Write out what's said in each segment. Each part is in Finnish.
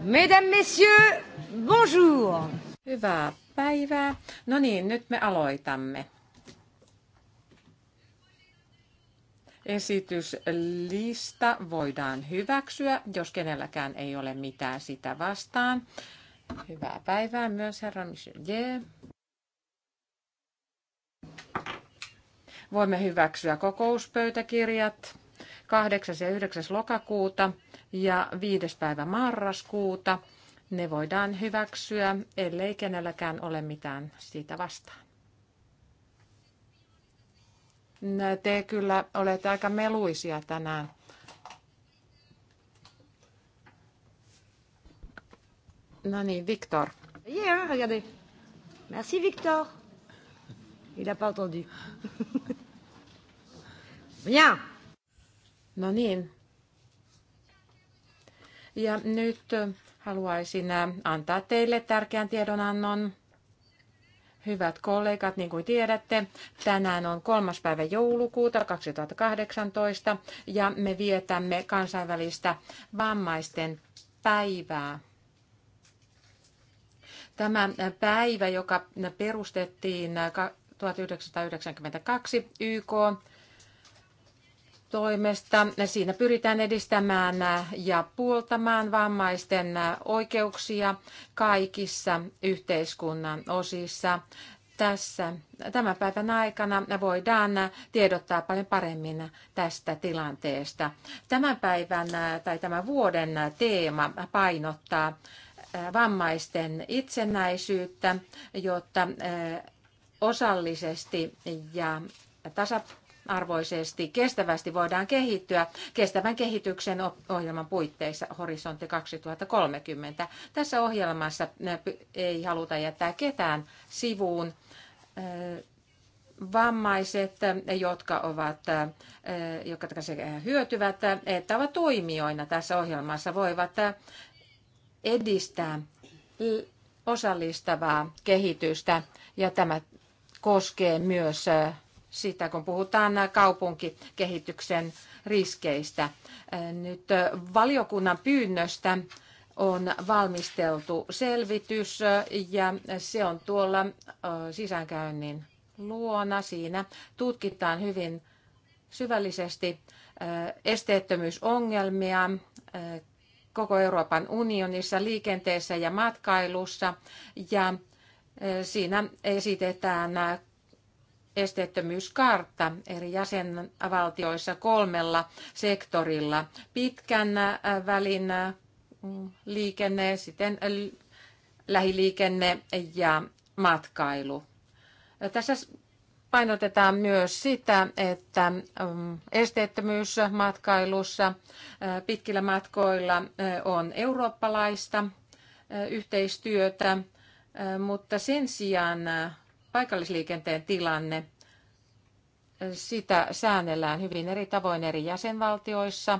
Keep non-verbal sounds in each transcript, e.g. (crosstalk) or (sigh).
Mesdames, messieurs, bonjour. Hyvää päivää. No niin, nyt me aloitamme. Esityslista voidaan hyväksyä, jos kenelläkään ei ole mitään sitä vastaan. Hyvää päivää myös herra J. Voimme hyväksyä kokouspöytäkirjat 8. ja 9. lokakuuta ja 5. päivä marraskuuta. Ne voidaan hyväksyä, ellei kenelläkään ole mitään siitä vastaan. Te kyllä olette aika meluisia tänään. No niin, Victor. Yeah, regardez. Merci, Victor. Il n'a pas entendu. (laughs) Bien. No niin. Ja nyt haluaisin äh, antaa teille tärkeän tiedonannon. Hyvät kollegat, niin kuin tiedätte, tänään on kolmas päivä joulukuuta 2018 ja me vietämme kansainvälistä vammaisten päivää. Tämä äh, päivä, joka perustettiin 1992 äh, YK toimesta. Siinä pyritään edistämään ja puoltamaan vammaisten oikeuksia kaikissa yhteiskunnan osissa. Tässä tämän päivän aikana voidaan tiedottaa paljon paremmin tästä tilanteesta. Tämän päivän tai tämän vuoden teema painottaa vammaisten itsenäisyyttä, jotta osallisesti ja tasapuolisesti arvoisesti kestävästi voidaan kehittyä kestävän kehityksen ohjelman puitteissa Horisontti 2030. Tässä ohjelmassa äh, ei haluta jättää ketään sivuun. Äh, vammaiset, äh, jotka, ovat, jotka hyötyvät että ovat toimijoina tässä ohjelmassa, voivat edistää osallistavaa kehitystä ja tämä koskee myös sitä, kun puhutaan kaupunkikehityksen riskeistä. Nyt valiokunnan pyynnöstä on valmisteltu selvitys ja se on tuolla sisäänkäynnin luona. Siinä tutkitaan hyvin syvällisesti esteettömyysongelmia koko Euroopan unionissa, liikenteessä ja matkailussa. Ja siinä esitetään esteettömyyskartta eri jäsenvaltioissa kolmella sektorilla. Pitkän äh, välin äh, liikenne, sitten äh, lähiliikenne ja matkailu. Tässä painotetaan myös sitä, että mm, esteettömyys matkailussa pitkillä matkoilla on eurooppalaista yhteistyötä, mutta sen sijaan paikallisliikenteen tilanne. Sitä säännellään hyvin eri tavoin eri jäsenvaltioissa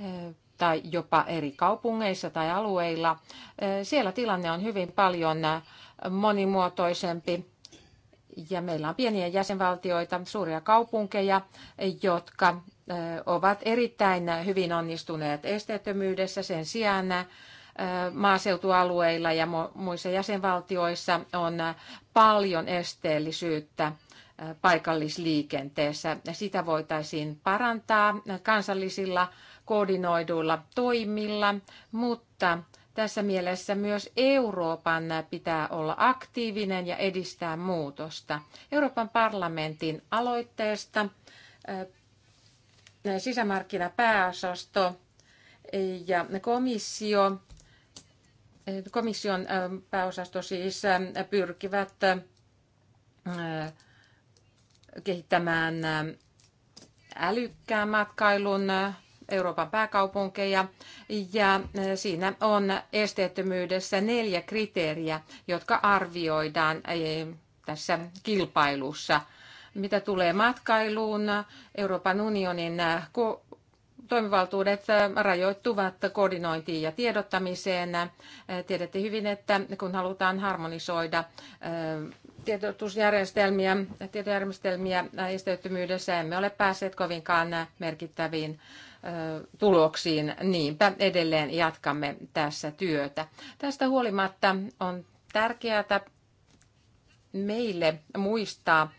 eh, tai jopa eri kaupungeissa tai alueilla. Eh, siellä tilanne on hyvin paljon eh, monimuotoisempi ja meillä on pieniä jäsenvaltioita, suuria kaupunkeja, jotka ovat erittäin hyvin onnistuneet esteettömyydessä sen sijaan maaseutualueilla ja muissa jäsenvaltioissa on paljon esteellisyyttä paikallisliikenteessä. Sitä voitaisiin parantaa kansallisilla koordinoiduilla toimilla, mutta tässä mielessä myös Euroopan pitää olla aktiivinen ja edistää muutosta. Euroopan parlamentin aloitteesta sisämarkkinapääosasto ja komissio komission pääosasto siis pyrkivät kehittämään älykkään matkailun Euroopan pääkaupunkeja. Ja siinä on esteettömyydessä neljä kriteeriä, jotka arvioidaan e, tässä kilpailussa. Mitä tulee matkailuun, Euroopan unionin toimivaltuudet äh, rajoittuvat koordinointiin ja tiedottamiseen. Äh, tiedätte hyvin, että kun halutaan harmonisoida äh, tiedotusjärjestelmiä, tietojärjestelmiä esteettömyydessä, emme ole päässeet kovinkaan merkittäviin tuloksiin. Niinpä edelleen jatkamme tässä työtä. Tästä huolimatta on tärkeää meille muistaa,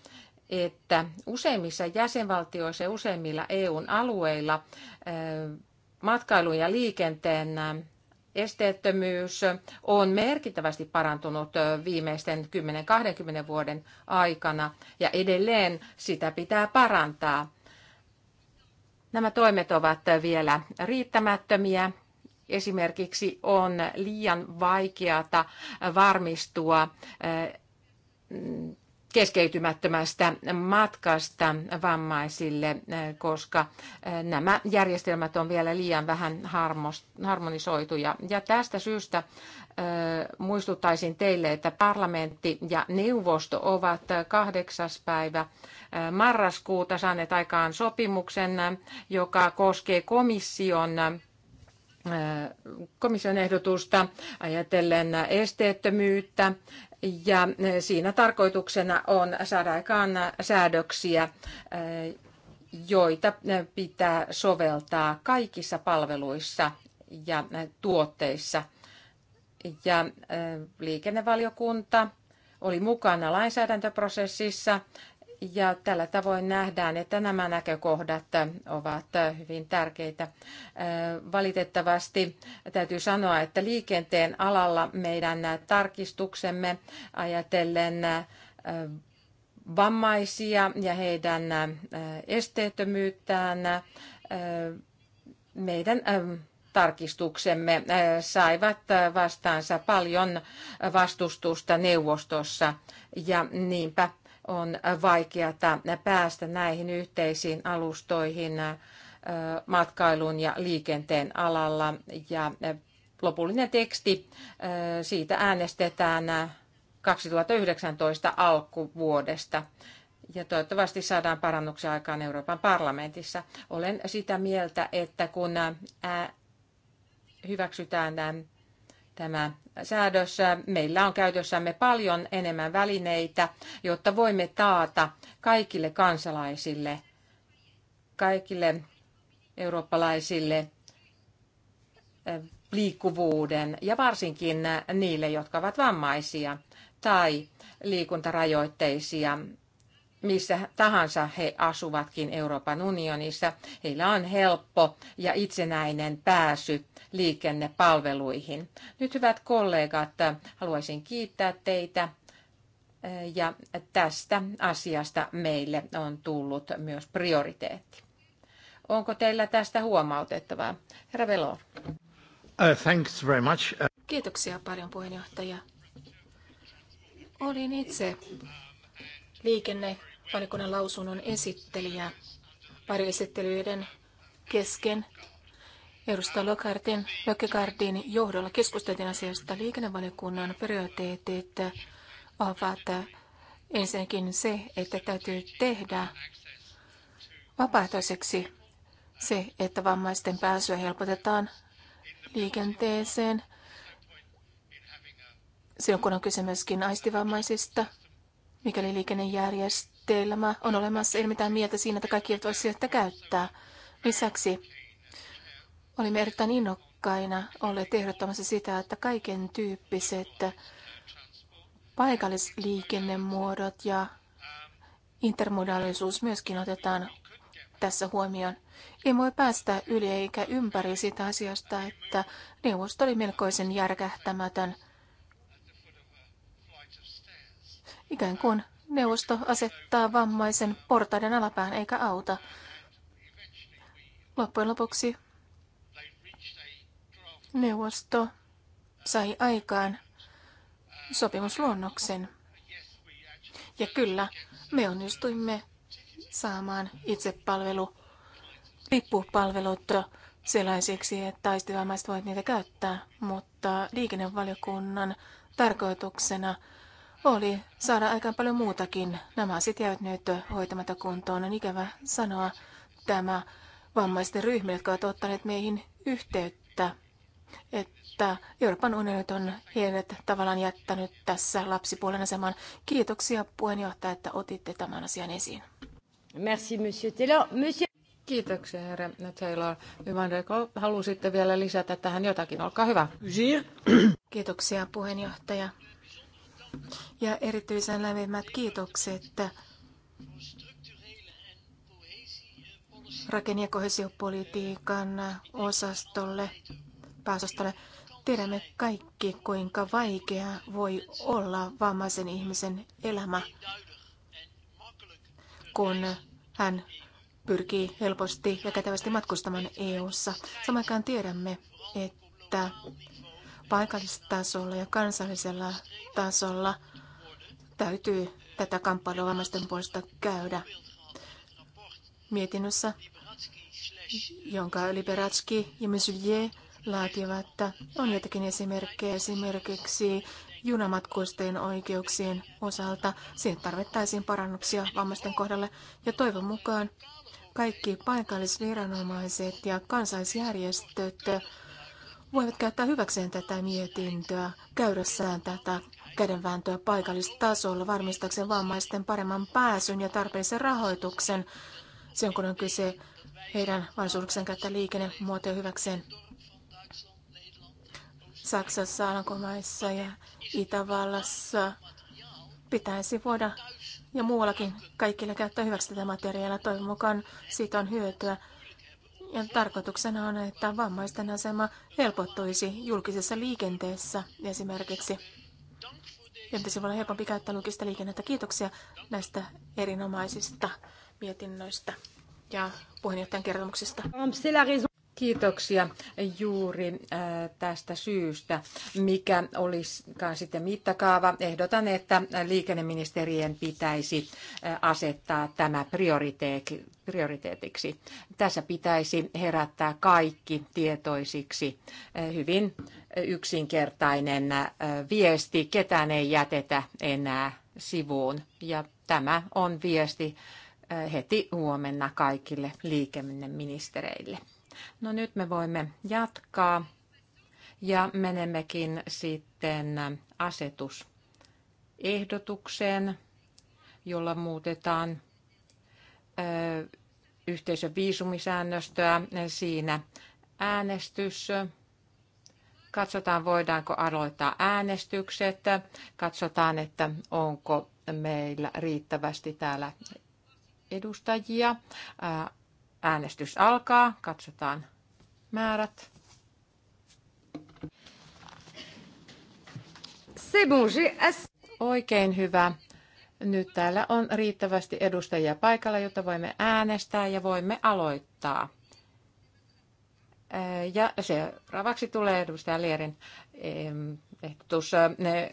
että useimmissa jäsenvaltioissa ja useimmilla EUn alueilla eh, matkailun ja liikenteen eh, esteettömyys on merkittävästi parantunut eh, viimeisten 10-20 vuoden aikana ja edelleen sitä pitää parantaa. Nämä toimet ovat vielä riittämättömiä. Esimerkiksi on liian vaikeata varmistua keskeytymättömästä matkasta vammaisille, äh, koska äh, nämä järjestelmät on vielä liian vähän harmonisoituja. Ja tästä syystä äh, muistuttaisin teille, että parlamentti ja neuvosto ovat kahdeksas päivä marraskuuta saaneet aikaan sopimuksen, joka koskee komission komission ehdotusta ajatellen esteettömyyttä ja eh, siinä tarkoituksena on saada aikaan eh, säädöksiä, eh, joita pitää soveltaa kaikissa palveluissa ja tuotteissa. Ja liikennevaliokunta oli mukana lainsäädäntöprosessissa ja tällä tavoin nähdään, että nämä näkökohdat ovat hyvin tärkeitä. Valitettavasti täytyy sanoa, että liikenteen alalla meidän tarkistuksemme ajatellen vammaisia ja heidän esteettömyyttään meidän tarkistuksemme saivat vastaansa paljon vastustusta neuvostossa ja niinpä on vaikeata päästä näihin yhteisiin alustoihin matkailun ja liikenteen alalla. Ja lopullinen teksti siitä äänestetään 2019 alkuvuodesta. Ja toivottavasti saadaan parannuksia aikaan Euroopan parlamentissa. Olen sitä mieltä, että kun hyväksytään tämä säädös. Meillä on käytössämme paljon enemmän välineitä, jotta voimme taata kaikille kansalaisille, kaikille eurooppalaisille eh, liikkuvuuden ja varsinkin niille, jotka ovat vammaisia tai liikuntarajoitteisia missä tahansa he asuvatkin Euroopan unionissa. Heillä on helppo ja itsenäinen pääsy liikennepalveluihin. Nyt hyvät kollegat, haluaisin kiittää teitä eh, ja tästä asiasta meille on tullut myös prioriteetti. Onko teillä tästä huomautettavaa? Herra Velor. Uh, thanks very much. Uh... Kiitoksia paljon puheenjohtaja. Olin itse liikenne- valikunnan lausunnon esittelijä pari esittelyiden kesken. Edustaja Lokartin, Lökkegardin johdolla keskusteltiin asiasta liikennevaliokunnan prioriteetit ovat ensinnäkin se, että täytyy tehdä vapaaehtoiseksi se, että vammaisten pääsyä helpotetaan liikenteeseen. Silloin kun on kyse myöskin aistivammaisista, mikäli liikennejärjestelmä määritelmä on olemassa, ei mitään mieltä siinä, että kaikki eivät voi sitä käyttää. Lisäksi olimme erittäin innokkaina olleet ehdottamassa sitä, että kaiken tyyppiset paikallisliikennemuodot ja intermodaalisuus myöskin otetaan tässä huomioon. Ei voi päästä yli eikä ympäri sitä asiasta, että neuvosto oli melkoisen järkähtämätön. Ikään kuin neuvosto asettaa vammaisen portaiden alapään eikä auta. Loppujen lopuksi neuvosto sai aikaan sopimusluonnoksen. Ja kyllä, me onnistuimme saamaan itsepalvelu, lippupalvelut sellaisiksi, että taisteluvammaiset voivat niitä käyttää, mutta liikennevaliokunnan tarkoituksena oli saada aika paljon muutakin. Nämä asiat jäävät nyt hoitamatta kuntoon. On ikävä sanoa tämä vammaisten ryhmä, jotka ovat ottaneet meihin yhteyttä, että Euroopan unioni on heidät tavallaan jättänyt tässä lapsipuolen aseman. Kiitoksia puheenjohtaja, että otitte tämän asian esiin. Merci, monsieur Taylor. Monsieur... Kiitoksia, herra Taylor. Ymmärrätkö, halusitte vielä lisätä tähän jotakin? Olkaa hyvä. Kiitoksia, puheenjohtaja ja erityisen lämpimät kiitokset rakenne- ja kohesiopolitiikan osastolle, pääosastolle. Tiedämme kaikki, kuinka vaikea voi olla vammaisen ihmisen elämä, kun hän pyrkii helposti ja kätevästi matkustamaan EU-ssa. Samaan tiedämme, että paikallistasolla ja kansallisella tasolla täytyy tätä kamppailua vammaisten puolesta käydä. Mietinnössä, jonka Liberatski ja Meslier laativat, on jotakin esimerkkejä esimerkiksi junamatkuisten oikeuksien osalta. Siihen tarvittaisiin parannuksia vammaisten kohdalle ja toivon mukaan kaikki paikallisviranomaiset ja kansaisjärjestöt voivat käyttää hyväkseen tätä mietintöä, käydessään tätä kädenvääntöä paikallistasolla varmistakseen vammaisten paremman pääsyn ja tarpeellisen rahoituksen, sen kun on kyse heidän mahdollisuuksien käyttää liikennemuotoja hyväkseen. Saksassa, Alankomaissa ja Itävallassa pitäisi voida ja muuallakin kaikille käyttää hyväksi tätä materiaalia. Toivon mukaan siitä on hyötyä ja tarkoituksena on, että vammaisten asema helpottuisi julkisessa liikenteessä esimerkiksi. Ja pitäisi olla helpompi käyttää julkista liikennettä. Kiitoksia näistä erinomaisista mietinnöistä ja puheenjohtajan kertomuksista. Kiitoksia juuri äh, tästä syystä. Mikä olisikaan sitten mittakaava? Ehdotan, että liikenneministerien pitäisi äh, asettaa tämä prioriteetiksi. Tässä pitäisi herättää kaikki tietoisiksi. Äh, hyvin yksinkertainen viesti, ketään ei jätetä enää sivuun. Ja tämä on viesti heti huomenna kaikille liikenneministereille. No nyt me voimme jatkaa ja menemmekin sitten asetusehdotukseen, jolla muutetaan ö, yhteisön viisumisäännöstöä. Siinä äänestys. Katsotaan, voidaanko aloittaa äänestykset. Katsotaan, että onko meillä riittävästi täällä edustajia. Äänestys alkaa. Katsotaan määrät. Oikein hyvä. Nyt täällä on riittävästi edustajia paikalla, jotta voimme äänestää ja voimme aloittaa. Ja seuraavaksi tulee edustaja Lierin eh, ehdotus eh,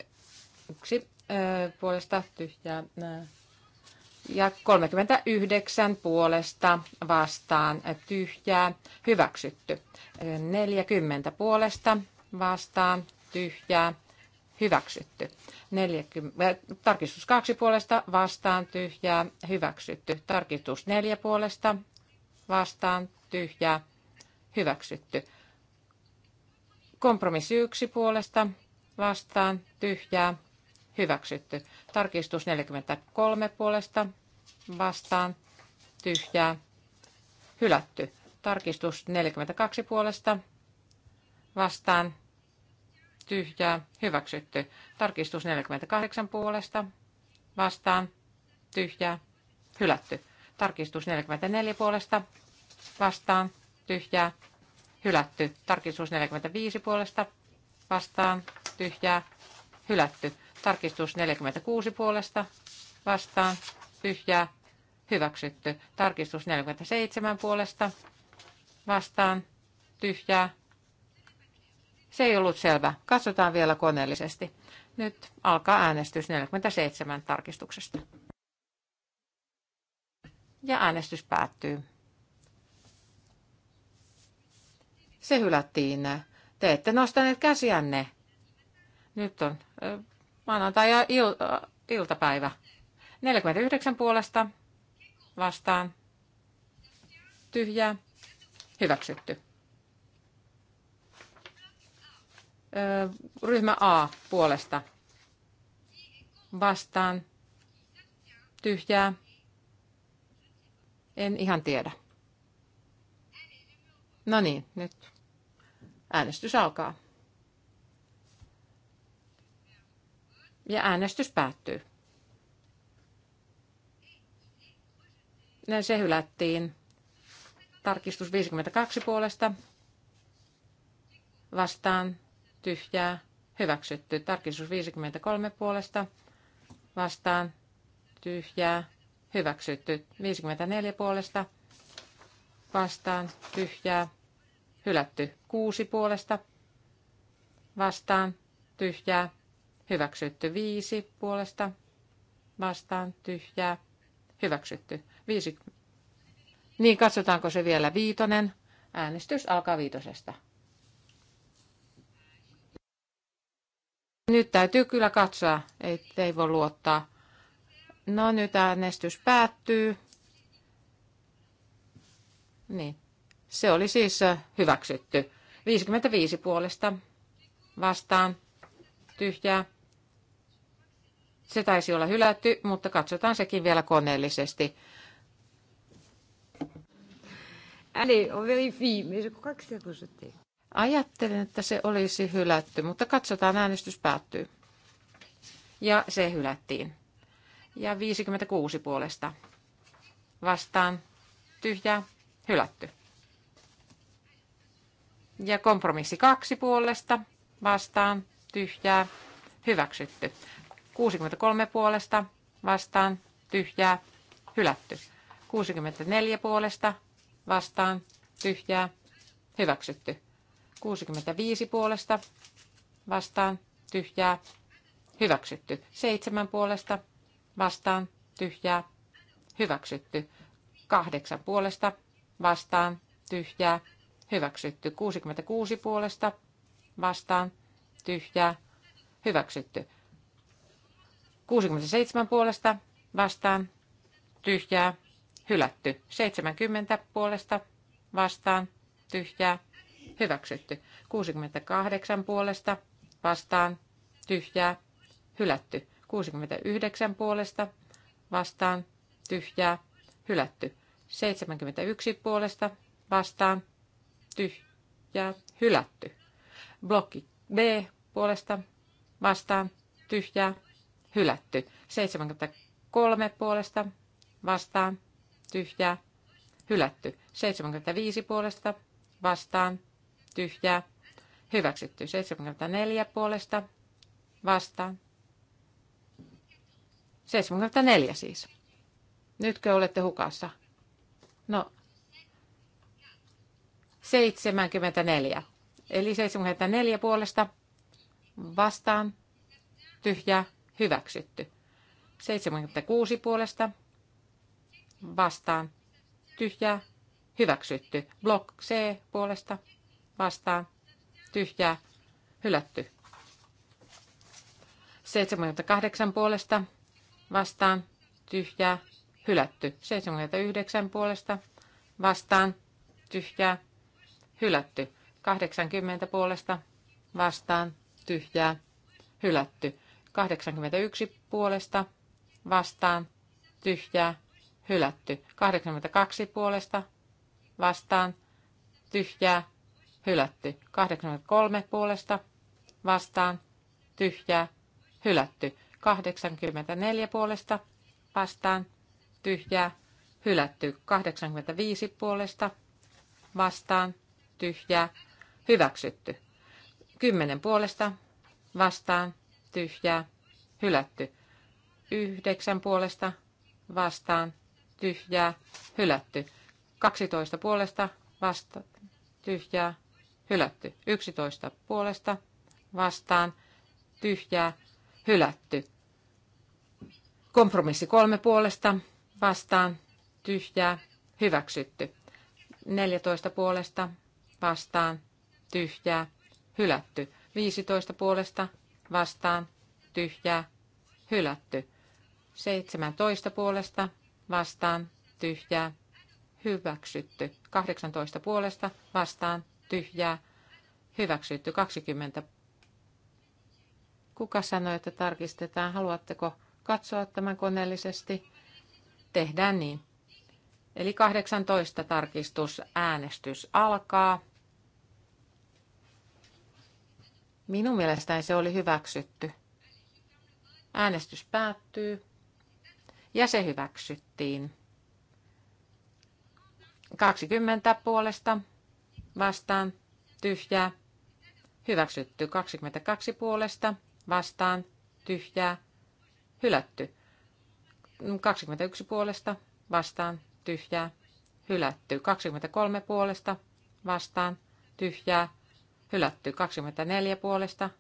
yksi eh, puolesta tyhjää ja 39 puolesta vastaan tyhjää hyväksytty. 40 puolesta vastaan tyhjää hyväksytty. 40, äh, tarkistus 2 puolesta vastaan tyhjää hyväksytty. Tarkistus 4 puolesta vastaan tyhjää hyväksytty. Kompromissi 1 puolesta vastaan tyhjää hyväksytty. Tarkistus 43 puolesta vastaan tyhjää hylätty. Tarkistus 42 puolesta vastaan tyhjää hyväksytty. Tarkistus 48 puolesta vastaan tyhjää hylätty. Tarkistus 44 puolesta vastaan tyhjää hylätty. Tarkistus 45 puolesta vastaan tyhjää hylätty. Tarkistus 46 puolesta vastaan tyhjää hyväksytty. Tarkistus 47 puolesta vastaan tyhjää. Se ei ollut selvä. Katsotaan vielä koneellisesti. Nyt alkaa äänestys 47 tarkistuksesta. Ja äänestys päättyy. Se hylättiin. Te ette nostaneet käsiänne. Nyt on maanantai ja il- iltapäivä. 49 puolesta vastaan. Tyhjää. Hyväksytty. Ryhmä A puolesta vastaan. Tyhjää. En ihan tiedä. No niin, nyt äänestys alkaa. Ja äänestys päättyy. Se hylättiin. Tarkistus 52 puolesta. Vastaan. Tyhjää. Hyväksytty. Tarkistus 53 puolesta. Vastaan. Tyhjää. Hyväksytty. 54 puolesta. Vastaan. Tyhjää. Hylätty. 6 puolesta. Vastaan. Tyhjää Hyväksytty viisi puolesta vastaan tyhjää. Hyväksytty viisi. Niin, katsotaanko se vielä viitonen. Äänestys alkaa viitosesta. Nyt täytyy kyllä katsoa, ei, ei voi luottaa. No nyt äänestys päättyy. Niin. Se oli siis hyväksytty. 55 puolesta vastaan tyhjää. Se taisi olla hylätty, mutta katsotaan sekin vielä koneellisesti. on Ajattelin, että se olisi hylätty, mutta katsotaan, äänestys päättyy. Ja se hylättiin. Ja 56 puolesta. Vastaan tyhjää, hylätty. Ja kompromissi kaksi puolesta vastaan tyhjää, hyväksytty. 63 puolesta vastaan, tyhjää, hylätty. 64 puolesta vastaan, tyhjää, hyväksytty. 65 puolesta vastaan, tyhjää, hyväksytty. 7 puolesta vastaan, tyhjää, hyväksytty. 8 puolesta vastaan, tyhjää, hyväksytty. 66 puolesta vastaan, tyhjää, hyväksytty. 67 puolesta vastaan, tyhjää, hylätty. 70 puolesta vastaan, tyhjää, hyväksytty. 68 puolesta vastaan, tyhjää, hylätty. 69 puolesta vastaan, tyhjää, hylätty. 71 puolesta vastaan, tyhjää, hylätty. Blokki B puolesta vastaan tyhjää hylätty. 73 puolesta vastaan tyhjää hylätty. 75 puolesta vastaan tyhjää hyväksytty. 74 puolesta vastaan 74 siis. Nytkö olette hukassa? No, 74. Eli 74 puolesta vastaan tyhjä hyväksytty. 76 puolesta vastaan tyhjä hyväksytty. Block C puolesta vastaan tyhjä hylätty. 78 puolesta vastaan tyhjä hylätty. 79 puolesta vastaan tyhjä hylätty. 80 puolesta vastaan tyhjää hylätty. 81 puolesta vastaan tyhjää hylätty. 82 puolesta vastaan tyhjää hylätty. 83 puolesta vastaan tyhjää hylätty. 84 puolesta vastaan tyhjää hylätty. 85 puolesta vastaan tyhjää Hyväksytty. Kymmenen puolesta vastaan tyhjää. Hylätty. Yhdeksän puolesta vastaan tyhjää. Hylätty. Kaksitoista puolesta vasta tyhjää. Hylätty. Yksitoista puolesta vastaan tyhjää. Hylätty. Kompromissi kolme puolesta vastaan tyhjää. Hyväksytty. 14 puolesta vastaan tyhjää, hylätty. 15 puolesta vastaan, tyhjää, hylätty. 17 puolesta vastaan, tyhjää, hyväksytty. 18 puolesta vastaan, tyhjää, hyväksytty. 20. Kuka sanoi, että tarkistetaan? Haluatteko katsoa tämän koneellisesti? Tehdään niin. Eli 18 tarkistusäänestys alkaa. Minun mielestäni se oli hyväksytty. Äänestys päättyy ja se hyväksyttiin. 20 puolesta vastaan tyhjää. Hyväksytty 22 puolesta vastaan tyhjää. Hylätty 21 puolesta vastaan tyhjää. Hylätty 23 puolesta vastaan tyhjää hylätty 24 puolesta,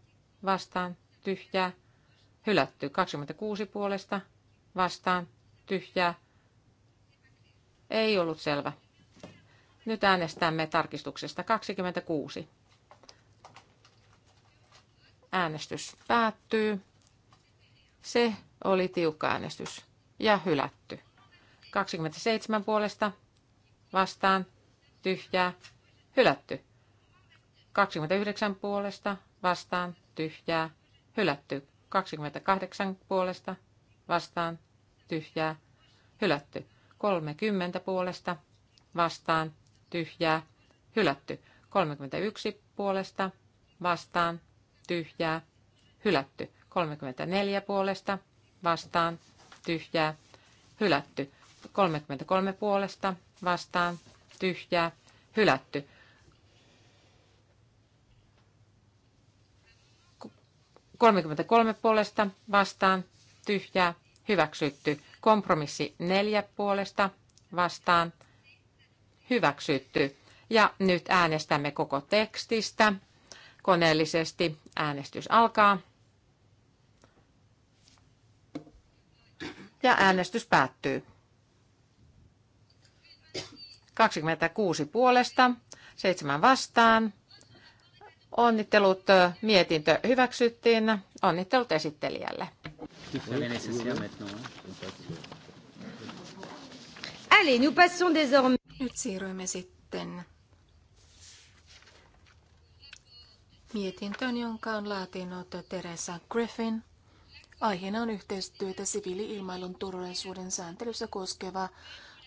vastaan, tyhjää, hylätty 26 puolesta, vastaan, tyhjää. Ei ollut selvä. Nyt äänestämme tarkistuksesta 26. Äänestys päättyy. Se oli tiukka äänestys ja hylätty. 27 puolesta vastaan tyhjää hylätty. 29 puolesta vastaan tyhjää hylätty. 28 puolesta vastaan tyhjää hylätty. 30 puolesta vastaan tyhjää hylätty. 31 puolesta vastaan tyhjää hylätty. 34 puolesta vastaan tyhjää hylätty. 33 puolesta vastaan tyhjää hylätty. 33 puolesta vastaan tyhjää hyväksytty. Kompromissi 4 puolesta vastaan hyväksytty. Ja nyt äänestämme koko tekstistä. Koneellisesti äänestys alkaa. Ja äänestys päättyy. 26 puolesta, 7 vastaan, Onnittelut mietintö hyväksyttiin. Onnittelut esittelijälle. Allez, nous passons désormais. Nyt siirrymme sitten mietintöön, jonka on laatinut Teresa Griffin. Aiheena on yhteistyötä siviili-ilmailun turvallisuuden sääntelyssä koskeva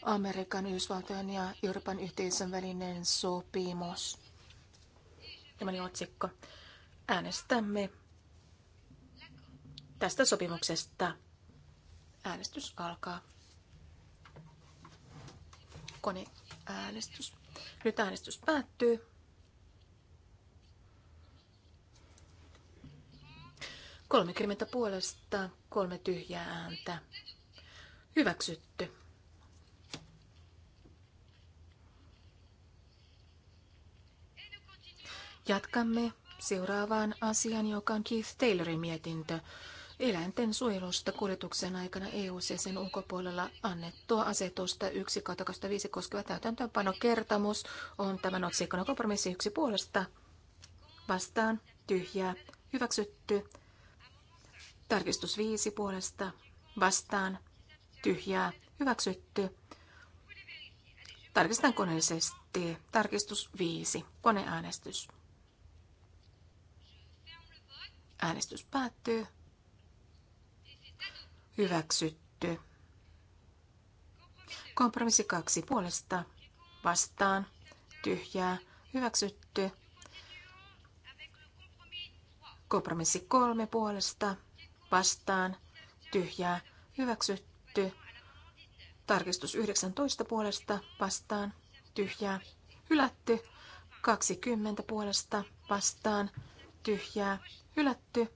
Amerikan, Yhdysvaltojen ja Euroopan yhteisön välinen sopimus. Tämä oli otsikko. Äänestämme tästä sopimuksesta. Äänestys alkaa. Kone äänestys. Nyt äänestys päättyy. Kolmekymmentä puolesta, kolme tyhjää ääntä. Hyväksytty. Jatkamme seuraavaan asiaan, joka on Keith Taylorin mietintö. Eläinten suojelusta kuljetuksen aikana eu ja sen ulkopuolella annettua asetusta 1 25 koskeva täytäntöönpanokertomus on tämän otsikon kompromissi yksi puolesta. Vastaan tyhjää hyväksytty. Tarkistus viisi puolesta vastaan tyhjää hyväksytty. Tarkistan koneellisesti. Tarkistus viisi Koneäänestys. Äänestys päättyy. Hyväksytty. Kompromissi kaksi puolesta. Vastaan. Tyhjää. Hyväksytty. Kompromissi kolme puolesta. Vastaan. Tyhjää. Hyväksytty. Tarkistus 19 puolesta. Vastaan. Tyhjää. Hylätty. 20 puolesta. Vastaan tyhjää, hylätty.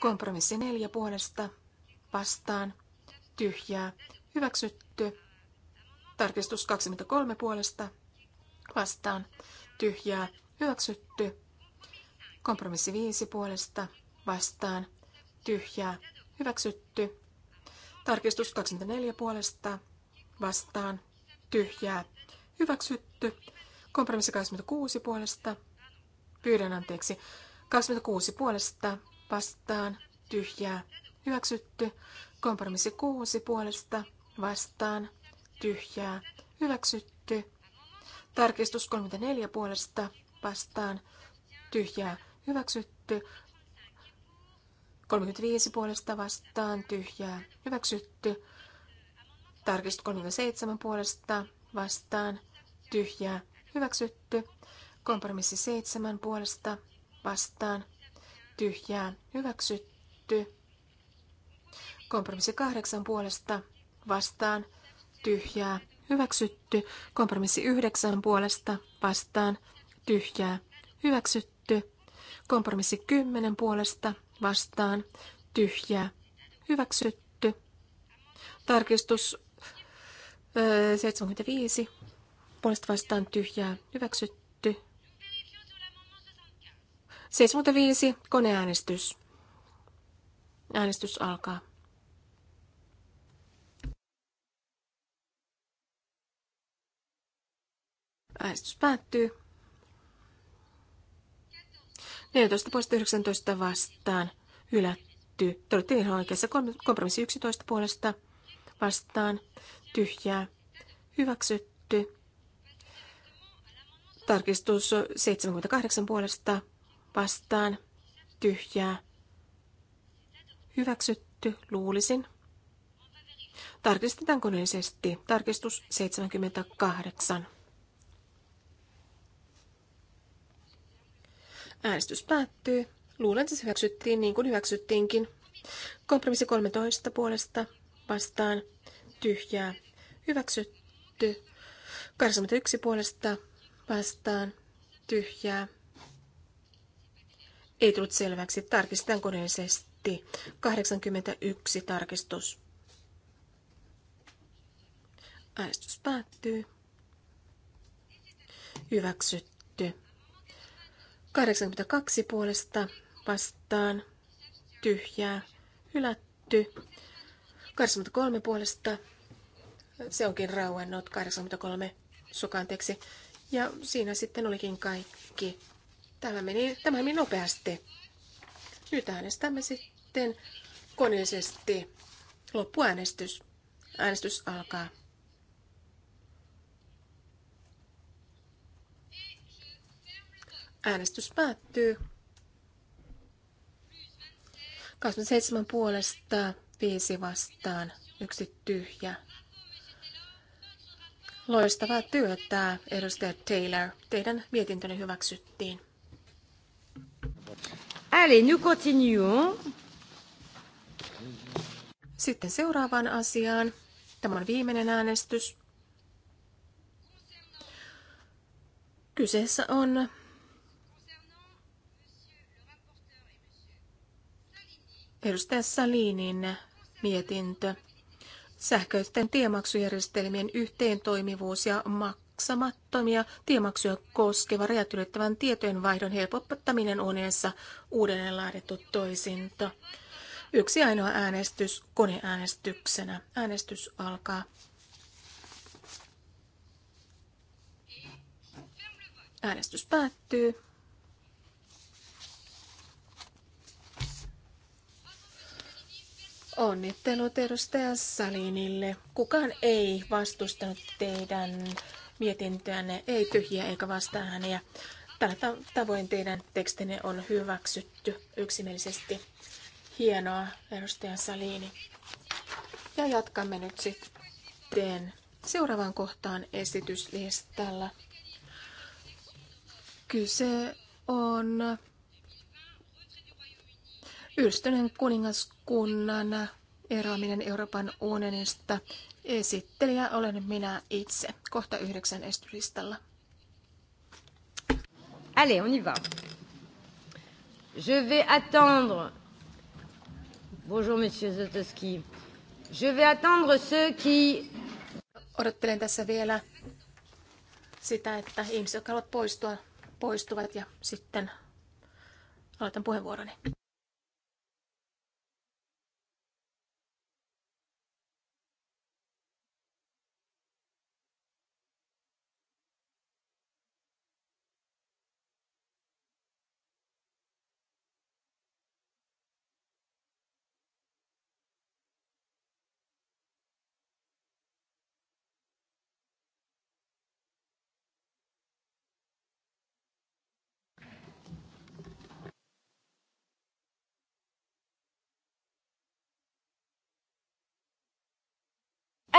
Kompromissi neljä puolesta, vastaan, tyhjää, hyväksytty. Tarkistus 23 puolesta, vastaan, tyhjää, hyväksytty. Kompromissi viisi puolesta, vastaan, tyhjää, hyväksytty. Tarkistus 24 puolesta, vastaan, tyhjää, hyväksytty. Kompromissi 26 puolesta, Pyydän anteeksi. 26 puolesta vastaan tyhjää. Hyväksytty. Kompromissi 6 puolesta vastaan tyhjää. Hyväksytty. Tarkistus 34 puolesta vastaan tyhjää. Hyväksytty. 35 puolesta vastaan tyhjää. Hyväksytty. Tarkistus 37 puolesta vastaan tyhjää. Hyväksytty. Kompromissi seitsemän puolesta vastaan tyhjää hyväksytty. Kompromissi kahdeksan puolesta vastaan tyhjää hyväksytty. Kompromissi yhdeksän puolesta vastaan tyhjää hyväksytty. Kompromissi kymmenen puolesta vastaan tyhjää hyväksytty. Tarkistus 75 puolesta vastaan tyhjää hyväksytty. 75. Koneäänestys. Äänestys alkaa. Äänestys päättyy. 14 puolesta 19 vastaan. Hylätty. Te olette ihan oikeassa. Kompromissi 11 puolesta vastaan. Tyhjää. Hyväksytty. Tarkistus 78 puolesta vastaan tyhjää. Hyväksytty, luulisin. Tarkistetaan koneellisesti. Tarkistus 78. Äänestys päättyy. Luulen, että se hyväksyttiin niin kuin hyväksyttiinkin. Kompromissi 13 puolesta vastaan tyhjää. Hyväksytty. 81 puolesta vastaan tyhjää. Ei tullut selväksi. Tarkistetaan koneellisesti. 81 tarkistus. Äänestys päättyy. Hyväksytty. 82 puolesta vastaan. Tyhjää. Hylätty. 83 puolesta. Se onkin rauennut. 83 sukanteeksi. Ja siinä sitten olikin kaikki. Tämä meni, tämä meni nopeasti. Nyt äänestämme sitten koneellisesti. Loppuäänestys. Äänestys alkaa. Äänestys päättyy. 27 puolesta, 5 vastaan, yksi tyhjä. Loistavaa työtä, edustaja Taylor. Teidän mietintönne hyväksyttiin. Allez, nous continuons. Sitten seuraavaan asiaan. Tämä on viimeinen äänestys. Kyseessä on edustaja Salinin mietintö. Sähköisten tiemaksujärjestelmien yhteentoimivuus ja mak- maksamattomia tiemaksuja koskeva rajat ylittävän tietojenvaihdon helpottaminen unessa uudelleen laadittu toisinto. Yksi ainoa äänestys koneäänestyksenä. Äänestys alkaa. Äänestys päättyy. Onnittelut edustaja Salinille. Kukaan ei vastustanut teidän mietintöänne, ei tyhjiä eikä vastaan ja Tällä tavoin teidän tekstinne on hyväksytty yksimielisesti. Hienoa, edustaja Saliini. Ja jatkamme nyt sitten seuraavaan kohtaan esityslistalla. Kyse on Yhdistyneen kuningaskunnan eroaminen Euroopan unionista Esittelijä olen minä itse. Kohta yhdeksän estylistalla. Allez, on y va. Je vais attendre. Bonjour, monsieur Zotowski. Je vais attendre ceux qui... Odottelen tässä vielä sitä, että ihmiset, jotka haluavat poistua, poistuvat ja sitten aloitan puheenvuoroni.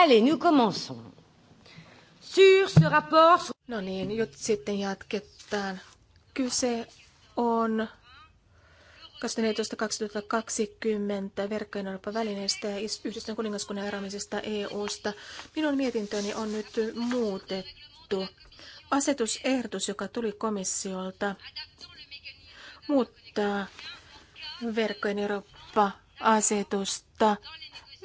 Allez, nous commençons. Sur ce rapport... No niin, nyt sitten jatketaan. Kyse on 2014-2020 verkkojen Euroopan välineestä ja yhdistön kuningaskunnan eroamisesta EU-sta. Minun mietintöni on nyt muutettu. Asetusehdotus, joka tuli komissiolta, muuttaa verkkojen Eurooppa-asetusta,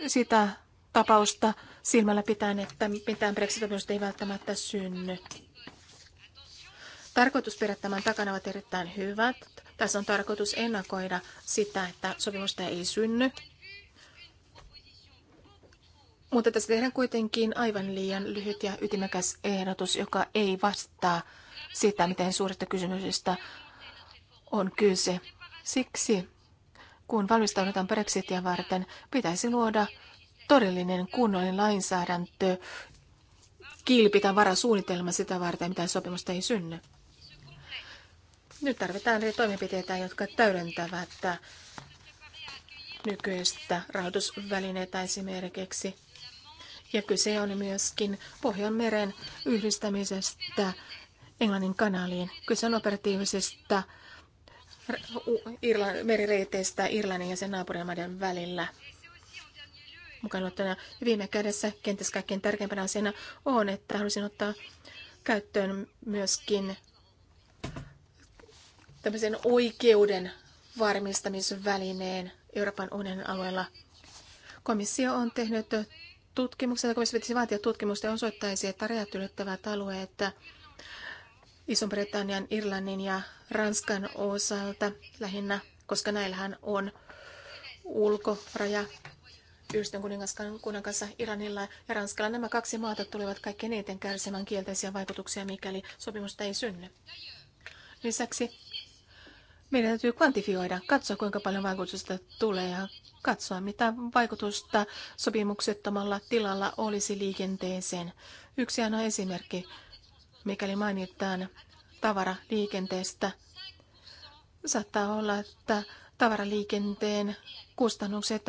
sitä tapausta, silmällä pitäen, että mitään brexit ei välttämättä synny. Tarkoitusperät tämän takana ovat erittäin hyvät. Tässä on tarkoitus ennakoida sitä, että sopimusta ei synny. Mutta tässä tehdään kuitenkin aivan liian lyhyt ja ytimekäs ehdotus, joka ei vastaa sitä, miten suurista kysymyksistä on kyse. Siksi, kun valmistaudutaan Brexitia varten, pitäisi luoda todellinen kunnollinen lainsäädäntö kilpi tai varasuunnitelma sitä varten, mitä sopimusta ei synny. Nyt tarvitaan eri toimenpiteitä, jotka täydentävät nykyistä rahoitusvälineitä esimerkiksi. Ja kyse on myöskin Pohjanmeren yhdistämisestä Englannin kanaliin. Kyse on operatiivisesta merireiteistä Irlannin ja sen naapurimaiden välillä mukana ottana. Ja viime kädessä kenties kaikkein tärkeimpänä asiana on, että haluaisin ottaa käyttöön myöskin tämmöisen oikeuden varmistamisvälineen Euroopan unionin alueella. Komissio on tehnyt tutkimuksen, komissio pitäisi vaatia tutkimusta ja osoittaisi, että rajat ylittävät alueet iso britannian Irlannin ja Ranskan osalta lähinnä, koska näillähän on ulkoraja Yhdistön kuningaskunnan kanssa Iranilla ja Ranskalla nämä kaksi maata tulevat kaikkein eniten kärsimään kielteisiä vaikutuksia, mikäli sopimusta ei synny. Lisäksi meidän täytyy kvantifioida, katsoa kuinka paljon vaikutusta tulee ja katsoa, mitä vaikutusta sopimuksettomalla tilalla olisi liikenteeseen. Yksi aina esimerkki, mikäli mainitaan tavaraliikenteestä, saattaa olla, että tavaraliikenteen kustannukset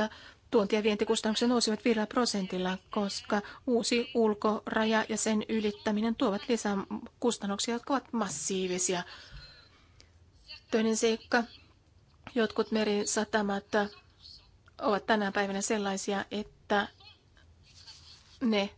Tuonti- ja vientikustannukset nousivat 5 prosentilla, koska uusi ulkoraja ja sen ylittäminen tuovat lisää kustannuksia, jotka ovat massiivisia. Toinen seikka. Jotkut merisatamat ovat tänä päivänä sellaisia, että ne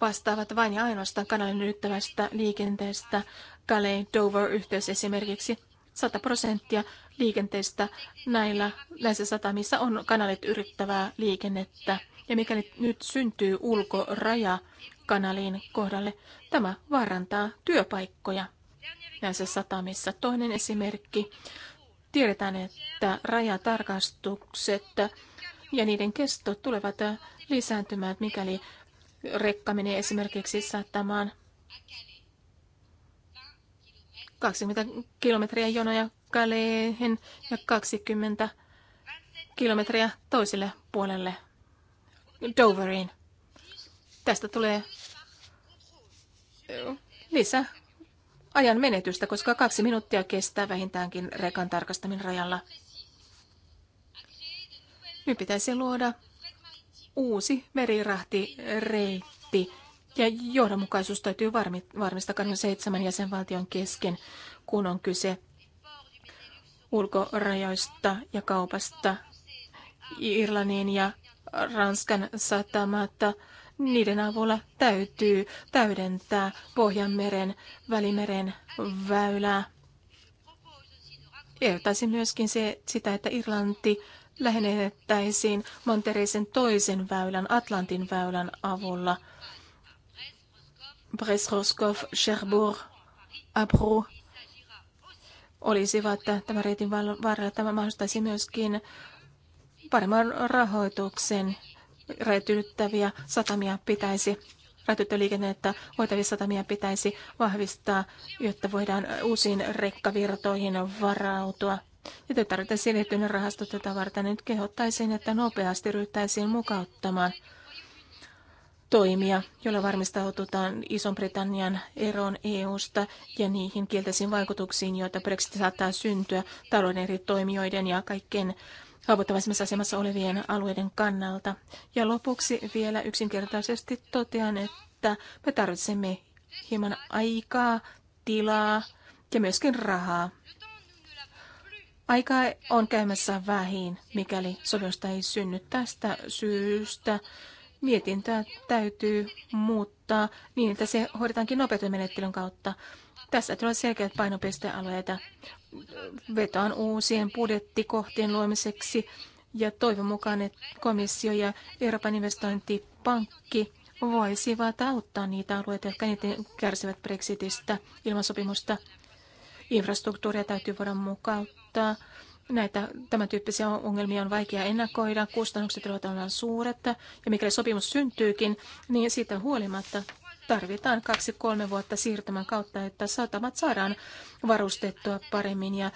vastaavat vain ja ainoastaan kanalin ylittävästä liikenteestä. Calais Dover-yhteys esimerkiksi 100 prosenttia liikenteestä näillä, näissä satamissa on kanalit yrittävää liikennettä. Ja mikäli nyt syntyy ulkoraja kanaliin kohdalle, tämä vaarantaa työpaikkoja näissä satamissa. Toinen esimerkki. Tiedetään, että rajatarkastukset ja niiden kesto tulevat lisääntymään, mikäli rekka menee esimerkiksi saattamaan 20 kilometriä jonoja Kaleihin ja 20 kilometriä toiselle puolelle Doveriin. Tästä tulee lisää ajan menetystä, koska kaksi minuuttia kestää vähintäänkin rekan tarkastaminen rajalla. Nyt pitäisi luoda uusi merirahtireitti ja johdonmukaisuus täytyy varmistaa 27 jäsenvaltion kesken, kun on kyse ulkorajoista ja kaupasta. Irlannin ja Ranskan satamat, niiden avulla täytyy täydentää Pohjanmeren, Välimeren väylää. Ehdottaisin myöskin se, sitä, että Irlanti lähennettäisiin Mantereisen toisen väylän, Atlantin väylän avulla. Brest, Roscoff, Cherbourg, Abru, olisivat tämän reitin varrella. Tämä mahdollistaisi myöskin paremman rahoituksen räätyyttäviä satamia pitäisi liikennettä hoitavia satamia pitäisi vahvistaa, jotta voidaan uusiin rekkavirtoihin varautua. Nyt tarvitaan siirrettynä rahasto tätä varten. Nyt kehottaisin, että nopeasti ryhtäisiin mukauttamaan toimia, joilla varmistautetaan Ison-Britannian eroon EU-sta ja niihin kielteisiin vaikutuksiin, joita Brexit saattaa syntyä talouden eri toimijoiden ja kaikkien haavoittavaisemmassa asemassa olevien alueiden kannalta. Ja lopuksi vielä yksinkertaisesti totean, että me tarvitsemme hieman aikaa, tilaa ja myöskin rahaa. Aikaa on käymässä vähin, mikäli sopimusta ei synny tästä syystä mietintöä täytyy muuttaa niin, että se hoidetaankin opetusmenettelyn kautta. Tässä tulee selkeät painopistealueita vetoan uusien budjettikohtien luomiseksi ja toivon mukaan, että komissio ja Euroopan investointipankki voisivat auttaa niitä alueita, jotka eniten kärsivät Brexitistä ilman sopimusta. Infrastruktuuria täytyy voida mukauttaa Näitä tämän tyyppisiä ongelmia on vaikea ennakoida, kustannukset ovat aivan suuret, ja mikäli sopimus syntyykin, niin siitä huolimatta tarvitaan kaksi-kolme vuotta siirtymän kautta, että satamat saadaan varustettua paremmin ja,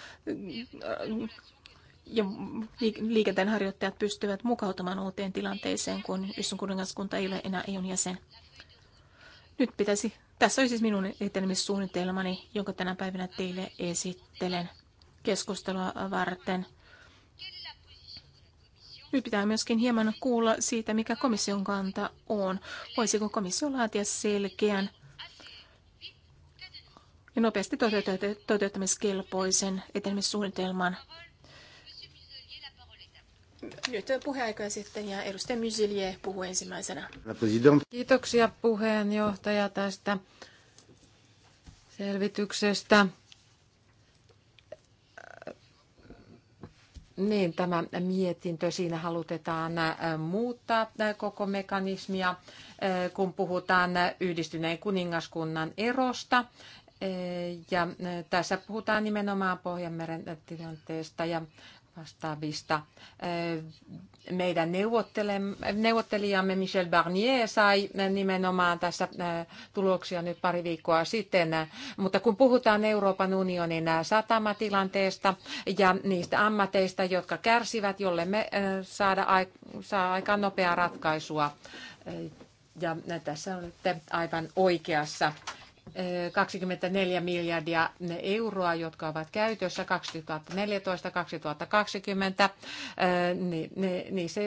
ja liikenteen harjoittajat pystyvät mukautumaan uuteen tilanteeseen, kun Yhdistön kuningaskunta ei ole enää EUn jäsen. Nyt pitäisi, tässä oli siis minun etenemissuunnitelmani, jonka tänä päivänä teille esittelen keskustelua varten. Nyt pitää myöskin hieman kuulla siitä, mikä komission kanta on. Voisiko komissio laatia selkeän ja nopeasti toteuttamiskelpoisen etenemissuunnitelman. Nyt puheaikoja sitten ja edustaja Mysilier puhuu ensimmäisenä. Kiitoksia puheenjohtaja tästä selvityksestä. Niin, tämä mietintö, siinä halutetaan äh, muuttaa äh, koko mekanismia, äh, kun puhutaan yhdistyneen kuningaskunnan erosta. Ja tässä puhutaan nimenomaan Pohjanmeren tilanteesta ja vastaavista. Meidän neuvottelijamme Michel Barnier sai nimenomaan tässä tuloksia nyt pari viikkoa sitten, mutta kun puhutaan Euroopan unionin satamatilanteesta ja niistä ammateista, jotka kärsivät, jolle me saada, saa aika nopeaa ratkaisua, ja tässä olette aivan oikeassa 24 eh, miljardia euroa, jotka ovat käytössä 2014-2020, eh, niin se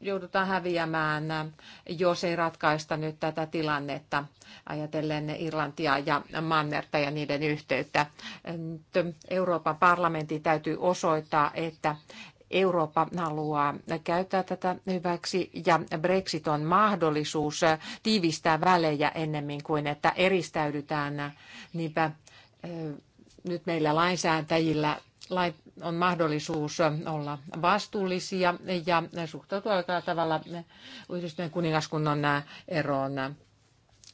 joudutaan häviämään, jos ei ratkaista nyt tätä tilannetta ajatellen Irlantia ja Mannerta ja niiden yhteyttä. Eh, Euroopan parlamentin täytyy osoittaa, että Eurooppa haluaa käyttää tätä hyväksi ja Brexit on mahdollisuus tiivistää välejä ennemmin kuin että eristäydytään. Niinpä nyt meillä lainsäätäjillä on mahdollisuus olla vastuullisia ja suhtautua oikealla tavalla yhdistyneen kuningaskunnan eroon.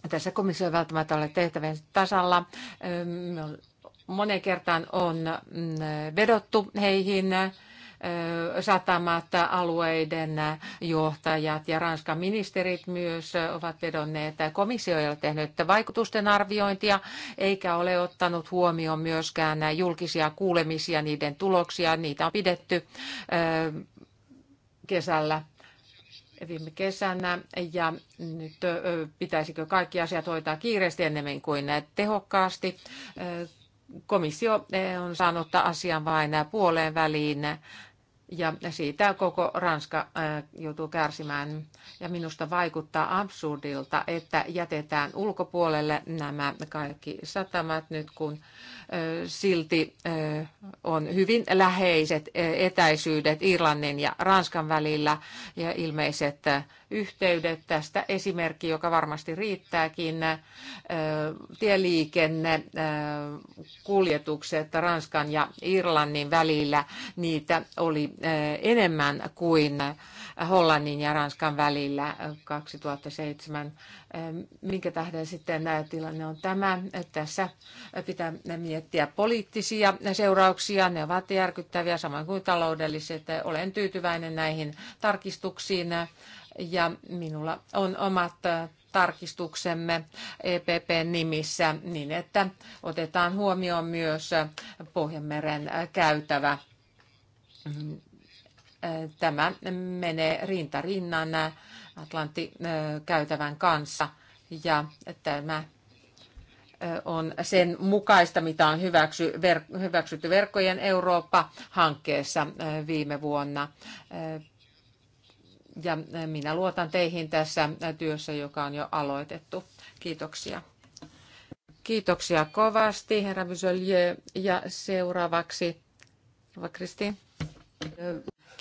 Tässä komissio ei välttämättä ole tehtävän tasalla monen kertaan on vedottu heihin satamat, alueiden johtajat ja Ranskan ministerit myös ovat vedonneet. Komissio ei ole tehnyt vaikutusten arviointia eikä ole ottanut huomioon myöskään julkisia kuulemisia, niiden tuloksia. Niitä on pidetty kesällä viime kesänä ja nyt pitäisikö kaikki asiat hoitaa kiireesti ennemmin kuin tehokkaasti. Komissio on saanut asian vain puoleen väliin ja siitä koko Ranska äh, joutuu kärsimään. Ja minusta vaikuttaa absurdilta, että jätetään ulkopuolelle nämä kaikki satamat nyt, kun silti on hyvin läheiset etäisyydet Irlannin ja Ranskan välillä ja ilmeiset yhteydet. Tästä esimerkki, joka varmasti riittääkin, tieliikenne, kuljetukset Ranskan ja Irlannin välillä, niitä oli enemmän kuin Hollannin ja Ranskan välillä 2007. Eh, eh, minkä tähden sitten eh, tilanne on tämä? Tässä pitää miettiä poliittisia seurauksia. Ne ovat järkyttäviä, samoin kuin taloudelliset. Olen tyytyväinen näihin tarkistuksiin ja minulla on omat tarkistuksemme epp nimissä niin, että otetaan huomioon myös Pohjanmeren käytävä Tämä menee rinta rinnan Atlantti käytävän kanssa ja tämä on sen mukaista, mitä on hyväksy, ver, hyväksytty verkkojen Eurooppa-hankkeessa viime vuonna. Ja minä luotan teihin tässä työssä, joka on jo aloitettu. Kiitoksia. Kiitoksia kovasti, herra Myselieu. Ja seuraavaksi, Kristi.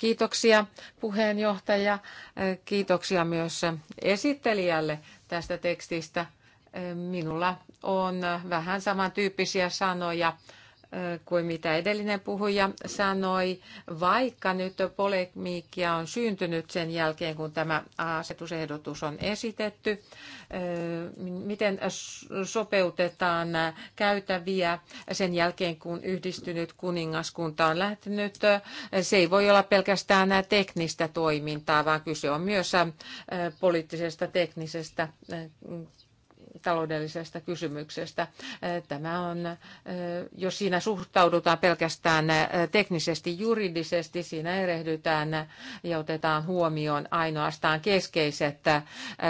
Kiitoksia puheenjohtaja. Kiitoksia myös esittelijälle tästä tekstistä. Minulla on vähän samantyyppisiä sanoja kuin mitä edellinen puhuja sanoi, vaikka nyt polemiikkia on syntynyt sen jälkeen, kun tämä asetusehdotus on esitetty, miten sopeutetaan käytäviä sen jälkeen, kun yhdistynyt kuningaskunta on lähtenyt. Se ei voi olla pelkästään teknistä toimintaa, vaan kyse on myös poliittisesta teknisestä taloudellisesta kysymyksestä. Eh, Tämä on, eh, jos siinä suhtaudutaan pelkästään eh, teknisesti, juridisesti, siinä erehdytään ja otetaan huomioon ainoastaan keskeiset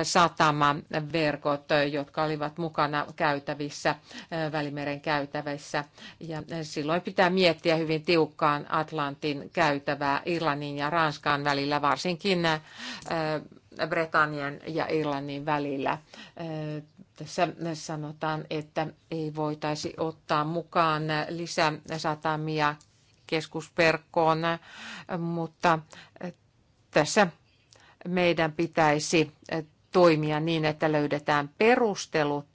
satamaverkot, jotka olivat mukana käytävissä, Välimeren käytävissä. Ja silloin pitää miettiä hyvin tiukkaan Atlantin käytävää Irlannin ja Ranskan välillä, varsinkin Britannian ja Irlannin välillä. Tässä sanotaan, että ei voitaisi ottaa mukaan lisäsatamia keskusverkkoon, mutta tässä meidän pitäisi toimia niin, että löydetään perustelut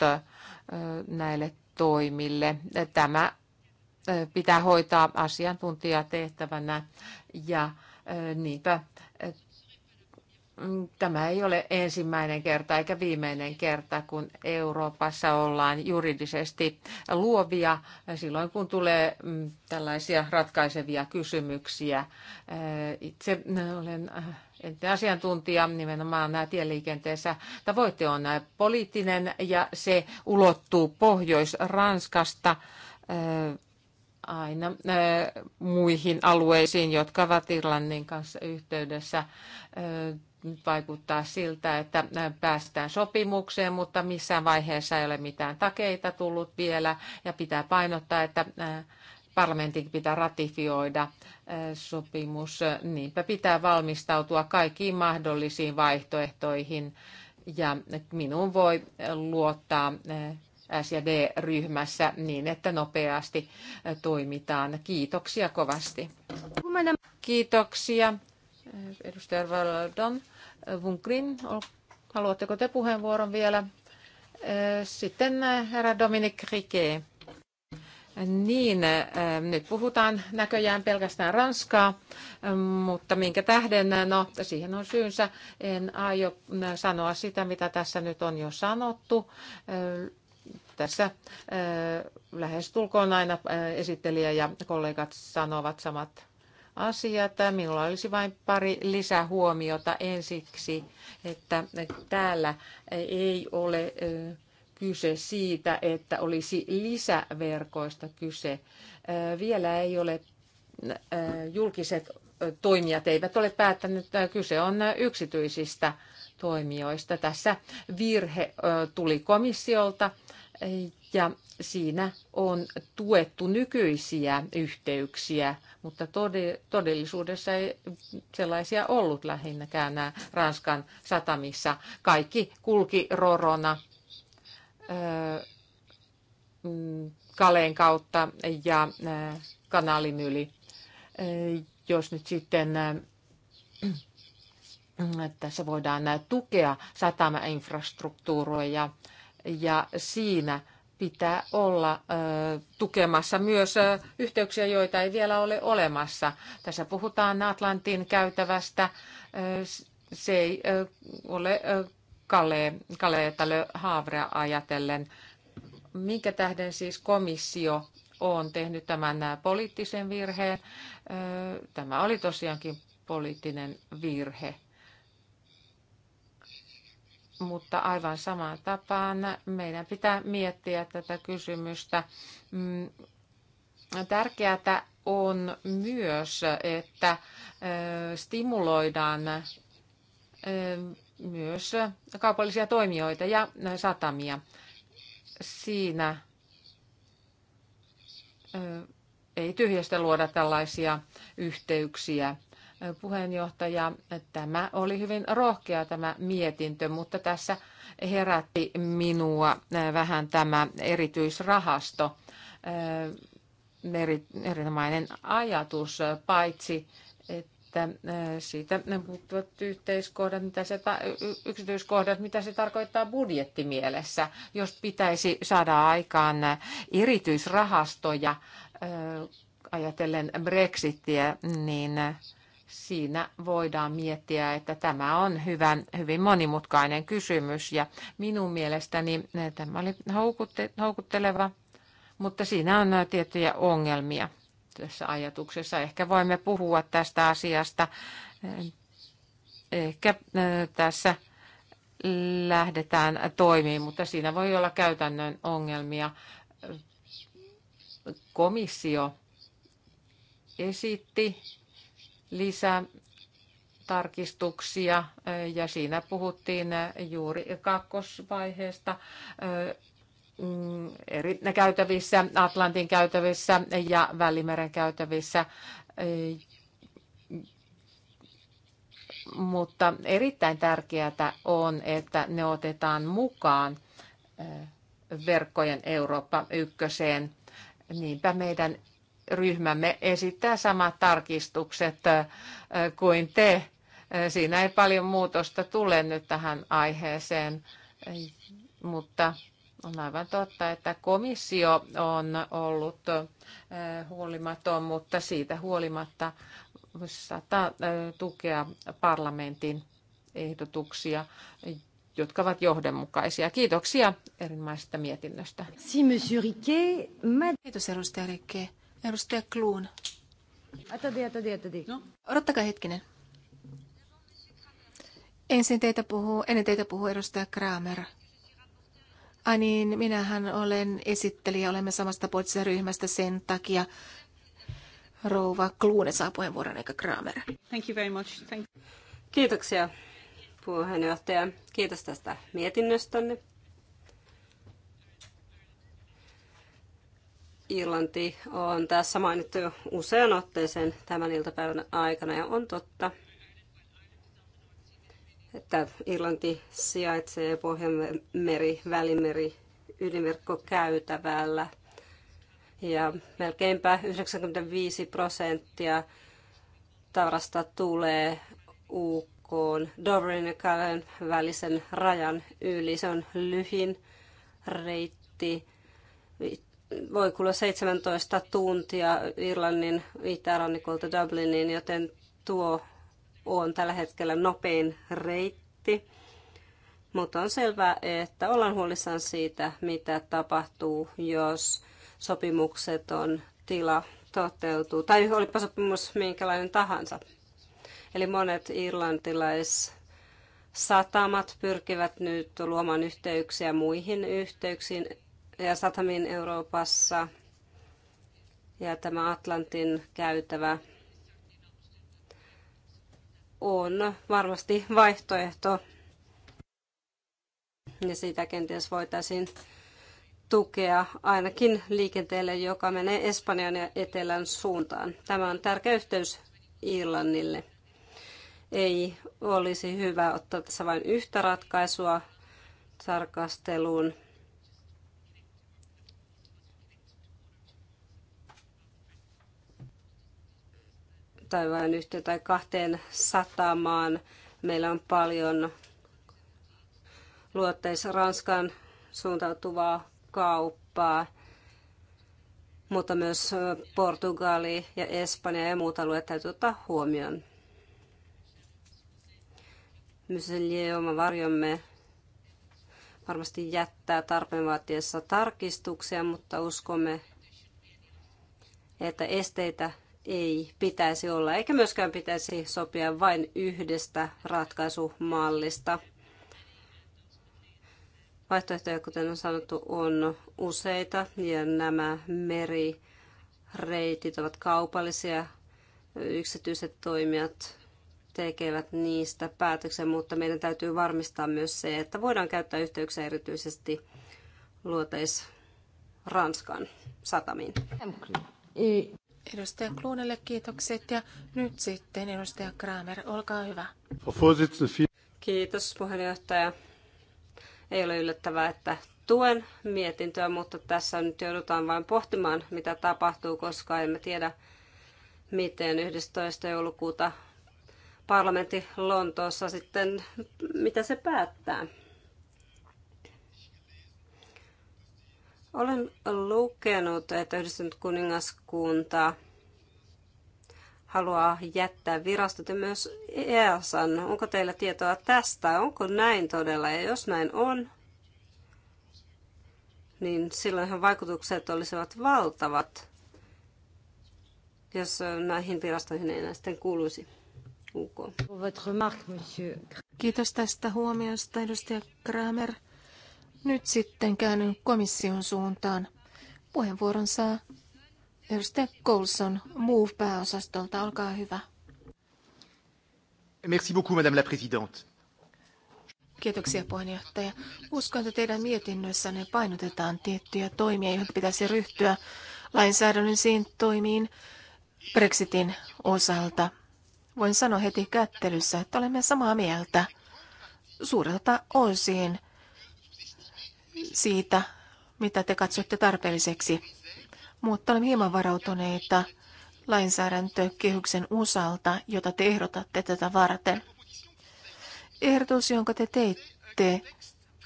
näille toimille. Tämä pitää hoitaa asiantuntijatehtävänä ja niinpä Mm, tämä ei ole ensimmäinen kerta eikä viimeinen kerta, kun Euroopassa ollaan juridisesti luovia silloin, kun tulee mm, tällaisia ratkaisevia kysymyksiä. Äh, itse mm, olen äh, asiantuntija nimenomaan tieliikenteessä. Tavoite on äh, poliittinen ja se ulottuu Pohjois-Ranskasta aina muihin alueisiin, jotka ovat Irlannin kanssa yhteydessä. Nyt vaikuttaa siltä, että päästään sopimukseen, mutta missään vaiheessa ei ole mitään takeita tullut vielä ja pitää painottaa, että parlamentin pitää ratifioida sopimus. Niinpä pitää valmistautua kaikkiin mahdollisiin vaihtoehtoihin ja minun voi luottaa S- ja D-ryhmässä niin, että nopeasti toimitaan. Kiitoksia kovasti. Kiitoksia. Edustaja Valdon, Vunkrin, eh, haluatteko te puheenvuoron vielä? Eh, sitten eh, herra Dominic Riquet. Niin, nyt puhutaan näköjään pelkästään ranskaa, mutta minkä tähden, no siihen on syynsä. En aio sanoa sitä, mitä tässä nyt on jo sanottu. Tässä lähestulkoon aina esittelijä ja kollegat sanovat samat asiat. Minulla olisi vain pari lisähuomiota ensiksi, että täällä ei ole kyse siitä, että olisi lisäverkoista kyse. Vielä ei ole julkiset toimijat eivät ole päättäneet, kyse on yksityisistä toimijoista. Tässä virhe tuli komissiolta ja siinä on tuettu nykyisiä yhteyksiä, mutta todellisuudessa ei sellaisia ollut lähinnäkään nämä Ranskan satamissa. Kaikki kulki Rorona mm, Kaleen kautta ja kanaalin yli. Jos nyt sitten mm, tässä voidaan tukea satamainfrastruktuuria ja siinä pitää olla tukemassa myös yhteyksiä, joita ei vielä ole olemassa. Tässä puhutaan Atlantin käytävästä. Se ei ole Kaleeta Le Havrea ajatellen. Minkä tähden siis komissio on tehnyt tämän poliittisen virheen? Tämä oli tosiaankin poliittinen virhe mutta aivan samaan tapaan meidän pitää miettiä tätä kysymystä. Mm, Tärkeää on myös, että stimuloidaan myös kaupallisia toimijoita ja satamia siinä ei tyhjästä luoda tällaisia yhteyksiä puheenjohtaja. Tämä oli hyvin rohkea tämä mietintö, mutta tässä herätti minua vähän tämä erityisrahasto. Eri, erinomainen ajatus, paitsi että siitä ne puuttuvat yhteiskohdat, mitä se ta- yksityiskohdat, mitä se tarkoittaa budjettimielessä. Jos pitäisi saada aikaan erityisrahastoja ajatellen Brexittiä, niin siinä voidaan miettiä, että tämä on hyvä, hyvin monimutkainen kysymys ja minun mielestäni eh, tämä oli houkutteleva, mutta siinä on eh, tiettyjä ongelmia tässä ajatuksessa. Ehkä voimme puhua tästä asiasta. Eh, ehkä tässä lähdetään toimiin, mutta siinä voi olla käytännön ongelmia. Komissio esitti lisätarkistuksia tarkistuksia ja siinä puhuttiin juuri kakkosvaiheesta mm, eri käytävissä, Atlantin käytävissä ja Välimeren käytävissä. Mutta erittäin tärkeää on, että ne otetaan mukaan verkkojen Eurooppa ykköseen. Niinpä meidän ryhmämme esittää samat tarkistukset kuin te. Siinä ei paljon muutosta tule nyt tähän aiheeseen, mutta on aivan totta, että komissio on ollut huolimaton, mutta siitä huolimatta saattaa tukea parlamentin ehdotuksia, jotka ovat johdonmukaisia. Kiitoksia erinomaisesta mietinnöstä. Kiitos edustaja Rikke. Edustaja Kluun. No. Odottakaa hetkinen. Ensin teitä puhuu, ennen teitä puhuu edustaja Kramer. Ai niin, minähän olen esittelijä, olemme samasta poliittisesta ryhmästä sen takia. Rouva Kluune saa puheenvuoron eikä Kramer. Thank you very much. Thank you. Kiitoksia puheenjohtaja. Kiitos tästä mietinnöstänne. Irlanti on tässä mainittu jo usean otteeseen tämän iltapäivän aikana ja on totta, että Irlanti sijaitsee Pohjanmeri, Välimeri, käytävällä. ja melkeinpä 95 prosenttia tavarasta tulee UK Doverin ja Kalen välisen rajan yli. Se on lyhin reitti voi kulua 17 tuntia Irlannin itärannikolta Dubliniin, joten tuo on tällä hetkellä nopein reitti. Mutta on selvää, että ollaan huolissaan siitä, mitä tapahtuu, jos on tila toteutuu. Tai olipa sopimus minkälainen tahansa. Eli monet irlantilaissatamat pyrkivät nyt luomaan yhteyksiä muihin yhteyksiin ja satamiin Euroopassa ja tämä Atlantin käytävä on varmasti vaihtoehto ja sitä kenties voitaisiin tukea ainakin liikenteelle, joka menee Espanjan ja Etelän suuntaan. Tämä on tärkeä yhteys Irlannille. Ei olisi hyvä ottaa tässä vain yhtä ratkaisua tarkasteluun. tai vain yhteen tai kahteen satamaan. Meillä on paljon luotteissa Ranskan suuntautuvaa kauppaa, mutta myös Portugali ja Espanja ja muut alueet täytyy ottaa huomioon. Myselier oma varjomme varmasti jättää tarpeen vaatiessa tarkistuksia, mutta uskomme, että esteitä ei pitäisi olla, eikä myöskään pitäisi sopia vain yhdestä ratkaisumallista. Vaihtoehtoja, kuten on sanottu, on useita ja nämä merireitit ovat kaupallisia. Yksityiset toimijat tekevät niistä päätöksen, mutta meidän täytyy varmistaa myös se, että voidaan käyttää yhteyksiä erityisesti luoteis Ranskan satamiin. Edustaja Kluunelle kiitokset ja nyt sitten edustaja Kramer, olkaa hyvä. Kiitos puheenjohtaja. Ei ole yllättävää, että tuen mietintöä, mutta tässä nyt joudutaan vain pohtimaan, mitä tapahtuu, koska emme tiedä, miten 11. joulukuuta parlamentti Lontoossa sitten, mitä se päättää. Olen lukenut, että yhdistynyt kuningaskunta haluaa jättää virastot ja myös EASan. Onko teillä tietoa tästä? Onko näin todella? Ja jos näin on, niin silloinhan vaikutukset olisivat valtavat, jos näihin virastoihin ei enää sitten kuuluisi. Kiitos tästä huomiosta, edustaja Kramer. Nyt sitten käännyn komission suuntaan. Puheenvuoron saa edustaja Coulson Move-pääosastolta. Olkaa hyvä. Merci beaucoup, Madame la Présidente. Kiitoksia puheenjohtaja. Uskon, että teidän mietinnössänne painotetaan tiettyjä toimia, joihin pitäisi ryhtyä lainsäädännöllisiin toimiin Brexitin osalta. Voin sanoa heti kättelyssä, että olemme samaa mieltä suurelta osin siitä, mitä te katsotte tarpeelliseksi. Mutta olemme hieman varautuneita lainsäädäntökehyksen osalta, jota te ehdotatte tätä varten. Ehdotus, jonka te teitte,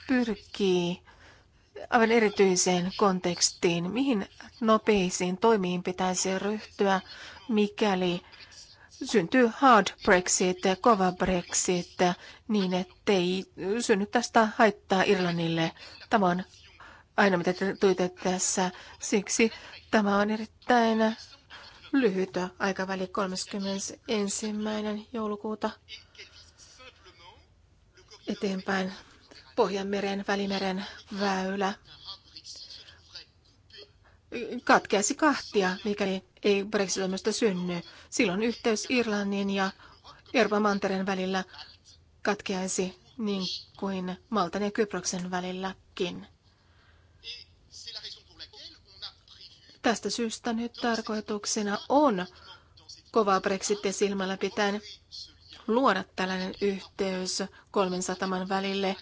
pyrkii aivan erityiseen kontekstiin, mihin nopeisiin toimiin pitäisi ryhtyä, mikäli syntyy hard Brexit, kova Brexit, niin ettei synny tästä haittaa Irlannille Tämä on aina, mitä te tuitte tässä. Siksi tämä on erittäin lyhyt aikaväli 31. joulukuuta eteenpäin Pohjanmeren, Välimeren väylä katkeasi kahtia, mikäli ei Brexit-toimista synny. Silloin yhteys Irlannin ja Euroopan mantereen välillä katkeaisi niin kuin Maltan ja Kyproksen välilläkin. Tästä syystä nyt tarkoituksena on kovaa Brexitia silmällä pitäen luoda tällainen yhteys kolmen sataman välille,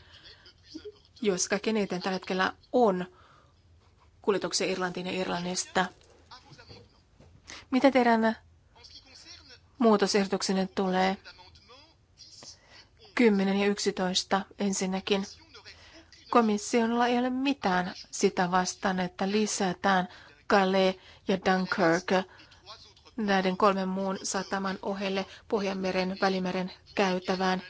jos kaikkein eniten tällä hetkellä on kuljetuksia Irlantiin ja Irlannista. Mitä teidän muutosehdotuksenne tulee? 10 ja 11 ensinnäkin. Komissiolla ei ole mitään sitä vastaan, että lisätään Calais ja Dunkirk näiden kolmen muun sataman ohelle Pohjanmeren välimeren käytävään.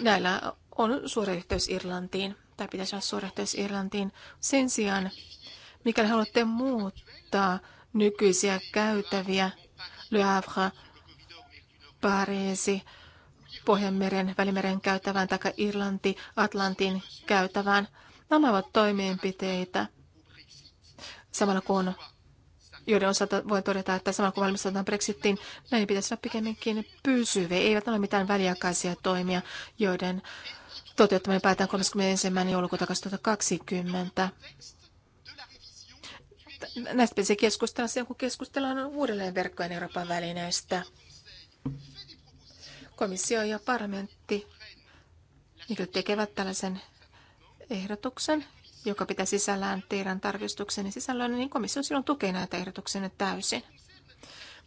Näillä on suora yhteys Irlantiin, tai pitäisi olla suora yhteys Irlantiin. Sen sijaan, mikäli haluatte muuttaa nykyisiä käytäviä, Le Havre, Pariisi, Pohjanmeren, Välimeren käytävään tai Irlanti, Atlantin käytävään. Nämä ovat toimenpiteitä. Samalla kun joiden osalta voi todeta, että samalla kun valmistetaan Brexitin, näin pitäisi olla pikemminkin pysyviä. Eivät ole mitään väliaikaisia toimia, joiden toteuttaminen päätään 31. joulukuuta 2020. Näistä pitäisi keskustella kun keskustellaan uudelleen verkkojen Euroopan välineistä komissio ja parlamentti nyt tekevät tällaisen ehdotuksen, joka pitää sisällään teidän tarkistuksenne sisällön, niin komissio silloin tukee näitä ehdotuksia täysin.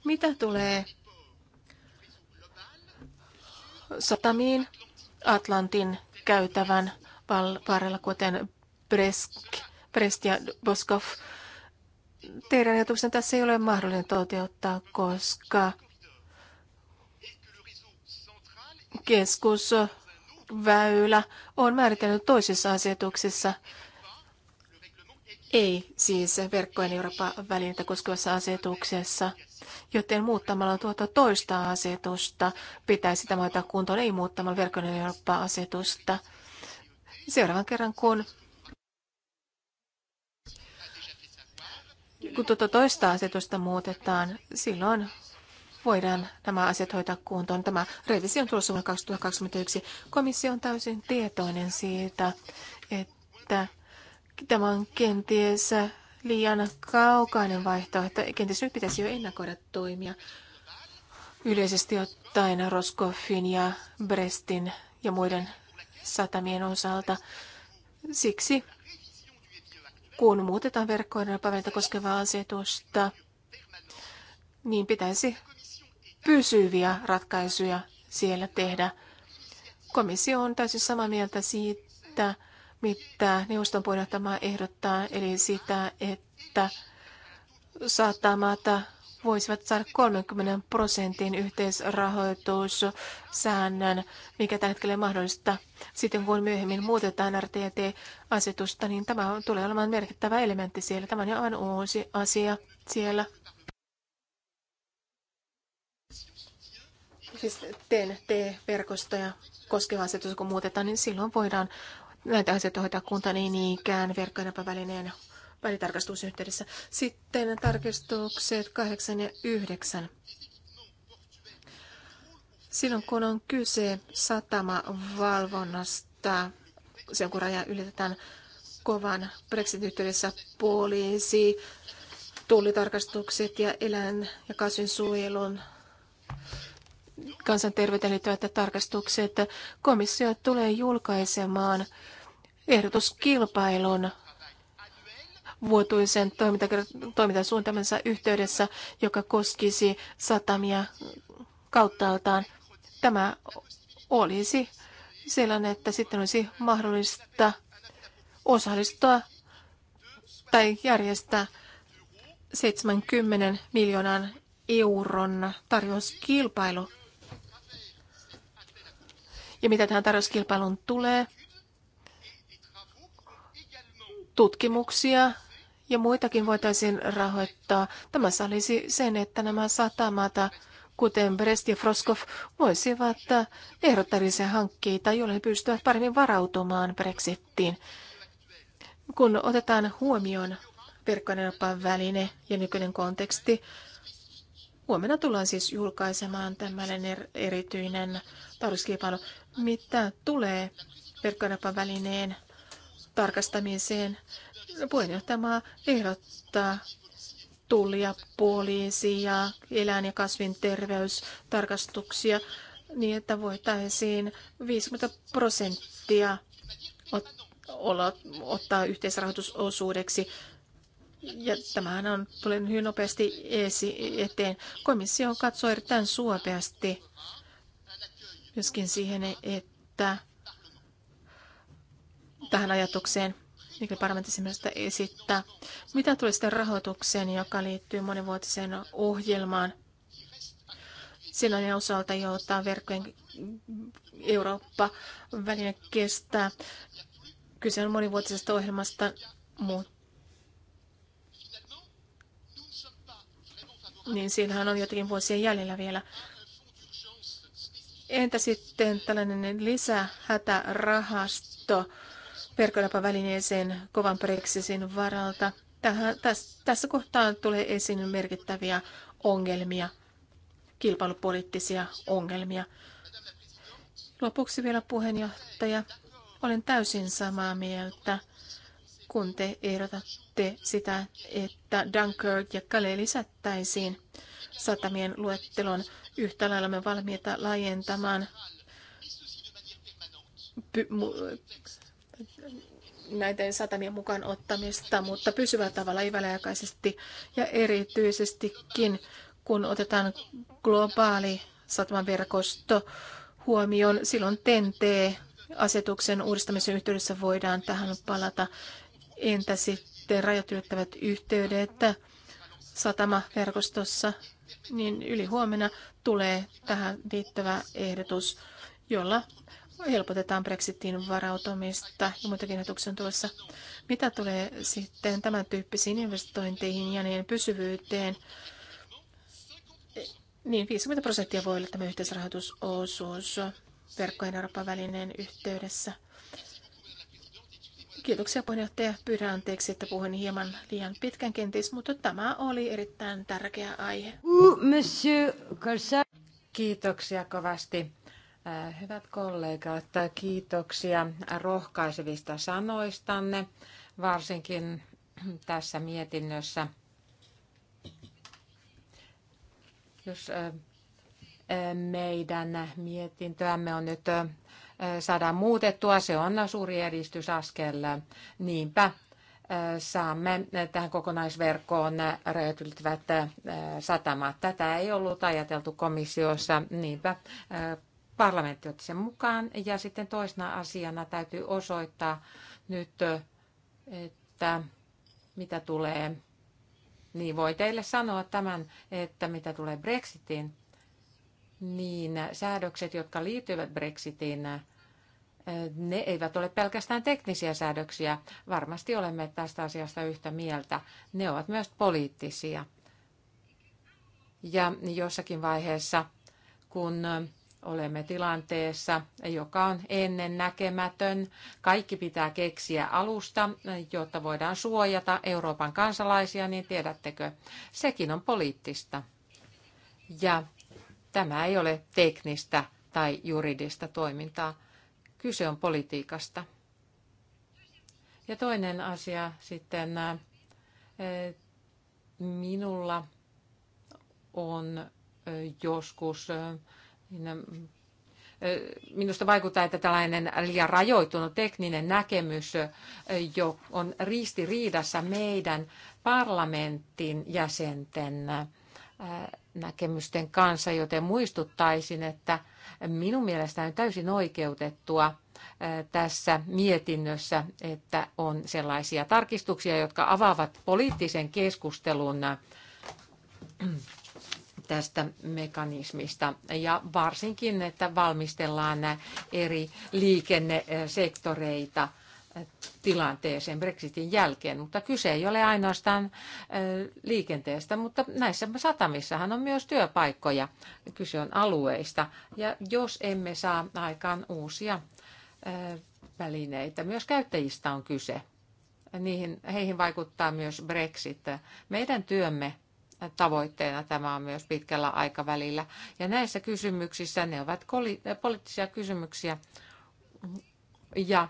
Mitä tulee satamiin Atlantin käytävän varrella, kuten Bresk, Brest ja Boskov, teidän ajatuksen tässä ei ole mahdollinen toteuttaa, koska keskusväylä on määritellyt toisissa asetuksissa, ei siis verkkojen Euroopan välintä koskevassa asetuksessa, joten muuttamalla tuota toista asetusta pitäisi tämä ottaa kuntoon, ei muuttamalla verkkojen Euroopan asetusta. Seuraavan kerran, kun kun tuota toista asetusta muutetaan, silloin voidaan nämä asiat hoitaa kuntoon. Tämä revisio on tulossa vuonna 2021. Komissio on täysin tietoinen siitä, että tämä on kenties liian kaukainen vaihtoehto. Kenties nyt pitäisi jo ennakoida toimia yleisesti ottaen Roskoffin ja Brestin ja muiden satamien osalta. Siksi kun muutetaan verkkoiden niin rapaveita koskevaa asetusta, niin pitäisi pysyviä ratkaisuja siellä tehdä. Komissio on täysin samaa mieltä siitä, mitä neuvoston puheenjohtaja ehdottaa, eli sitä, että saatamaata voisivat saada 30 prosentin yhteisrahoitussäännön, mikä tällä hetkellä on mahdollista. Sitten kun myöhemmin muutetaan RTT-asetusta, niin tämä tulee olemaan merkittävä elementti siellä. Tämä on jo aivan uusi asia siellä. siis tnt verkostoja koskeva asetus, kun muutetaan, niin silloin voidaan näitä asioita hoitaa kunta niin ikään verkkoinapavälineen välitarkastusyhteydessä. Sitten tarkistukset 8 ja 9. Silloin kun on kyse satamavalvonnasta, silloin kun raja ylitetään kovan Brexit-yhteydessä poliisi, tullitarkastukset ja eläin- ja kasvinsuojelun kansanterveyteen liittyvät tarkastukset. Komissio tulee julkaisemaan ehdotuskilpailun vuotuisen toimintasuunnitelmansa yhteydessä, joka koskisi satamia kauttaaltaan. Tämä olisi sellainen, että sitten olisi mahdollista osallistua tai järjestää 70 miljoonan euron tarjouskilpailu ja mitä tähän tarjouskilpailuun tulee, tutkimuksia ja muitakin voitaisiin rahoittaa. Tämä salisi sen, että nämä satamata, kuten Brest ja Froskov, voisivat ehdottarisia hankkeita, joilla he pystyvät paremmin varautumaan Brexittiin. Kun otetaan huomioon verkkojen väline ja nykyinen konteksti, Huomenna tullaan siis julkaisemaan tämmöinen er-, erityinen tarjouskilpailu, mitä tulee verkkokaupan välineen tarkastamiseen. Puheenjohtaja ehdottaa tullia, poliisia, eläin- ja kasvinterveystarkastuksia niin, että voitaisiin 50 prosenttia ot- olla, ottaa yhteisrahoitusosuudeksi ja tämähän on tullut hyvin nopeasti esi- eteen. Komissio katsoo erittäin suopeasti myöskin siihen, että tähän ajatukseen, mikä parlamentti esittää. Mitä tulee sitten rahoitukseen, joka liittyy monivuotiseen ohjelmaan? Siinä on osalta, jota verkkojen Eurooppa väline kestää. Kyse on monivuotisesta ohjelmasta, mutta niin siinähän on jotenkin vuosien jäljellä vielä. Entä sitten tällainen lisähätärahasto verkkolapavälineeseen kovan Brexitin varalta? Tähän, tässä, tässä kohtaa tulee esiin merkittäviä ongelmia, kilpailupoliittisia ongelmia. Lopuksi vielä puheenjohtaja. Olen täysin samaa mieltä kun te ehdotatte sitä, että Dunkirk ja Kale lisättäisiin satamien luettelon. Yhtä lailla me valmiita laajentamaan näiden satamien mukaan ottamista, mutta pysyvällä tavalla, ei väliaikaisesti. Ja erityisestikin, kun otetaan globaali satamaverkosto huomioon, silloin TENTE asetuksen uudistamisen yhteydessä voidaan tähän palata. Entä sitten rajat ylittävät yhteydet satamaverkostossa? Niin yli huomenna tulee tähän liittyvä ehdotus, jolla helpotetaan Brexitin varautumista ja muitakin ehdotuksia tuossa. Mitä tulee sitten tämän tyyppisiin investointeihin ja niiden pysyvyyteen? Niin 50 prosenttia voi olla tämä yhteisrahoitusosuus verkkojen Euroopan välineen yhteydessä – Kiitoksia puheenjohtaja. Pyydän anteeksi, että puhuin hieman liian pitkän kenties, mutta tämä oli erittäin tärkeä aihe. Kiitoksia kovasti. Äh, hyvät kollegat, kiitoksia rohkaisevista sanoistanne, varsinkin tässä mietinnössä. Jos äh, meidän mietintöämme on nyt äh, saadaan muutettua. Se on suuri edistysaskel. Niinpä saamme tähän kokonaisverkkoon rajat satamat. Tätä ei ollut ajateltu komissiossa, niinpä parlamentti otti sen mukaan. Ja sitten toisena asiana täytyy osoittaa nyt, että mitä tulee, niin voi teille sanoa tämän, että mitä tulee Brexitiin, niin säädökset, jotka liittyvät Brexitiin, äh, ne eivät ole pelkästään teknisiä säädöksiä. Varmasti olemme tästä asiasta yhtä mieltä. Ne ovat myös poliittisia. Ja jossakin vaiheessa, kun olemme tilanteessa, joka on ennen näkemätön, kaikki pitää keksiä alusta, jotta voidaan suojata Euroopan kansalaisia, niin tiedättekö, sekin on poliittista. Ja Tämä ei ole teknistä tai juridista toimintaa. Kyse on politiikasta. Ja toinen asia sitten minulla on joskus, minusta vaikuttaa, että tällainen liian rajoittunut tekninen näkemys jo on ristiriidassa meidän parlamentin jäsenten näkemysten kanssa, joten muistuttaisin, että minun mielestäni täysin oikeutettua tässä mietinnössä, että on sellaisia tarkistuksia, jotka avaavat poliittisen keskustelun tästä mekanismista ja varsinkin, että valmistellaan eri liikennesektoreita tilanteeseen Brexitin jälkeen, mutta kyse ei ole ainoastaan liikenteestä, mutta näissä satamissahan on myös työpaikkoja. Kyse on alueista ja jos emme saa aikaan uusia välineitä, myös käyttäjistä on kyse. Niihin, heihin vaikuttaa myös Brexit. Meidän työmme tavoitteena tämä on myös pitkällä aikavälillä. Ja näissä kysymyksissä ne ovat poliittisia kysymyksiä ja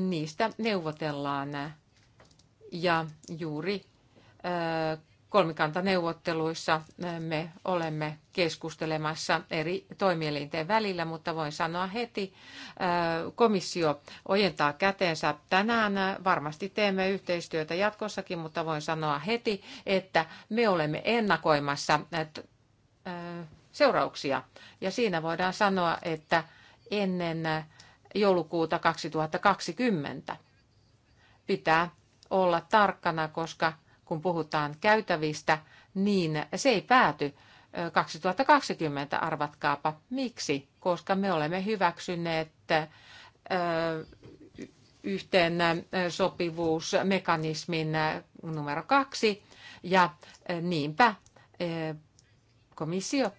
niistä neuvotellaan. Ja juuri kolmikantaneuvotteluissa me olemme keskustelemassa eri toimielinten välillä, mutta voin sanoa heti, komissio ojentaa käteensä tänään. Varmasti teemme yhteistyötä jatkossakin, mutta voin sanoa heti, että me olemme ennakoimassa seurauksia. Ja siinä voidaan sanoa, että ennen joulukuuta 2020. Pitää olla tarkkana, koska kun puhutaan käytävistä, niin se ei pääty 2020, arvatkaapa miksi, koska me olemme hyväksyneet yhteen sopivuusmekanismin numero kaksi ja niinpä komissio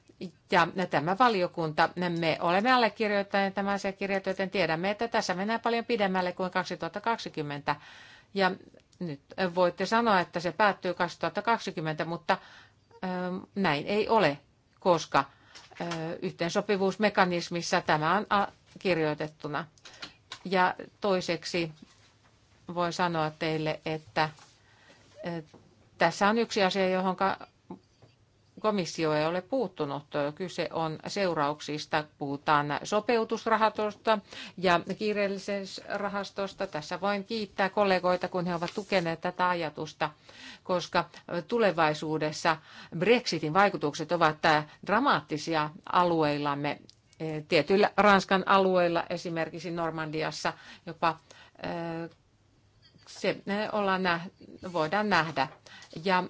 ja tämä valiokunta, me olemme allekirjoittaneet tämä asiakirja, joten tiedämme, että tässä mennään paljon pidemmälle kuin 2020. Ja nyt voitte sanoa, että se päättyy 2020, mutta näin ei ole, koska yhteensopivuusmekanismissa tämä on kirjoitettuna. Ja toiseksi voin sanoa teille, että tässä on yksi asia, johon komissio ei ole puuttunut. Kyse on seurauksista. Puhutaan sopeutusrahastosta ja kiireellisyysrahastosta. Tässä voin kiittää kollegoita, kun he ovat tukeneet tätä ajatusta, koska tulevaisuudessa Brexitin vaikutukset ovat dramaattisia alueillamme. Tietyillä Ranskan alueilla, esimerkiksi Normandiassa, jopa eh, se eh, ollaan voidaan nähdä. Ja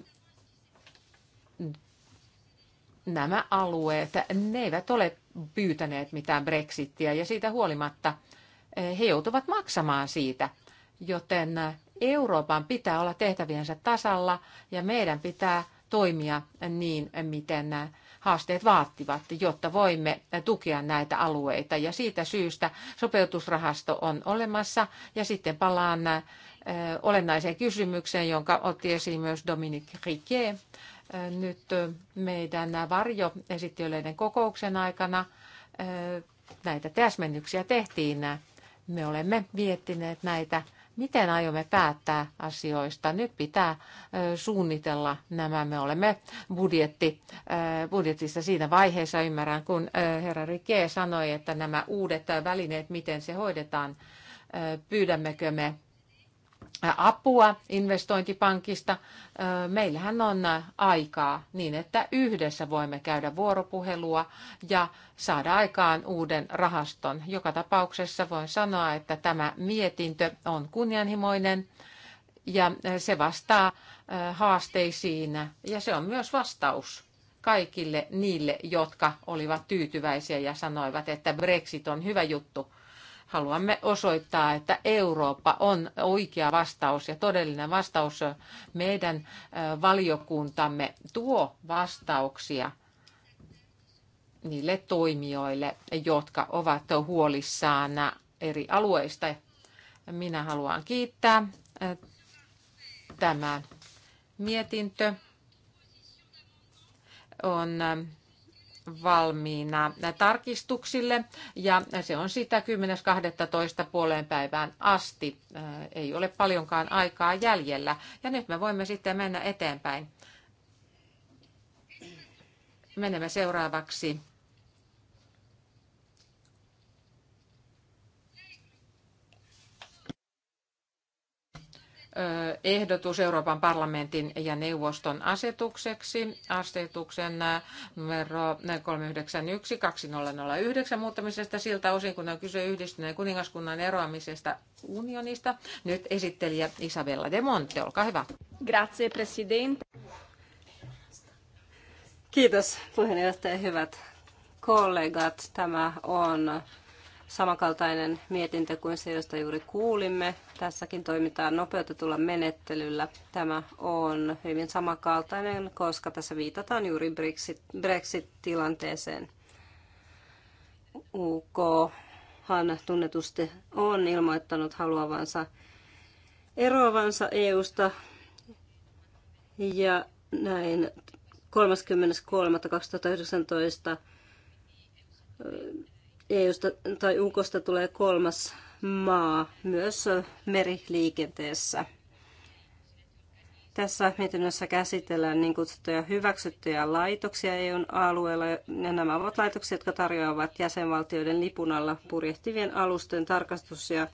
nämä alueet, ne eivät ole pyytäneet mitään brexittiä ja siitä huolimatta eh, he joutuvat maksamaan siitä. Joten eh, Euroopan pitää olla tehtäviensä tasalla ja meidän pitää toimia niin, miten eh, haasteet vaativat, jotta voimme tukea näitä alueita. Ja siitä syystä sopeutusrahasto on olemassa. Ja sitten palaan olennaiseen kysymykseen, jonka otti esiin myös Dominique Riquet nyt meidän varjoesittelijöiden kokouksen aikana näitä täsmennyksiä tehtiin. Me olemme viettineet näitä, miten aiomme päättää asioista. Nyt pitää suunnitella nämä. Me olemme budjetti, budjetissa siinä vaiheessa, ymmärrän, kun herra Rike sanoi, että nämä uudet välineet, miten se hoidetaan, pyydämmekö me apua investointipankista. Meillähän on aikaa niin, että yhdessä voimme käydä vuoropuhelua ja saada aikaan uuden rahaston. Joka tapauksessa voin sanoa, että tämä mietintö on kunnianhimoinen ja se vastaa haasteisiin ja se on myös vastaus kaikille niille, jotka olivat tyytyväisiä ja sanoivat, että Brexit on hyvä juttu. Haluamme osoittaa, että Eurooppa on oikea vastaus ja todellinen vastaus. Meidän valiokuntamme tuo vastauksia niille toimijoille, jotka ovat huolissaan eri alueista. Minä haluan kiittää tämä mietintö on valmiina tarkistuksille ja se on sitä 10.12. puoleen päivään asti. Äh, ei ole paljonkaan aikaa jäljellä ja nyt me voimme sitten mennä eteenpäin. Menemme seuraavaksi ehdotus Euroopan parlamentin ja neuvoston asetukseksi, asetuksen numero 391-2009 muuttamisesta siltä osin, kun on kyse yhdistyneen kuningaskunnan eroamisesta unionista. Nyt esittelijä Isabella de Monte, olkaa hyvä. Grazie, president. Kiitos puheenjohtaja, hyvät kollegat. Tämä on samankaltainen mietintö kuin se, josta juuri kuulimme. Tässäkin toimitaan nopeutetulla menettelyllä. Tämä on hyvin samankaltainen, koska tässä viitataan juuri Brexit-tilanteeseen. UK hän tunnetusti on ilmoittanut haluavansa eroavansa EUsta ja näin 33.2019 EUsta tai UKosta tulee kolmas maa myös meriliikenteessä. Tässä mietinnössä käsitellään niin kutsuttuja hyväksyttyjä laitoksia EUn alueella. Ja nämä ovat laitoksia, jotka tarjoavat jäsenvaltioiden lipun alla purjehtivien alusten tarkastus- ja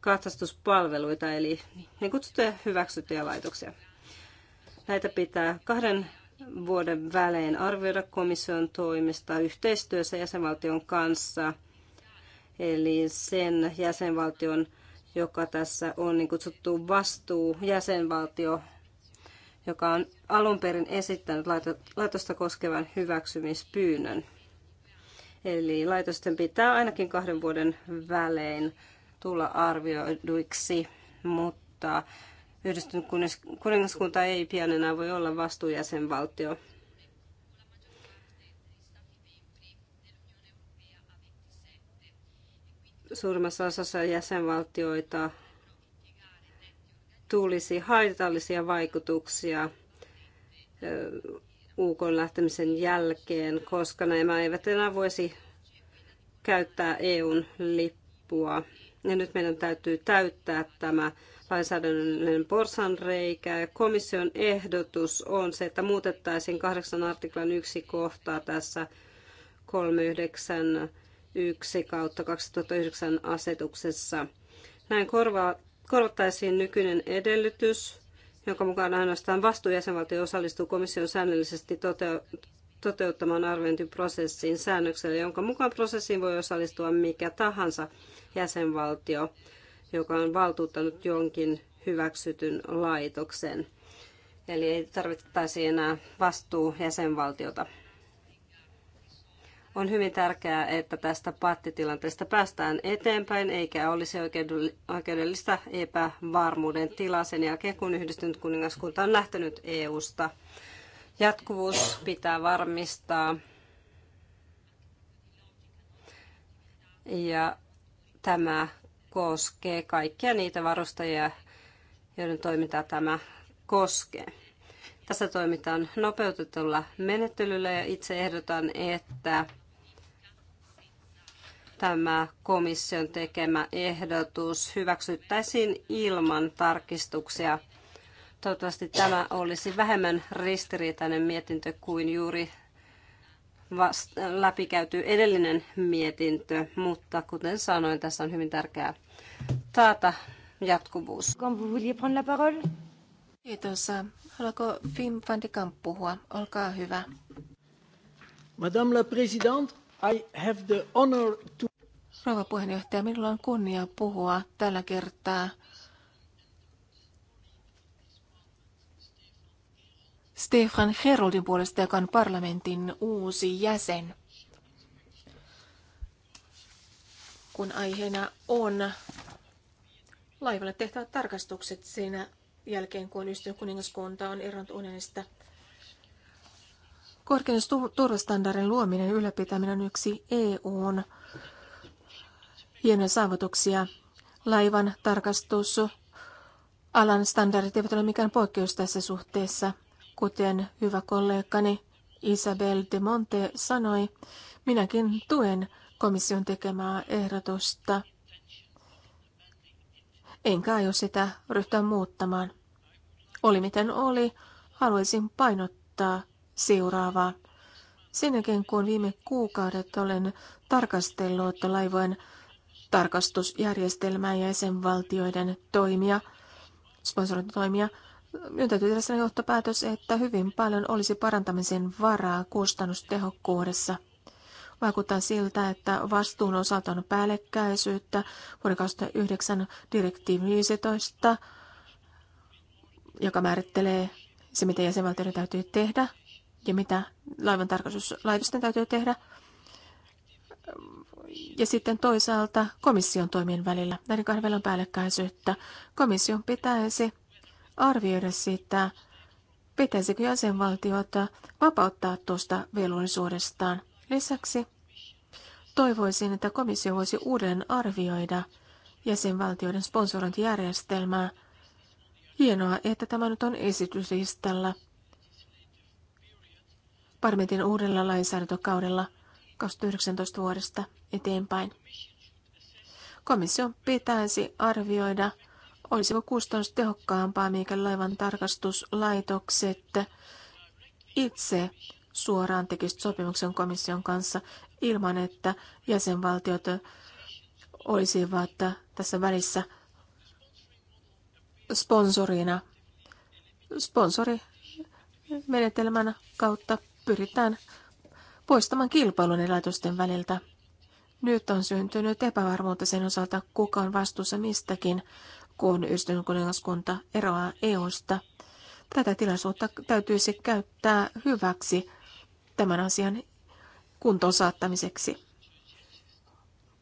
katsastuspalveluita, eli niin kutsuttuja hyväksyttyjä laitoksia. Näitä pitää kahden vuoden välein arvioida komission toimista yhteistyössä jäsenvaltion kanssa, eli sen jäsenvaltion, joka tässä on niin kutsuttu vastuu jäsenvaltio, joka on alun perin esittänyt laitosta koskevan hyväksymispyynnön. Eli laitosten pitää ainakin kahden vuoden välein tulla arvioiduiksi, mutta Yhdistynyt kuningaskunta ei pian enää voi olla vastuujäsenvaltio. Suurimmassa osassa jäsenvaltioita tulisi haitallisia vaikutuksia UK lähtemisen jälkeen, koska nämä eivät enää voisi käyttää EUn lippua. Ja nyt meidän täytyy täyttää tämä lainsäädännöllinen porsanreikä. Ja komission ehdotus on se, että muutettaisiin kahdeksan artiklan yksi kohtaa tässä 391 kautta 2009 asetuksessa. Näin korvaa, korvattaisiin nykyinen edellytys, jonka mukaan ainoastaan vastuujäsenvaltio osallistuu komission säännöllisesti tote- toteuttamaan arviointiprosessiin säännöksellä, jonka mukaan prosessiin voi osallistua mikä tahansa jäsenvaltio joka on valtuuttanut jonkin hyväksytyn laitoksen. Eli ei tarvittaisi enää vastuu jäsenvaltiota. On hyvin tärkeää, että tästä pattitilanteesta päästään eteenpäin, eikä olisi oikeudellista epävarmuuden tilaa sen jälkeen, kun yhdistynyt kuningaskunta on lähtenyt EU-sta. Jatkuvuus pitää varmistaa. Ja tämä koskee kaikkia niitä varustajia, joiden toimintaa tämä koskee. Tässä toimitaan nopeutetulla menettelyllä ja itse ehdotan, että tämä komission tekemä ehdotus hyväksyttäisiin ilman tarkistuksia. Toivottavasti tämä olisi vähemmän ristiriitainen mietintö kuin juuri läpikäyty edellinen mietintö, mutta kuten sanoin, tässä on hyvin tärkeää taata jatkuvuus. Kiitos. Haluatko Fim van de Kamp puhua? Olkaa hyvä. Madame la Présidente, I have the honor to... Rouva puheenjohtaja, minulla on kunnia puhua tällä kertaa Stefan Heroldin puolesta, joka on parlamentin uusi jäsen. Kun aiheena on laivalle tehtävät tarkastukset siinä jälkeen, kun ystävän kuningaskunta on eronnut unionista. Korkean turvastandardin luominen ja ylläpitäminen on yksi EUn hienoja saavutuksia. Laivan tarkastus alan standardit eivät ole mikään poikkeus tässä suhteessa. Kuten hyvä kollegani Isabel de Monte sanoi, minäkin tuen komission tekemää ehdotusta – enkä aio sitä ryhtyä muuttamaan. Oli miten oli, haluaisin painottaa seuraavaa. Sen jälkeen, kun viime kuukaudet olen tarkastellut laivojen tarkastusjärjestelmää ja jäsenvaltioiden toimia, sponsorointitoimia, nyt täytyy tehdä johtopäätös, että hyvin paljon olisi parantamisen varaa kustannustehokkuudessa – Vaikuttaa siltä, että vastuun osalta on päällekkäisyyttä. Vuoden 2009 direktiivi 15, joka määrittelee se, mitä jäsenvaltioiden täytyy tehdä ja mitä laivan tarkastuslaitosten täytyy tehdä. Ja sitten toisaalta komission toimien välillä. Näiden kahden välillä on päällekkäisyyttä. Komission pitäisi arvioida sitä, pitäisikö jäsenvaltiota vapauttaa tuosta velvollisuudestaan Lisäksi toivoisin, että komissio voisi uudelleen arvioida jäsenvaltioiden sponsorointijärjestelmää. Hienoa, että tämä nyt on esityslistalla. Parmentin uudella lainsäädäntökaudella 2019 vuodesta eteenpäin. Komission pitäisi arvioida, olisiko tehokkaampaa, mikä laivan tarkastuslaitokset itse suoraan tekisi sopimuksen komission kanssa ilman, että jäsenvaltiot olisivat tässä välissä sponsorina. Sponsorimenetelmän kautta pyritään poistamaan kilpailun elätysten väliltä. Nyt on syntynyt epävarmuutta sen osalta, kuka on vastuussa mistäkin, kun yhdistynyt kuningaskunta eroaa EUsta. Tätä tilaisuutta täytyisi käyttää hyväksi tämän asian kuntoon saattamiseksi.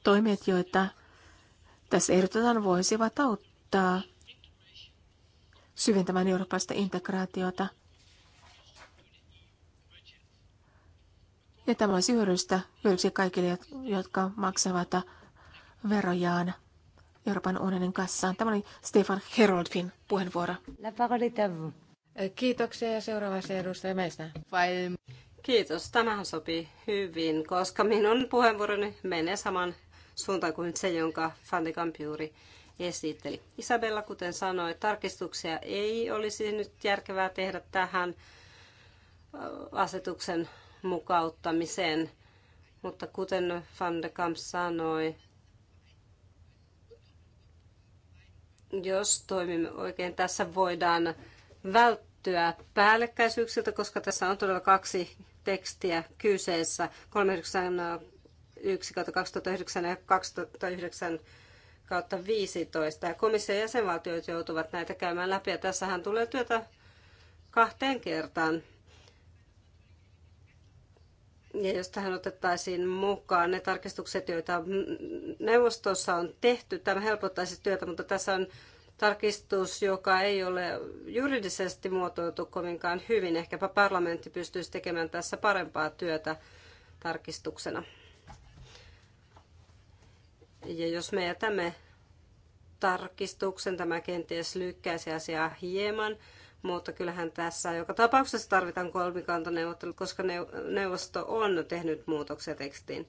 Toimet, joita tässä ehdotetaan, voisivat auttaa syventämään eurooppalaista integraatiota. Ja tämä olisi hyödyllistä hyödyksi kaikille, jotka maksavat verojaan Euroopan unionin kassaan. Tämä oli Stefan Heroldfin puheenvuoro. La parole Kiitoksia ja seuraavaksi edustaja Meistä. Kiitos, tämähän sopii hyvin, koska minun puheenvuoroni menee saman suuntaan kuin se, jonka Fanny Kampiuri esitteli. Isabella, kuten sanoi, tarkistuksia ei olisi nyt järkevää tehdä tähän asetuksen mukauttamiseen, mutta kuten Van de Kamp sanoi, jos toimimme oikein, tässä voidaan välttää välttyä päällekkäisyyksiltä, koska tässä on todella kaksi tekstiä kyseessä 31 2009 ja 2009 kautta 15. Ja komission jäsenvaltiot joutuvat näitä käymään läpi ja tässähän tulee työtä kahteen kertaan. Ja jos tähän otettaisiin mukaan ne tarkistukset, joita neuvostossa on tehty, tämä helpottaisi työtä, mutta tässä on tarkistus, joka ei ole juridisesti muotoiltu kovinkaan hyvin. Ehkäpä parlamentti pystyisi tekemään tässä parempaa työtä tarkistuksena. Ja jos me jätämme tarkistuksen, tämä kenties lykkäisi asiaa hieman, mutta kyllähän tässä joka tapauksessa tarvitaan kolmikantaneuvottelu, koska neuvosto on tehnyt muutoksia tekstiin.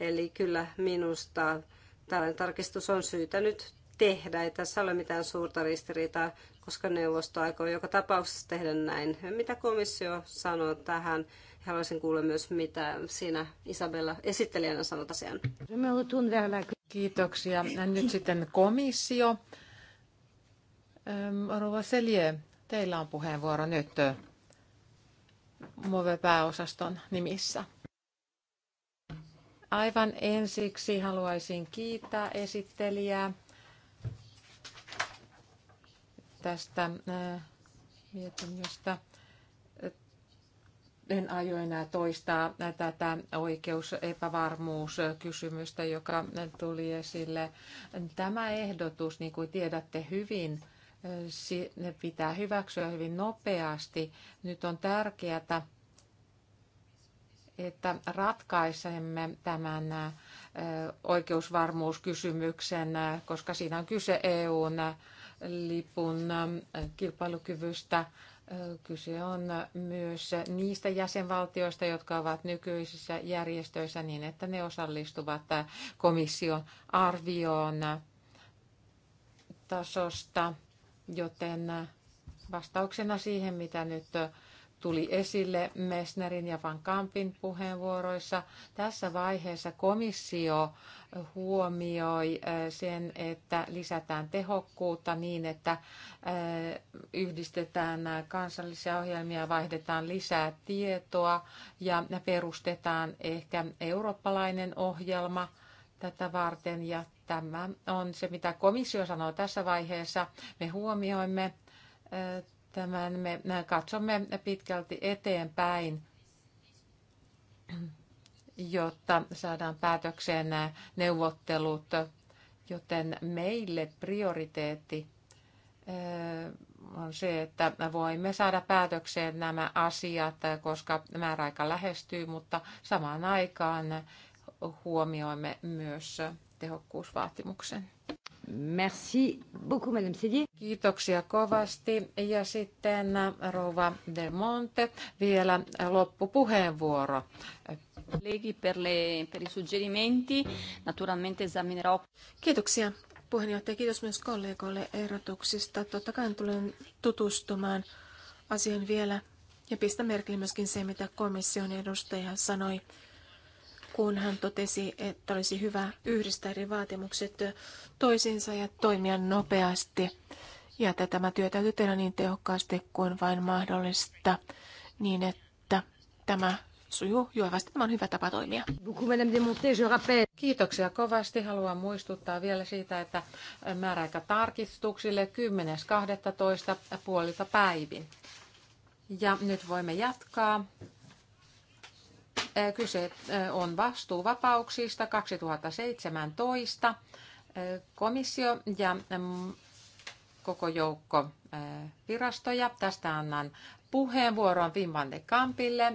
Eli kyllä minusta tällainen tarkistus on syytä nyt tehdä. Ei tässä ole mitään suurta ristiriitaa, koska neuvosto aikoo joka tapauksessa tehdä näin. Mitä komissio sanoo tähän? Haluaisin kuulla myös, mitä siinä Isabella esittelijänä sanot asian. Kiitoksia. Nyt sitten komissio. Rova Selje, teillä on puheenvuoro nyt MOVE-pääosaston nimissä. Aivan ensiksi haluaisin kiittää esittelijää tästä äh, mietinnöstä. En aio enää toistaa tätä oikeusepävarmuuskysymystä, joka tuli esille. Tämä ehdotus, niin kuin tiedätte hyvin, ne pitää hyväksyä hyvin nopeasti. Nyt on tärkeää, että ratkaisemme tämän äh, oikeusvarmuuskysymyksen, äh, koska siinä on kyse EUn lipun äh, kilpailukyvystä. Äh, kyse on myös niistä jäsenvaltioista, jotka ovat nykyisissä järjestöissä niin, että ne osallistuvat äh, komission arvioon tasosta, joten vastauksena siihen, mitä nyt tuli esille Messnerin ja Van Kampin puheenvuoroissa. Tässä vaiheessa komissio huomioi äh, sen, että lisätään tehokkuutta niin, että äh, yhdistetään kansallisia ohjelmia, vaihdetaan lisää tietoa ja perustetaan ehkä eurooppalainen ohjelma tätä varten. Ja tämä on se, mitä komissio sanoo tässä vaiheessa. Me huomioimme äh, tämän me katsomme pitkälti eteenpäin, jotta saadaan päätökseen neuvottelut, joten meille prioriteetti äh, on se, että voimme saada päätökseen nämä asiat, koska määräaika lähestyy, mutta samaan aikaan huomioimme myös tehokkuusvaatimuksen. Merci beaucoup, Madame Sedier. Kiitoksia kovasti. Ja sitten äh, Rova De Monte, vielä äh, loppupuheenvuoro. Kiitoksia puheenjohtaja. Kiitos myös kollegoille ehdotuksista. Totta kai tulen tutustumaan asiaan vielä ja pistä merkille myöskin se, mitä komission edustaja sanoi kun hän totesi, että olisi hyvä yhdistää eri vaatimukset toisiinsa ja toimia nopeasti. Ja että tämä työ täytyy tehdä niin tehokkaasti kuin vain mahdollista, niin että tämä sujuu juovasti. Tämä on hyvä tapa toimia. Kiitoksia kovasti. Haluan muistuttaa vielä siitä, että määräaika tarkistuksille 10.12. puolilta päivin. Ja nyt voimme jatkaa Kyse on vastuuvapauksista 2017. Komissio ja mm, koko joukko virastoja. Tästä annan puheenvuoron Wim van de Kampille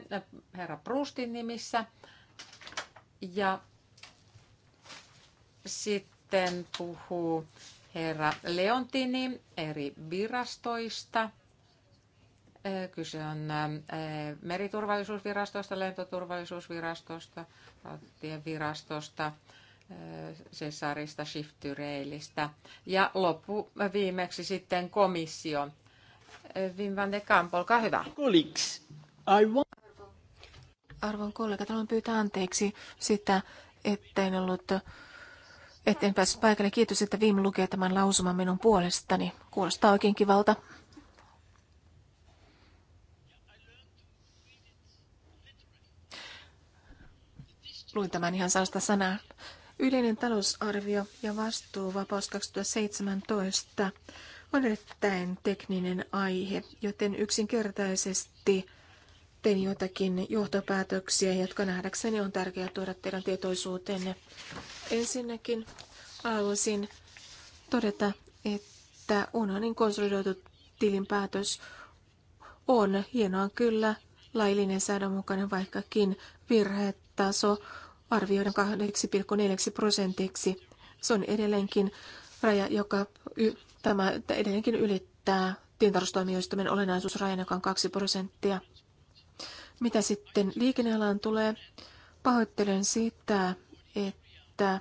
herra Prustin nimissä. Ja sitten puhuu herra Leontini eri virastoista – Kyse on meriturvallisuusvirastosta, lentoturvallisuusvirastosta, virastosta, Cesarista, Shiftyreilistä ja loppu viimeksi sitten komissio. Wim van de Kamp, olkaa hyvä. Arvon kollegat, haluan pyytää anteeksi sitä, en ollut etten päässyt paikalle. Kiitos, että Vim lukee tämän lausuman minun puolestani. Kuulostaa oikein kivalta. luin tämän ihan sanasta sanaa. Yleinen talousarvio ja vapaus 2017 on erittäin tekninen aihe, joten yksinkertaisesti tein jotakin johtopäätöksiä, jotka nähdäkseni on tärkeää tuoda teidän tietoisuuteenne. Ensinnäkin haluaisin todeta, että Unanin konsolidoitu tilinpäätös on hienoa kyllä laillinen säädönmukainen, vaikkakin virhetaso arvioidaan 2,4 prosentiksi. Se on edelleenkin raja, joka y, tämä edelleenkin ylittää tientarustoimijoistumen olennaisuusrajan, joka on 2 prosenttia. Mitä sitten liikennealaan tulee, pahoittelen sitä, että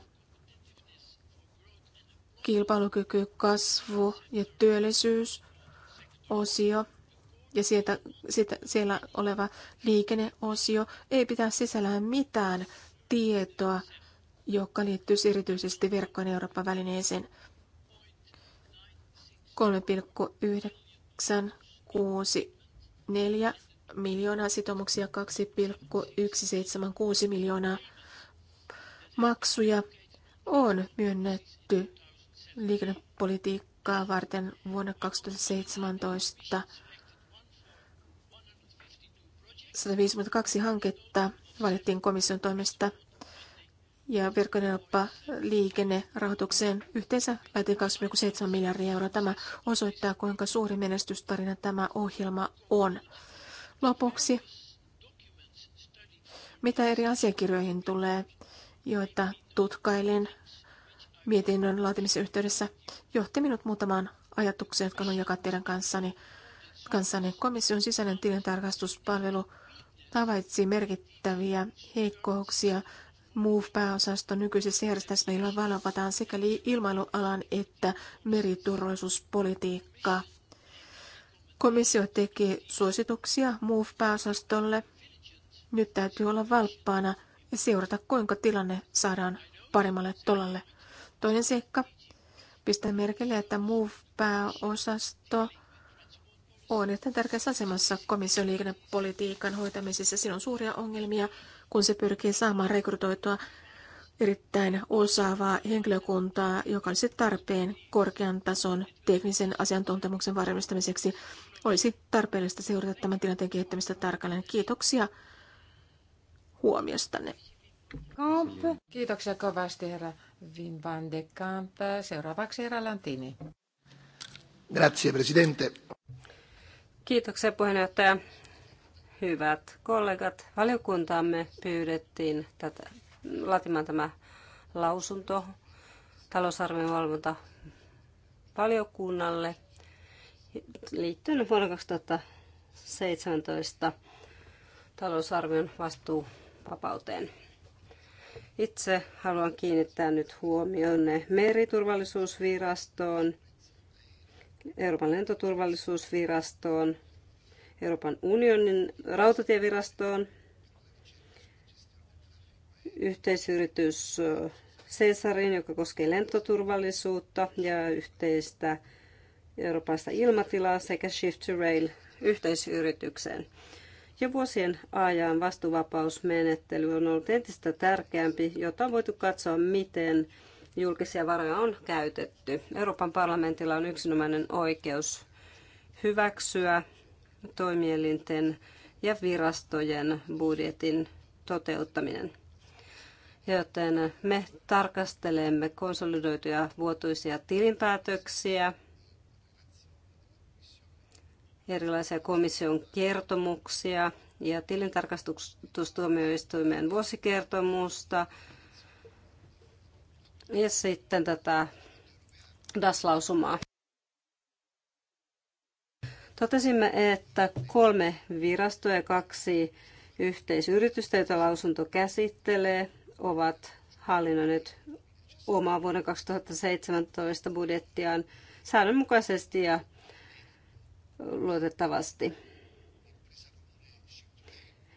kilpailukyky, kasvu ja työllisyys osio ja sieltä, sieltä, siellä oleva liikenneosio ei pitää sisällään mitään tietoa, joka liittyy erityisesti verkkojen Euroopan välineeseen 3,964 miljoonaa sitoumuksia, 2,176 miljoonaa maksuja on myönnetty liikennepolitiikkaa varten vuonna 2017. 152 hanketta valittiin komission toimesta. Ja virkoneoppa liikennerahoitukseen yhteensä laitettiin 2,7 miljardia euroa. Tämä osoittaa, kuinka suuri menestystarina tämä ohjelma on. Lopuksi, mitä eri asiakirjoihin tulee, joita tutkailin mietinnön laatimisen yhteydessä, johti minut muutamaan ajatukseen, jotka on jakaa teidän kanssani. Kanssani komission sisäinen tilintarkastuspalvelu – havaitsi merkittäviä heikkouksia MOVE-pääosasto nykyisessä järjestelmässä meillä valvotaan sekä ilmailualan että meriturvallisuuspolitiikkaa. Komissio teki suosituksia MOVE-pääosastolle. Nyt täytyy olla valppaana ja seurata, kuinka tilanne saadaan paremmalle tolalle. Toinen seikka. Pistän merkille, että MOVE-pääosasto – on erittäin tärkeässä asemassa komission liikennepolitiikan hoitamisessa. Siinä on suuria ongelmia, kun se pyrkii saamaan rekrytoitua erittäin osaavaa henkilökuntaa, joka olisi tarpeen korkean tason teknisen asiantuntemuksen varmistamiseksi. Olisi tarpeellista seurata tämän tilanteen kehittämistä tarkalleen. Kiitoksia huomiostanne. Kamp. Kiitoksia kovasti herra Vin van de Kamp. Seuraavaksi herra Lantini. Grazie, presidente. Kiitoksia puheenjohtaja. Hyvät kollegat, valiokuntaamme pyydettiin tätä, laatimaan tämä lausunto talousarvion valvonta valiokunnalle liittyen vuonna 2017 talousarvion vastuuvapauteen. Itse haluan kiinnittää nyt huomioon meriturvallisuusvirastoon Euroopan lentoturvallisuusvirastoon, Euroopan unionin rautatievirastoon, yhteisyritys Cesarin, joka koskee lentoturvallisuutta ja yhteistä eurooppalaista ilmatilaa sekä Shift to Rail yhteisyritykseen. Jo vuosien ajan vastuvapausmenettely on ollut entistä tärkeämpi, jota on voitu katsoa, miten julkisia varoja on käytetty. Euroopan parlamentilla on yksinomainen oikeus hyväksyä toimielinten ja virastojen budjetin toteuttaminen. Joten me tarkastelemme konsolidoituja vuotuisia tilinpäätöksiä, erilaisia komission kertomuksia ja tilintarkastustuomioistuimen vuosikertomusta – ja sitten tätä DAS-lausumaa. Totesimme, että kolme virastoa ja kaksi yhteisyritystä, joita lausunto käsittelee, ovat hallinnoineet omaa vuoden 2017 budjettiaan säännönmukaisesti ja luotettavasti.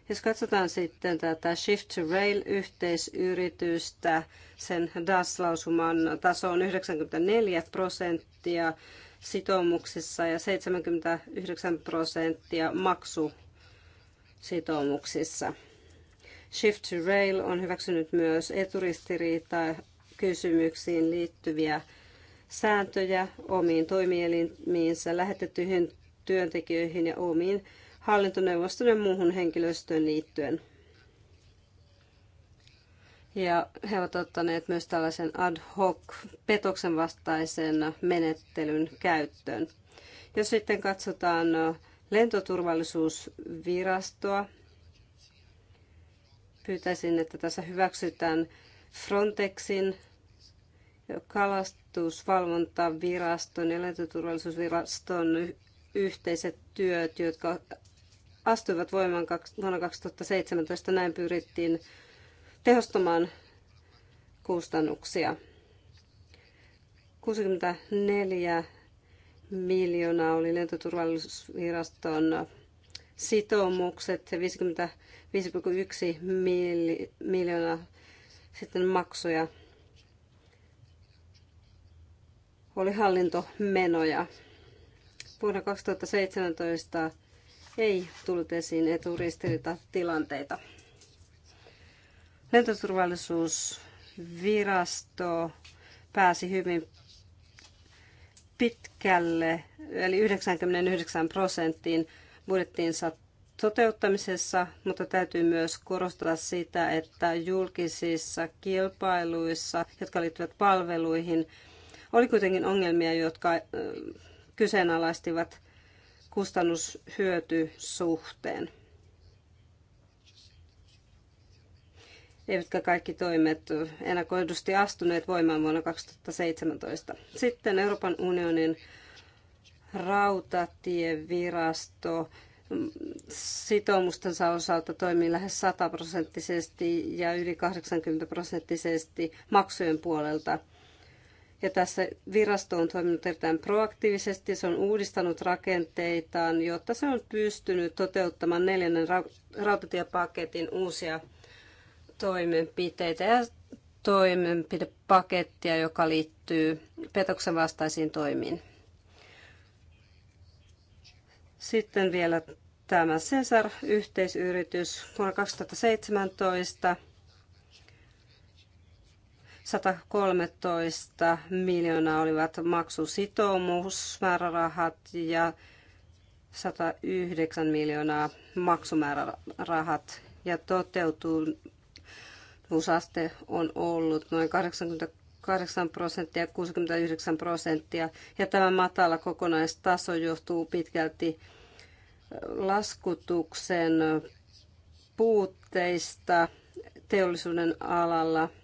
Jos katsotaan sitten tätä Shift to Rail-yhteisyritystä, sen DAS-lausuman taso on 94 prosenttia sitoumuksissa ja 79 prosenttia maksusitoumuksissa. Shift to Rail on hyväksynyt myös eturistiriita kysymyksiin liittyviä sääntöjä omiin toimielimiinsä, lähetettyihin työntekijöihin ja omiin hallintoneuvoston ja muuhun henkilöstöön liittyen. Ja he ovat ottaneet myös tällaisen ad hoc petoksen vastaisen menettelyn käyttöön. Jos sitten katsotaan lentoturvallisuusvirastoa, pyytäisin, että tässä hyväksytään Frontexin, kalastusvalvontaviraston ja lentoturvallisuusviraston yhteiset työt, jotka astuivat voimaan vuonna 2017. Näin pyrittiin tehostamaan kustannuksia. 64 miljoonaa oli lentoturvallisuusviraston sitoumukset ja 55,1 miljoonaa sitten maksuja oli hallintomenoja. Vuonna 2017 ei tullut esiin eturistiriitatilanteita. Lentoturvallisuusvirasto pääsi hyvin pitkälle, eli 99 prosenttiin budjettiinsa toteuttamisessa, mutta täytyy myös korostaa sitä, että julkisissa kilpailuissa, jotka liittyvät palveluihin, oli kuitenkin ongelmia, jotka kyseenalaistivat kustannushyötysuhteen. eivätkä kaikki toimet ennakoidusti astuneet voimaan vuonna 2017. Sitten Euroopan unionin rautatievirasto sitoumustensa osalta toimii lähes 100 prosenttisesti ja yli 80 prosenttisesti maksujen puolelta. Ja tässä virasto on toiminut erittäin proaktiivisesti, se on uudistanut rakenteitaan, jotta se on pystynyt toteuttamaan neljännen rautatiepaketin uusia toimenpiteitä ja toimenpidepakettia, joka liittyy petoksen vastaisiin toimiin. Sitten vielä tämä Cesar-yhteisyritys vuonna 2017 113 miljoonaa olivat maksusitoumusmäärärahat ja 109 miljoonaa maksumäärärahat ja toteutuvuusaste on ollut noin 88 prosenttia, 69 prosenttia ja tämä matala kokonaistaso johtuu pitkälti laskutuksen puutteista teollisuuden alalla –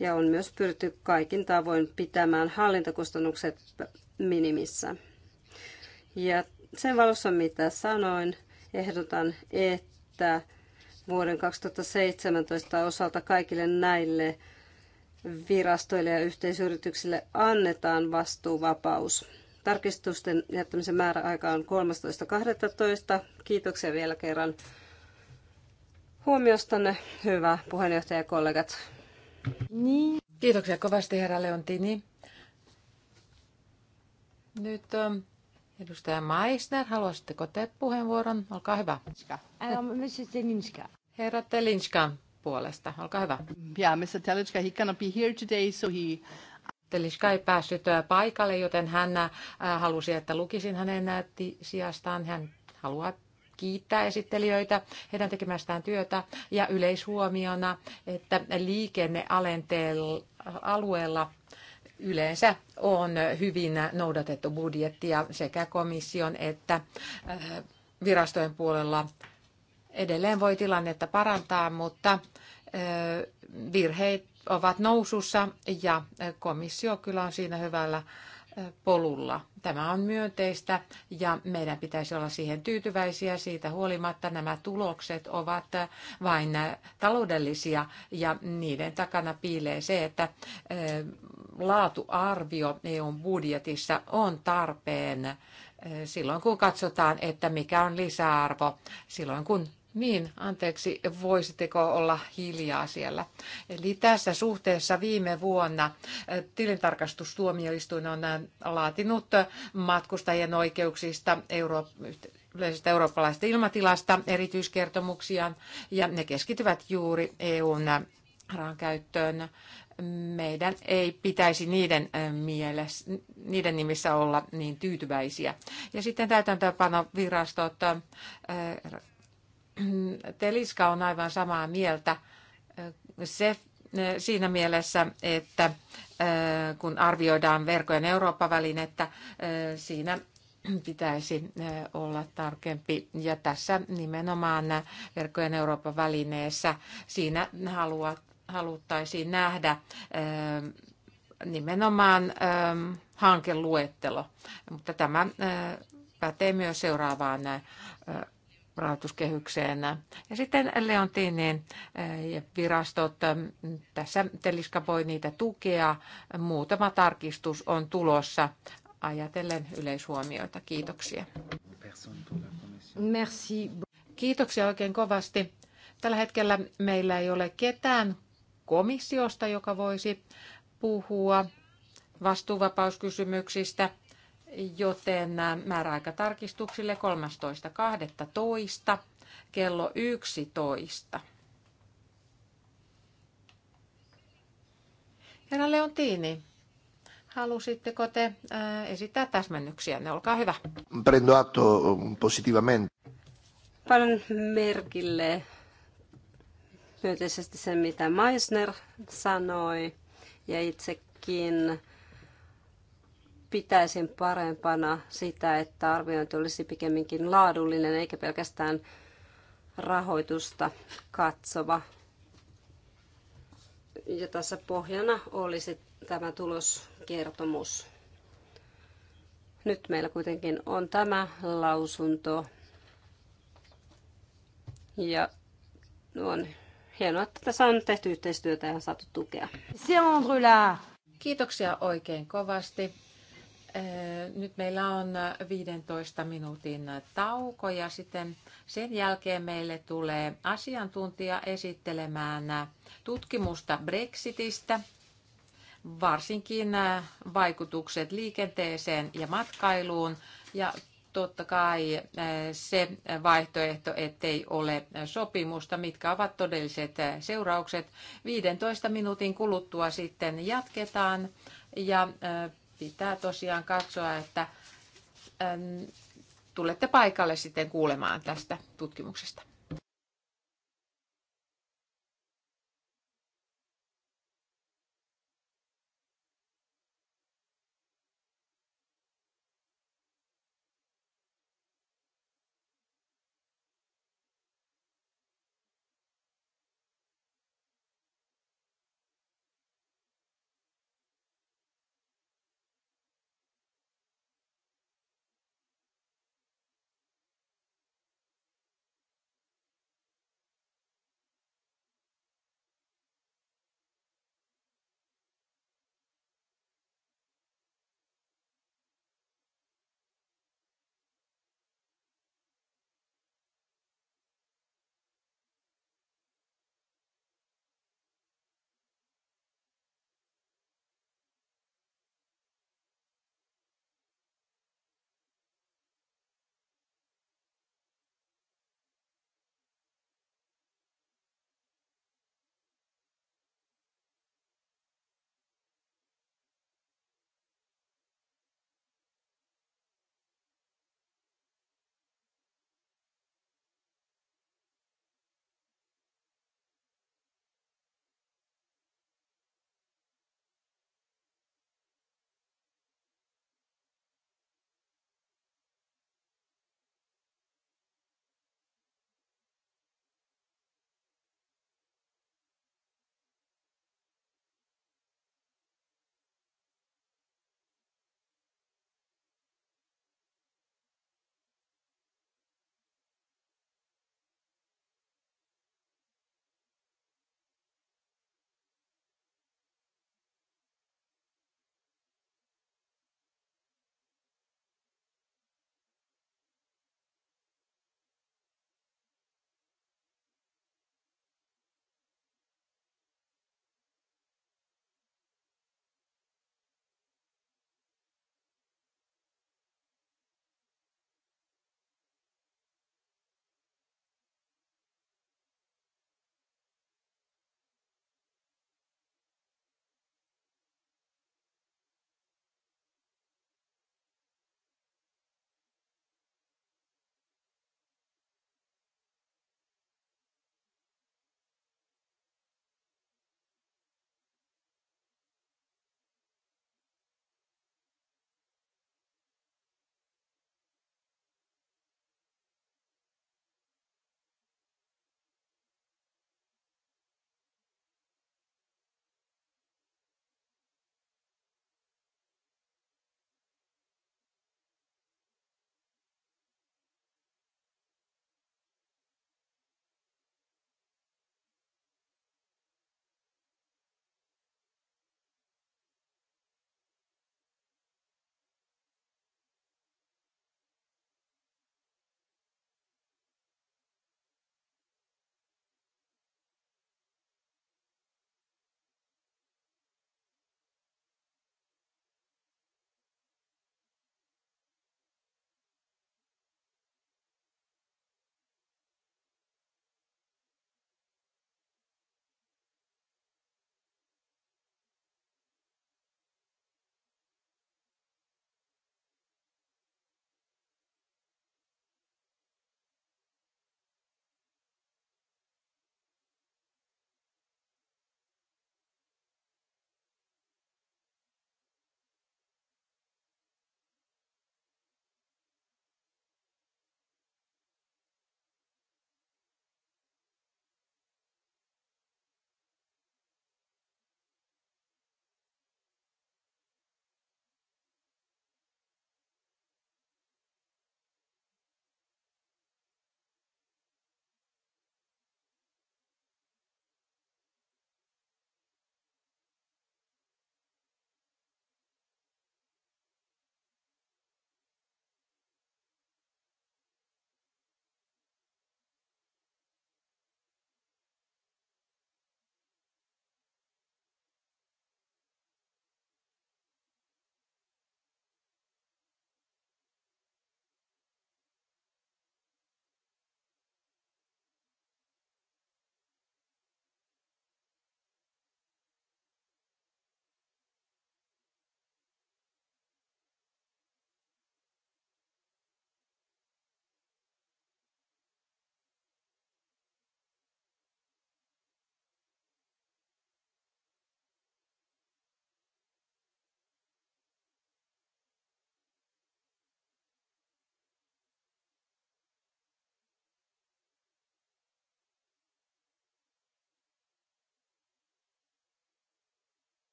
ja on myös pyritty kaikin tavoin pitämään hallintakustannukset minimissä. Ja sen valossa, mitä sanoin, ehdotan, että vuoden 2017 osalta kaikille näille virastoille ja yhteisyrityksille annetaan vastuuvapaus. Tarkistusten jättämisen määräaika on 13.12. Kiitoksia vielä kerran huomiostanne, hyvä puheenjohtaja ja kollegat. Niin. Kiitoksia kovasti herra Leontini. Nyt ähm, edustaja Meissner, haluaisitteko te puheenvuoron? Olkaa hyvä. Herra Telinska puolesta, olkaa hyvä. Yeah, Mr. Telinska, he cannot be here today, so he Telinska ei päässyt äh, paikalle, joten hän äh, halusi, että lukisin hänen äh, sijastaan. Hän haluaa kiittää esittelijöitä heidän tekemästään työtä ja yleishuomiona, että alueella yleensä on hyvin noudatettu budjettia sekä komission että äh, virastojen puolella. Edelleen voi tilannetta parantaa, mutta äh, virheet ovat nousussa ja äh, komissio kyllä on siinä hyvällä polulla. Tämä on myönteistä ja meidän pitäisi olla siihen tyytyväisiä. Siitä huolimatta nämä tulokset ovat vain taloudellisia ja niiden takana piilee se, että laatuarvio EUn budjetissa on tarpeen silloin, kun katsotaan, että mikä on lisäarvo, silloin kun niin, anteeksi, voisitteko olla hiljaa siellä? Eli tässä suhteessa viime vuonna eh, tilintarkastustuomioistuin on eh, laatinut eh, matkustajien oikeuksista Euro- yleisestä eurooppalaisesta ilmatilasta erityiskertomuksia, ja ne keskittyvät juuri EUn rahankäyttöön. Meidän ei pitäisi niiden, mielessä, niiden nimissä olla niin tyytyväisiä. Ja sitten täytäntöönpanovirastot (clears throat) Teliska on aivan samaa mieltä se, eh, siinä mielessä, että eh, kun arvioidaan verkojen Eurooppa-välinettä, eh, siinä (clears throat) pitäisi olla tarkempi. Ja tässä nimenomaan verkkojen Euroopan välineessä siinä haluat, haluttaisiin nähdä nimenomaan hankeluettelo. Mutta tämä pätee myös seuraavaan rahoituskehykseen. Ja sitten Leontiinin eh, virastot, eh, tässä Teliska voi niitä tukea. Muutama tarkistus on tulossa ajatellen yleishuomioita. Kiitoksia. Merci. Kiitoksia oikein kovasti. Tällä hetkellä meillä ei ole ketään komissiosta, joka voisi puhua vastuuvapauskysymyksistä – joten määräaika tarkistuksille 13.12. kello 11. Herra Leontini, halusitteko te esittää täsmennyksiä? Ne olkaa hyvä. Prendo atto um, positivamente. Paljon merkille myönteisesti sen, mitä Meissner sanoi ja itsekin pitäisin parempana sitä, että arviointi olisi pikemminkin laadullinen eikä pelkästään rahoitusta katsova. Ja tässä pohjana olisi tämä tuloskertomus. Nyt meillä kuitenkin on tämä lausunto. Ja on hienoa, että tässä on tehty yhteistyötä ja on saatu tukea. Kiitoksia oikein kovasti. Eh, nyt meillä on 15 minuutin tauko ja sitten sen jälkeen meille tulee asiantuntija esittelemään tutkimusta Brexitistä, varsinkin eh, vaikutukset liikenteeseen ja matkailuun ja totta kai eh, se vaihtoehto, ettei ole sopimusta, mitkä ovat todelliset seuraukset. 15 minuutin kuluttua sitten jatketaan ja pitää tosiaan katsoa, että tulette paikalle sitten kuulemaan tästä tutkimuksesta.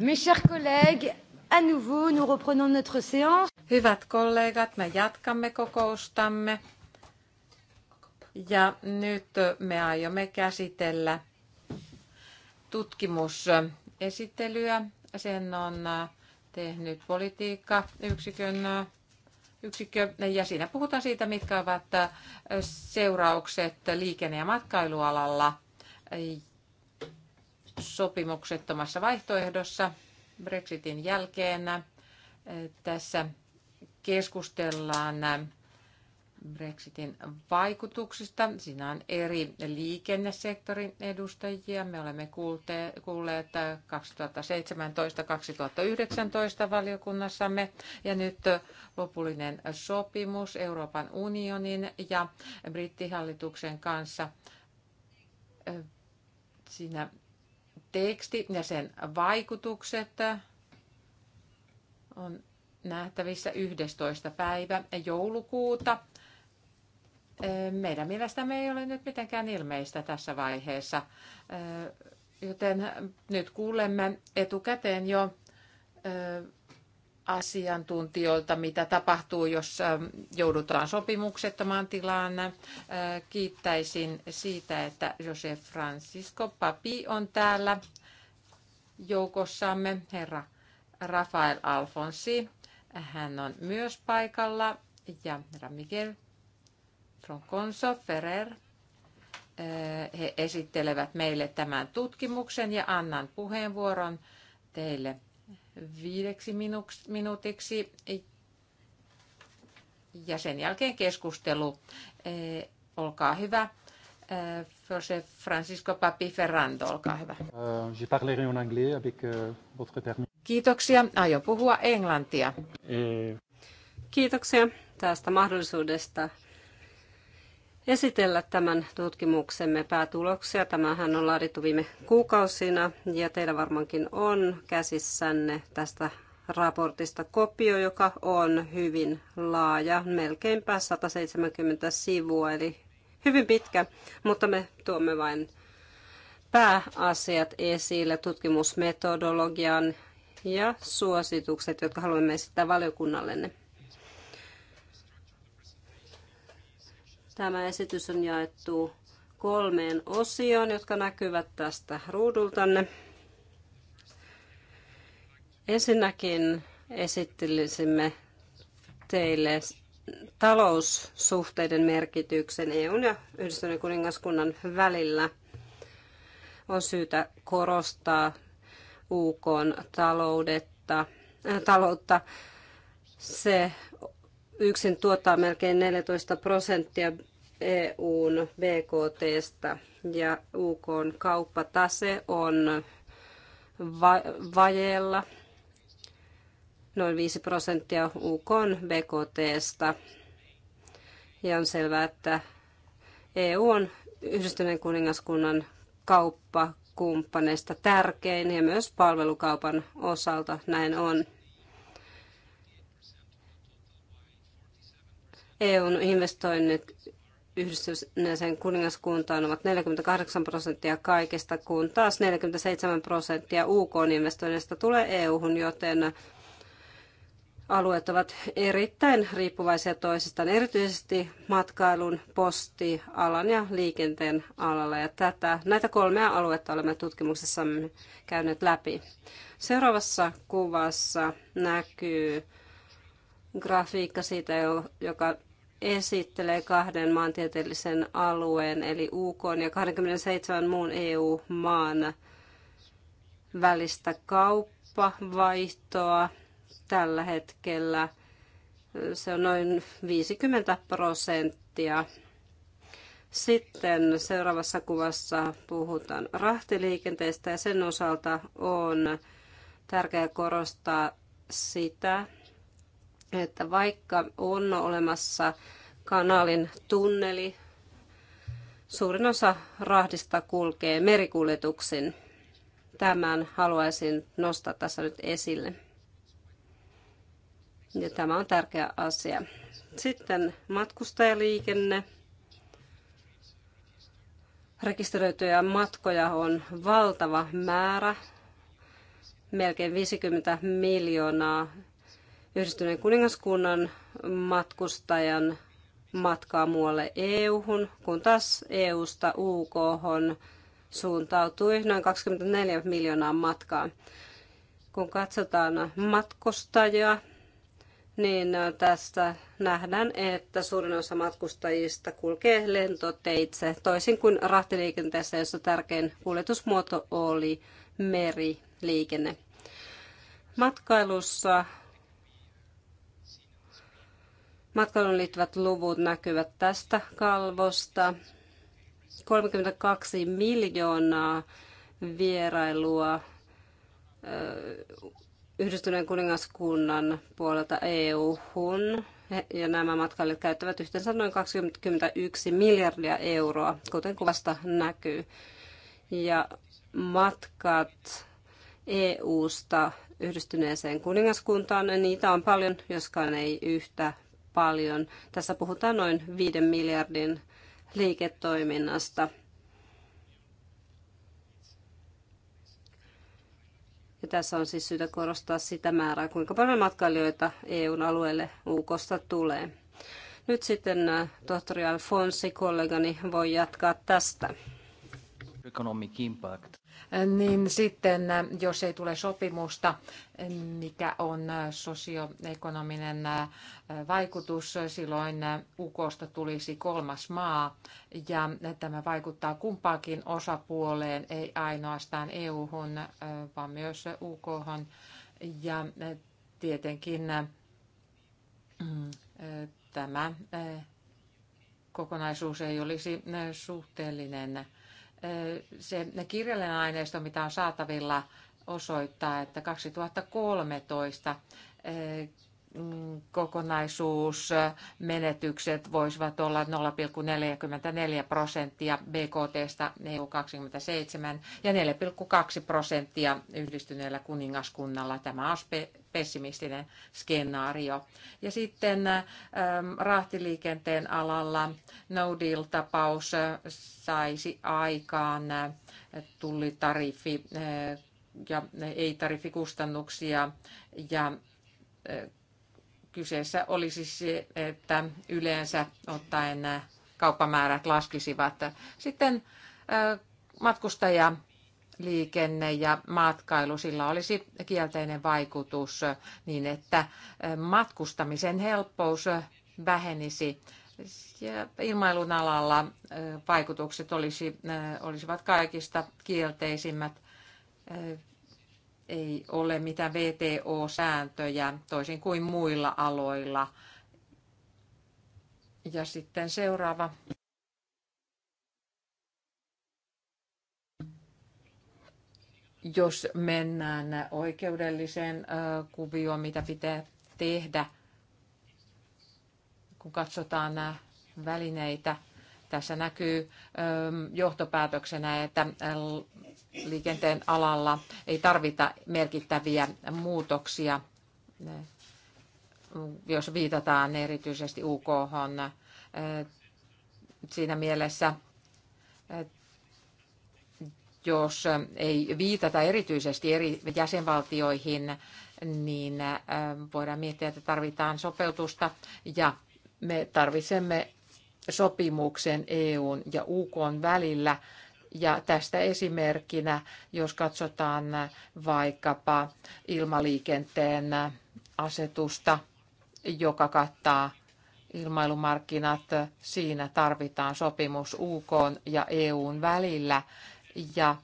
Mes chers collègues, à nouveau, nous reprenons notre séance. Hyvät kollegat, me jatkamme kokoustamme. Ja nyt me aiomme käsitellä tutkimusesittelyä. Sen on tehnyt yksikön yksikkö, ja siinä puhutaan siitä, mitkä ovat seuraukset liikenne- ja matkailualalla sopimuksettomassa vaihtoehdossa Brexitin jälkeen. Tässä keskustellaan Brexitin vaikutuksista. Siinä on eri liikennesektorin edustajia. Me olemme kuulleet 2017-2019 valiokunnassamme ja nyt lopullinen sopimus Euroopan unionin ja brittihallituksen kanssa. Siinä teksti ja sen vaikutukset on nähtävissä 11. päivä joulukuuta. Meidän mielestämme ei ole nyt mitenkään ilmeistä tässä vaiheessa, joten nyt kuulemme etukäteen jo asiantuntijoilta, mitä tapahtuu, jos ähm, joudutaan sopimuksettomaan tilaan. Äh, kiittäisin siitä, että Jose Francisco Papi on täällä joukossamme, herra Rafael Alfonsi. Hän on myös paikalla ja herra Miguel Tronconso Ferrer. Äh, he esittelevät meille tämän tutkimuksen ja annan puheenvuoron teille viideksi minuutiksi ja sen jälkeen keskustelu. E, olkaa hyvä. E, José Francisco Papi Ferrando, olkaa hyvä. Euh, euh, Kiitoksia. Aion puhua englantia. Kiitoksia tästä mahdollisuudesta esitellä tämän tutkimuksemme päätuloksia. Tämähän on laadittu viime kuukausina ja teillä varmaankin on käsissänne tästä raportista kopio, joka on hyvin laaja, melkeinpä 170 sivua, eli hyvin pitkä, mutta me tuomme vain pääasiat esille, tutkimusmetodologian ja suositukset, jotka haluamme esittää valiokunnallenne. Tämä esitys on jaettu kolmeen osioon, jotka näkyvät tästä ruudultanne. Ensinnäkin esittelisimme teille taloussuhteiden merkityksen EUn ja Yhdistyneen kuningaskunnan välillä. On syytä korostaa UK taloudetta, äh, taloutta. Se yksin tuottaa melkein 14 prosenttia EUn BKTstä ja UKn kauppatase on va- vajeella noin 5 prosenttia UKn BKTstä. Ja on selvää, että EU on yhdistyneen kuningaskunnan kauppakumppaneista tärkein ja myös palvelukaupan osalta näin on. EUn investoinnit yhdistyneeseen kuningaskuntaan ovat 48 prosenttia kaikesta, kun taas 47 prosenttia uk investoinnista tulee EU-hun, joten alueet ovat erittäin riippuvaisia toisistaan, erityisesti matkailun, postialan ja liikenteen alalla. Ja tätä, näitä kolmea aluetta olemme tutkimuksessamme käyneet läpi. Seuraavassa kuvassa näkyy grafiikka siitä, joka esittelee kahden maantieteellisen alueen, eli UK ja 27 muun EU-maan välistä kauppavaihtoa tällä hetkellä. Se on noin 50 prosenttia. Sitten seuraavassa kuvassa puhutaan rahtiliikenteestä ja sen osalta on tärkeää korostaa sitä, että vaikka on olemassa kanalin tunneli, suurin osa rahdista kulkee merikuljetuksin. Tämän haluaisin nostaa tässä nyt esille. Ja tämä on tärkeä asia. Sitten matkustajaliikenne. Rekisteröityjä matkoja on valtava määrä, melkein 50 miljoonaa yhdistyneen kuningaskunnan matkustajan matkaa muualle EU-hun, kun taas EU-sta uk suuntautui noin 24 miljoonaa matkaa. Kun katsotaan matkustajia, niin tästä nähdään, että suurin osa matkustajista kulkee lentoteitse, toisin kuin rahtiliikenteessä, jossa tärkein kuljetusmuoto oli meriliikenne. Matkailussa Matkailuun liittyvät luvut näkyvät tästä kalvosta. 32 miljoonaa vierailua Yhdistyneen kuningaskunnan puolelta EU-hun. Ja nämä matkailijat käyttävät yhteensä noin 21 miljardia euroa, kuten kuvasta näkyy. Ja matkat EU-sta yhdistyneeseen kuningaskuntaan, niitä on paljon, joskaan ei yhtä paljon. Tässä puhutaan noin 5 miljardin liiketoiminnasta. Ja tässä on siis syytä korostaa sitä määrää, kuinka paljon matkailijoita EUn alueelle UKosta tulee. Nyt sitten äh, tohtori Alfonsi, kollegani, voi jatkaa tästä. Economic impact niin sitten jos ei tule sopimusta, mikä on sosioekonominen vaikutus, silloin UKosta tulisi kolmas maa ja tämä vaikuttaa kumpaakin osapuoleen, ei ainoastaan EU-hun, vaan myös UKhon ja tietenkin mm, tämä eh, kokonaisuus ei olisi suhteellinen se kirjallinen aineisto, mitä on saatavilla, osoittaa, että 2013 kokonaisuusmenetykset voisivat olla 0,44 prosenttia BKTstä EU27 ja 4,2 prosenttia yhdistyneellä kuningaskunnalla. Tämä on pessimistinen skenaario. Ja sitten ähm, rahtiliikenteen alalla no deal-tapaus äh, saisi aikaan äh, tullitariffi äh, ja ei-tariffikustannuksia ja äh, Kyseessä olisi se, että yleensä ottaen kauppamäärät laskisivat. Sitten matkustaja liikenne ja matkailu, sillä olisi kielteinen vaikutus niin, että matkustamisen helppous vähenisi. Ja ilmailun alalla vaikutukset olisi, olisivat kaikista kielteisimmät ei ole mitään VTO-sääntöjä toisin kuin muilla aloilla. Ja sitten seuraava. Jos mennään oikeudelliseen kuvioon, mitä pitää tehdä, kun katsotaan nämä välineitä, tässä näkyy johtopäätöksenä, että liikenteen alalla ei tarvita merkittäviä muutoksia, jos viitataan erityisesti UK. Siinä mielessä, jos ei viitata erityisesti eri jäsenvaltioihin, niin voidaan miettiä, että tarvitaan sopeutusta ja me tarvitsemme sopimuksen EUn ja UKn välillä ja tästä esimerkkinä, jos katsotaan vaikkapa ilmaliikenteen asetusta, joka kattaa ilmailumarkkinat, siinä tarvitaan sopimus UK ja EUn välillä ja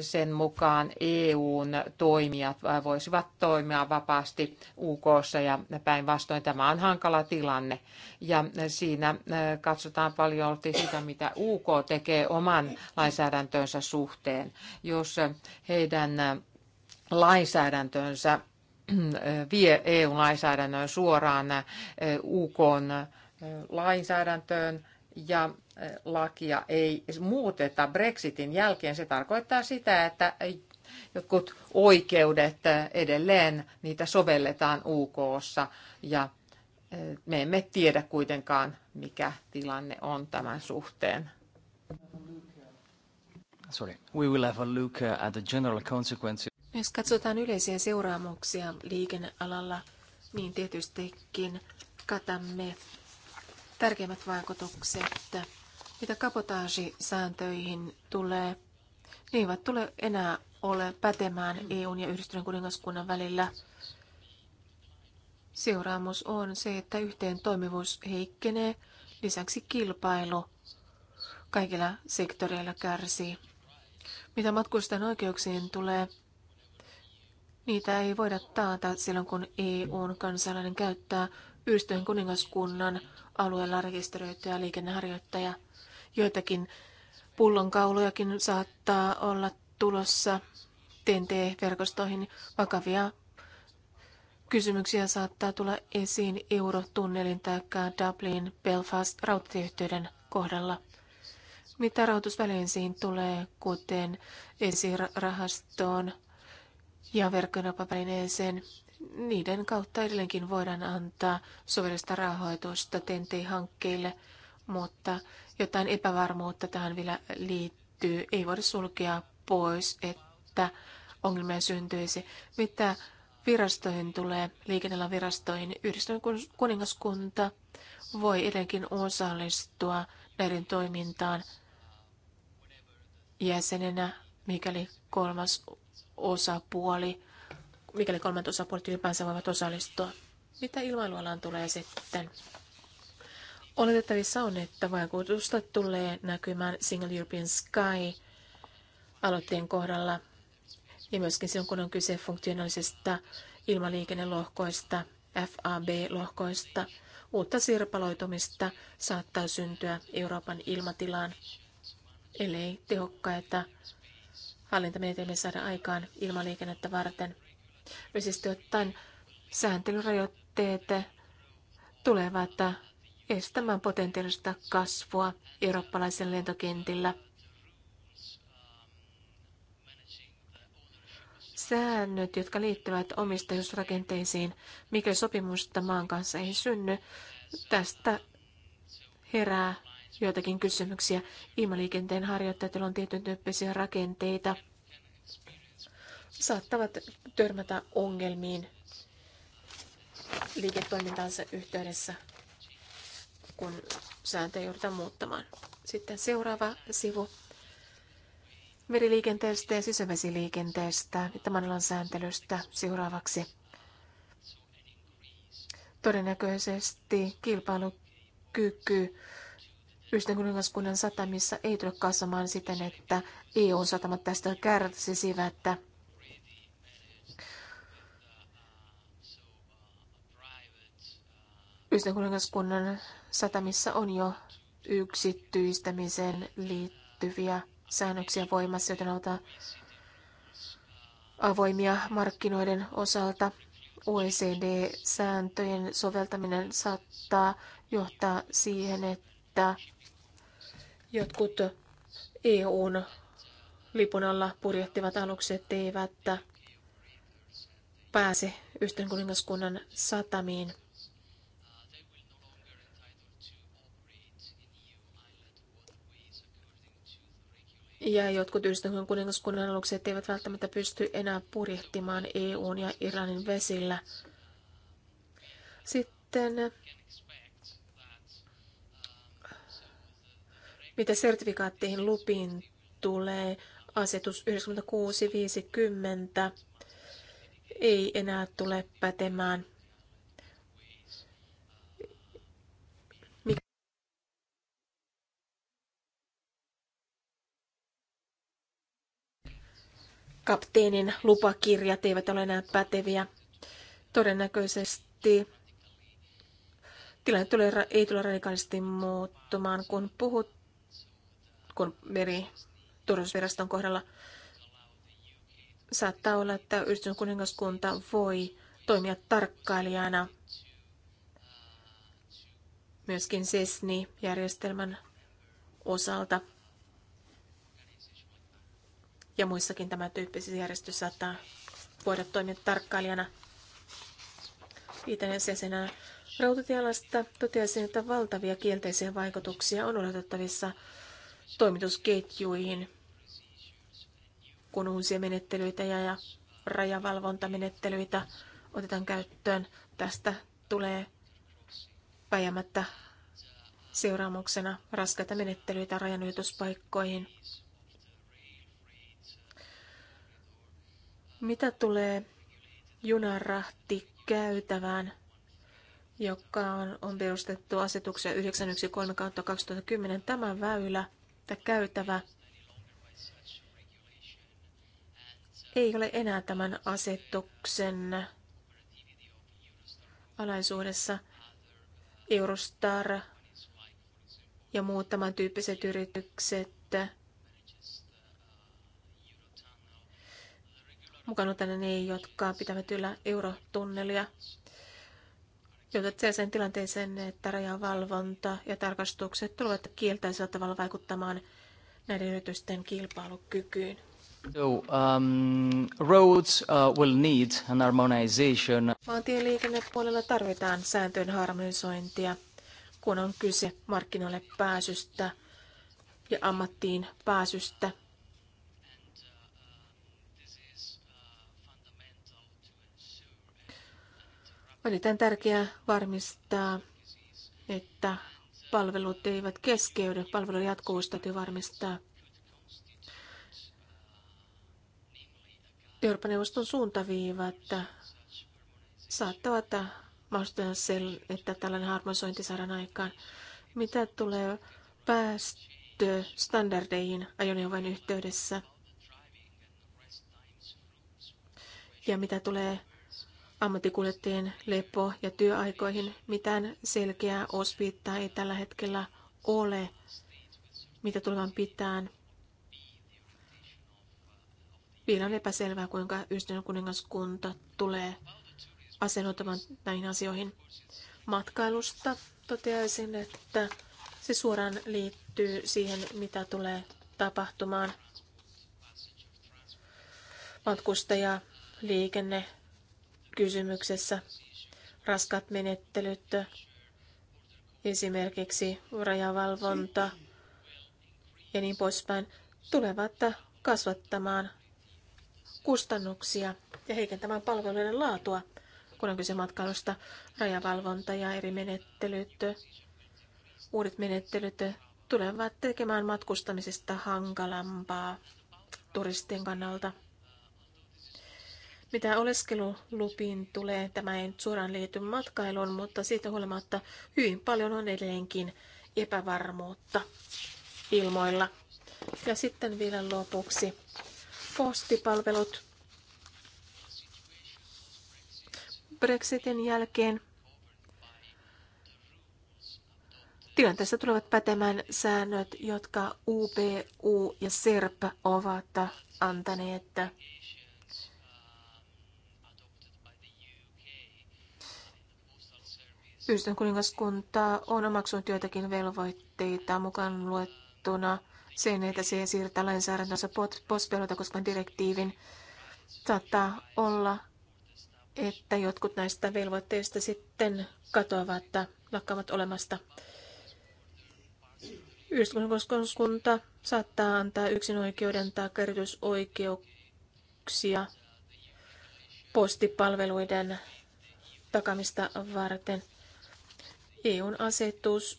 sen mukaan EUn toimijat voisivat toimia vapaasti UK ja päinvastoin tämä on hankala tilanne. Ja siinä katsotaan paljon sitä, mitä UK tekee oman lainsäädäntönsä suhteen. Jos heidän lainsäädäntönsä vie EU-lainsäädännön suoraan UK lainsäädäntöön, ja e, lakia ei muuteta Brexitin jälkeen, se tarkoittaa sitä, että jotkut oikeudet e, edelleen, niitä sovelletaan UKssa ja e, me emme tiedä kuitenkaan, mikä tilanne on tämän suhteen. Sorry. We will have a look at the general consequences. Jos katsotaan yleisiä seuraamuksia liikennealalla, niin tietystikin katamme tärkeimmät vaikutukset, mitä kapotaasisääntöihin tulee, niin eivät tule enää ole pätemään EUn ja Yhdistyneen kuningaskunnan välillä. Seuraamus on se, että yhteen toimivuus heikkenee, lisäksi kilpailu kaikilla sektoreilla kärsii. Mitä matkustajan oikeuksiin tulee, niitä ei voida taata silloin, kun EUn kansalainen käyttää Yhdistyneen kuningaskunnan alueella rekisteröityjä liikenneharjoittajia, Joitakin pullonkaulojakin saattaa olla tulossa TNT-verkostoihin. Vakavia kysymyksiä saattaa tulla esiin Eurotunnelin tai Dublin Belfast rautatieyhteyden kohdalla. Mitä rahoitusvälineisiin tulee, kuten esirahastoon ja verkkoinapavälineeseen, niiden kautta edelleenkin voidaan antaa sovellista rahoitusta TNT-hankkeille, mutta jotain epävarmuutta tähän vielä liittyy. Ei voida sulkea pois, että ongelmia syntyisi. Mitä virastoihin tulee, liikennellä virastoihin, yhdistön kuningaskunta voi edelleenkin osallistua näiden toimintaan jäsenenä, mikäli kolmas osapuoli mikäli kolmen osapuolet ylipäänsä voivat osallistua. Mitä ilmailualaan tulee sitten? Oletettavissa on, että vaikutusta tulee näkymään Single European Sky aloitteen kohdalla ja myöskin silloin, kun on kyse funktionaalisesta ilmaliikennelohkoista, FAB-lohkoista, uutta sirpaloitumista saattaa syntyä Euroopan ilmatilaan, ellei tehokkaita hallintamenetelmiä saada aikaan ilmaliikennettä varten – Yleisesti ottaen sääntelyrajoitteet tulevat estämään potentiaalista kasvua eurooppalaisen lentokentillä. Säännöt, jotka liittyvät omistajuusrakenteisiin, mikä sopimusta maan kanssa ei synny, tästä herää joitakin kysymyksiä. Ilmaliikenteen harjoittajilla on tietyn tyyppisiä rakenteita, saattavat törmätä ongelmiin liiketoimintansa yhteydessä, kun sääntöjä joudutaan muuttamaan. Sitten seuraava sivu meriliikenteestä ja sisävesiliikenteestä tämän alan sääntelystä seuraavaksi. Todennäköisesti kilpailukyky Yhdistön kuningaskunnan satamissa ei tule kasvamaan siten, että eu satamat tästä kärsisivät Yhdistyneen satamissa on jo yksityistämiseen liittyviä säännöksiä voimassa, joten auta avoimia markkinoiden osalta. OECD-sääntöjen soveltaminen saattaa johtaa siihen, että jotkut EUn lipun alla purjehtivat alukset eivät pääse yhteen kuningaskunnan satamiin. Ja jotkut yhdistyneen kuningaskunnan alukset eivät välttämättä pysty enää purjehtimaan EUn ja Iranin vesillä. Sitten mitä sertifikaatteihin lupiin tulee, asetus 9650 ei enää tule pätemään kapteenin lupakirjat eivät ole enää päteviä. Todennäköisesti tilanne tulee, ei tule radikaalisti muuttumaan, kun puhut, kun meri turvallisuusviraston kohdalla saattaa olla, että yhdistyn kuningaskunta voi toimia tarkkailijana myöskin SESNI-järjestelmän osalta ja muissakin tämä tyyppisissä järjestöissä saattaa voida toimia tarkkailijana. Viitenä jäsenenä rautatialasta totesin, että valtavia kielteisiä vaikutuksia on odotettavissa toimitusketjuihin, kun uusia menettelyitä ja, ja rajavalvontamenettelyitä otetaan käyttöön. Tästä tulee väjämättä seuraamuksena raskaita menettelyitä rajanylityspaikkoihin. Mitä tulee junarahti käytävään, joka on, on perustettu asetuksia 913 2010, tämä väylä tai käytävä ei ole enää tämän asetuksen alaisuudessa. Eurostar ja muut tämän tyyppiset yritykset mukana tänne ne, jotka pitävät yllä eurotunnelia. Joutuvat sellaiseen tilanteeseen, että rajavalvonta ja tarkastukset tulevat kieltäisellä tavalla vaikuttamaan näiden yritysten kilpailukykyyn. So, um, roads uh, will need an harmonization. liikennepuolella tarvitaan sääntöjen harmonisointia, kun on kyse markkinoille pääsystä ja ammattiin pääsystä On erittäin tärkeää varmistaa, että palvelut eivät keskeydy, palvelun jatkuvuus täytyy varmistaa. Euroopan neuvoston suuntaviivat saattavat mahdollistaa sen, että tällainen harmonisointi saadaan aikaan. Mitä tulee päästöstandardeihin ajoneuvojen yhteydessä ja mitä tulee ammattikuljettajien lepo- ja työaikoihin mitään selkeää osviittaa ei tällä hetkellä ole, mitä tulevan pitään. Vielä on epäselvää, kuinka yhdistyneen kuningaskunta tulee asennoitumaan näihin asioihin. Matkailusta toteaisin, että se suoraan liittyy siihen, mitä tulee tapahtumaan liikenne kysymyksessä. Raskat menettelyt, esimerkiksi rajavalvonta ja niin poispäin, tulevat kasvattamaan kustannuksia ja heikentämään palveluiden laatua, kun on kyse matkailusta, rajavalvonta ja eri menettelyt. Uudet menettelyt tulevat tekemään matkustamisesta hankalampaa turistien kannalta. Mitä oleskelulupiin tulee, tämä ei nyt suoraan liity matkailuun, mutta siitä huolimatta hyvin paljon on edelleenkin epävarmuutta ilmoilla. Ja sitten vielä lopuksi postipalvelut. Brexitin jälkeen tilanteessa tulevat pätemään säännöt, jotka UPU ja SERP ovat antaneet Yhdistön kuningaskunta on omaksunut joitakin velvoitteita mukaan luettuna sen, että se siirtää lainsäädäntönsä pospeluita koskevan direktiivin. Saattaa olla, että jotkut näistä velvoitteista sitten katoavat että lakkaavat olemasta. Yhdistyskunnan saattaa antaa yksin oikeuden tai erityisoikeuksia postipalveluiden takamista varten. EUn asetus,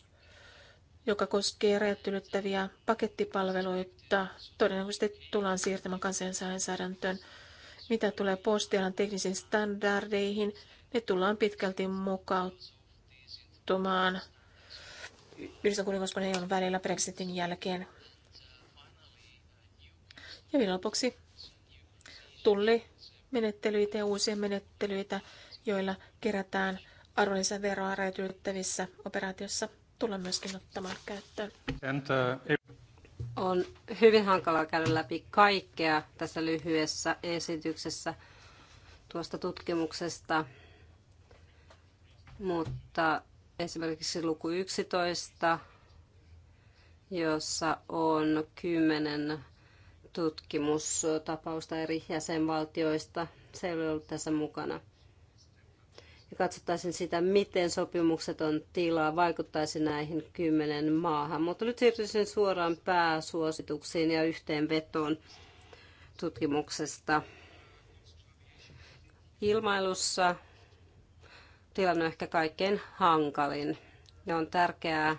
joka koskee räjäyttynyttäviä pakettipalveluita, todennäköisesti tullaan siirtämään kansainvälisen Mitä tulee postialan teknisiin standardeihin, ne tullaan pitkälti mukauttamaan Yhdistön kuningaskunnan EUn välillä Brexitin jälkeen. Ja vielä lopuksi tulli menettelyitä ja uusia menettelyitä, joilla kerätään – arvonlisäveroa rajat operaatiossa tulla myöskin ottamaan käyttöön. Entä... Uh, on hyvin hankalaa käydä läpi kaikkea tässä lyhyessä esityksessä tuosta tutkimuksesta, mutta esimerkiksi luku 11, jossa on kymmenen tutkimustapausta eri jäsenvaltioista. Se ei ole ollut tässä mukana ja katsottaisiin sitä, miten sopimukseton tilaa vaikuttaisi näihin kymmenen maahan. Mutta nyt siirtyisin suoraan pääsuosituksiin ja yhteenvetoon tutkimuksesta. Ilmailussa tilanne on ehkä kaikkein hankalin ja on tärkeää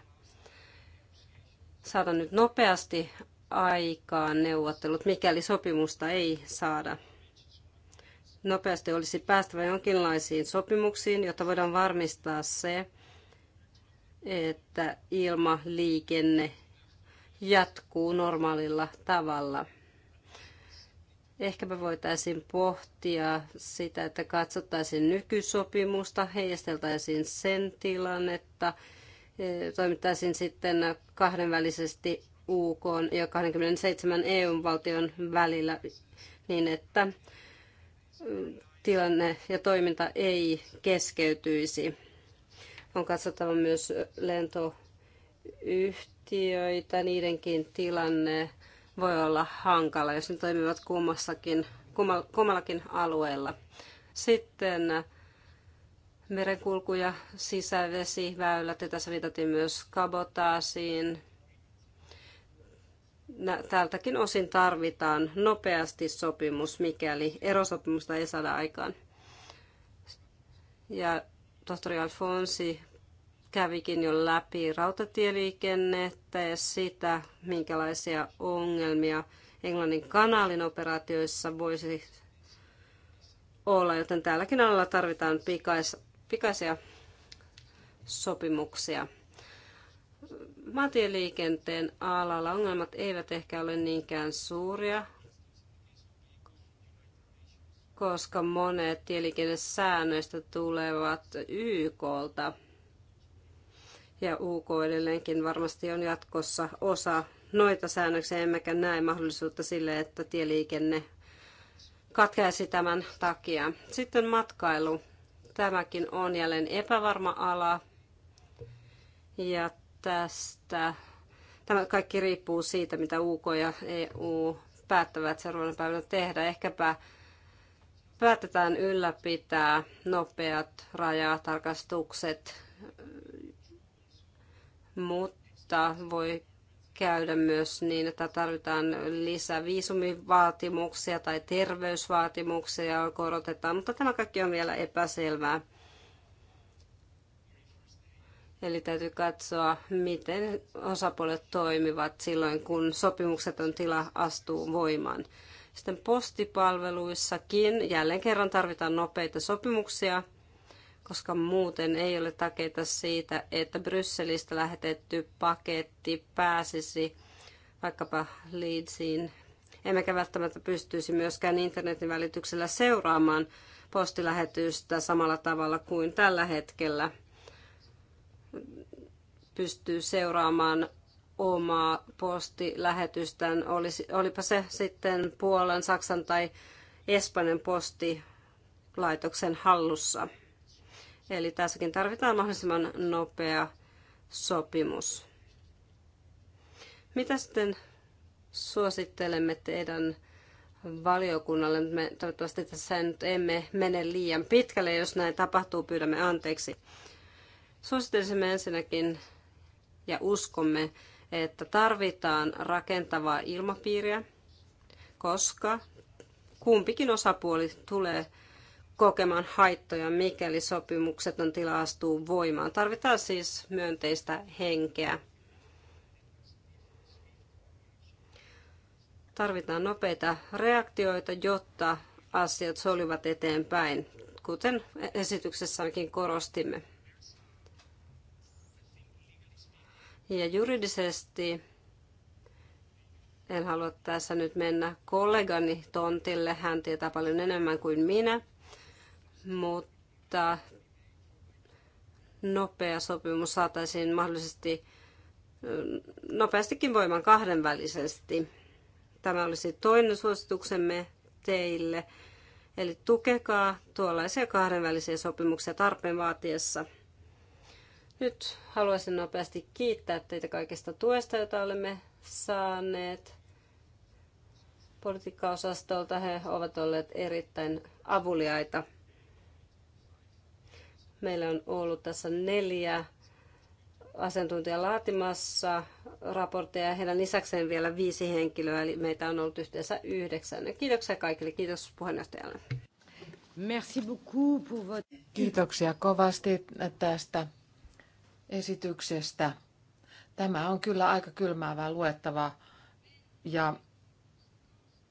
saada nyt nopeasti aikaan neuvottelut, mikäli sopimusta ei saada nopeasti olisi päästävä jonkinlaisiin sopimuksiin, jotta voidaan varmistaa se, että ilmaliikenne jatkuu normaalilla tavalla. Ehkäpä voitaisiin pohtia sitä, että katsottaisiin nykysopimusta, heijasteltaisiin sen tilannetta, e, toimittaisiin sitten kahdenvälisesti UK ja 27 EU-valtion välillä niin, että tilanne ja toiminta ei keskeytyisi. On katsottava myös lentoyhtiöitä, niidenkin tilanne voi olla hankala, jos ne toimivat kummassakin, kummallakin alueella. Sitten merenkulku ja sisävesiväylät, ja tässä viitattiin myös kabotaasiin, tältäkin osin tarvitaan nopeasti sopimus, mikäli erosopimusta ei saada aikaan. Ja tohtori Alfonsi kävikin jo läpi rautatieliikennettä ja sitä, minkälaisia ongelmia Englannin kanaalin operaatioissa voisi olla, joten tälläkin alalla tarvitaan pikais, pikaisia sopimuksia maantieliikenteen alalla ongelmat eivät ehkä ole niinkään suuria, koska monet tieliikennesäännöistä tulevat YKlta. Ja UK edelleenkin varmasti on jatkossa osa noita säännöksiä, emmekä näe mahdollisuutta sille, että tieliikenne katkaisi tämän takia. Sitten matkailu. Tämäkin on jälleen epävarma ala. Ja tästä. Tämä kaikki riippuu siitä, mitä UK ja EU päättävät seuraavana päivänä tehdä. Ehkäpä päätetään ylläpitää nopeat rajatarkastukset, mutta voi käydä myös niin, että tarvitaan lisää viisumivaatimuksia tai terveysvaatimuksia korotetaan, mutta tämä kaikki on vielä epäselvää. Eli täytyy katsoa, miten osapuolet toimivat silloin, kun sopimukset on tila astuu voimaan. Sitten postipalveluissakin jälleen kerran tarvitaan nopeita sopimuksia, koska muuten ei ole takeita siitä, että Brysselistä lähetetty paketti pääsisi vaikkapa Leedsiin. Emmekä välttämättä pystyisi myöskään internetin välityksellä seuraamaan postilähetystä samalla tavalla kuin tällä hetkellä – pystyy seuraamaan omaa postilähetystään, olisi, olipa se sitten Puolan, Saksan tai Espanjan postilaitoksen hallussa. Eli tässäkin tarvitaan mahdollisimman nopea sopimus. Mitä sitten suosittelemme teidän valiokunnalle? Me toivottavasti tässä nyt emme mene liian pitkälle. Jos näin tapahtuu, pyydämme anteeksi. Suosittelisimme ensinnäkin ja uskomme, että tarvitaan rakentavaa ilmapiiriä, koska kumpikin osapuoli tulee kokemaan haittoja, mikäli sopimukset tila astuu voimaan. Tarvitaan siis myönteistä henkeä. Tarvitaan nopeita reaktioita, jotta asiat solivat eteenpäin, kuten esityksessäkin korostimme. Ja juridisesti en halua tässä nyt mennä kollegani tontille, hän tietää paljon enemmän kuin minä, mutta nopea sopimus saataisiin mahdollisesti nopeastikin voiman kahdenvälisesti. Tämä olisi toinen suosituksemme teille. Eli tukekaa tuollaisia kahdenvälisiä sopimuksia tarpeen vaatiessa. Nyt haluaisin nopeasti kiittää teitä kaikesta tuesta, jota olemme saaneet politiikkaosastolta. He ovat olleet erittäin avuliaita. Meillä on ollut tässä neljä asiantuntijaa laatimassa raportteja ja heidän lisäkseen vielä viisi henkilöä, eli meitä on ollut yhteensä yhdeksän. Kiitoksia kaikille, kiitos puheenjohtajalle. Kiitoksia kovasti tästä esityksestä. Tämä on kyllä aika kylmäävää luettavaa ja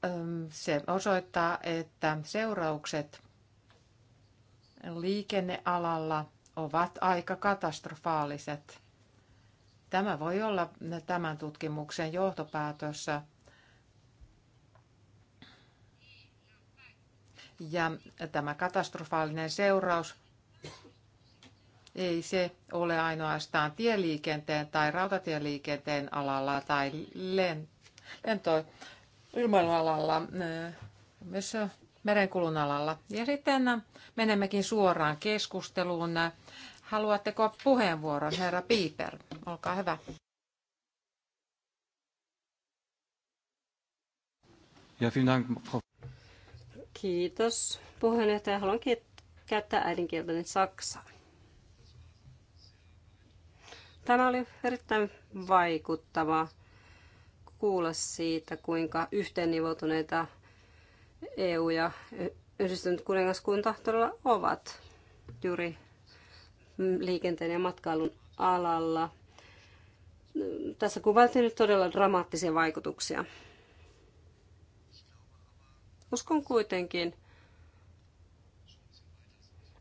ähm, se osoittaa, että seuraukset liikennealalla ovat aika katastrofaaliset. Tämä voi olla tämän tutkimuksen johtopäätössä Ja tämä katastrofaalinen seuraus ei se ole ainoastaan tieliikenteen tai rautatieliikenteen alalla tai len, lento ilmailualalla, äh, myös merenkulun alalla. Ja sitten äh, menemmekin suoraan keskusteluun. Haluatteko puheenvuoron, herra Piiper? Olkaa hyvä. Ja Kiitos puheenjohtaja. Haluan kiittää, käyttää äidinkieltäni saksaa. Tämä oli erittäin vaikuttava kuulla siitä, kuinka yhteennivoutuneita EU ja yhdistynyt kuningaskunta todella ovat juuri liikenteen ja matkailun alalla. Tässä kuvailtiin nyt todella dramaattisia vaikutuksia. Uskon kuitenkin,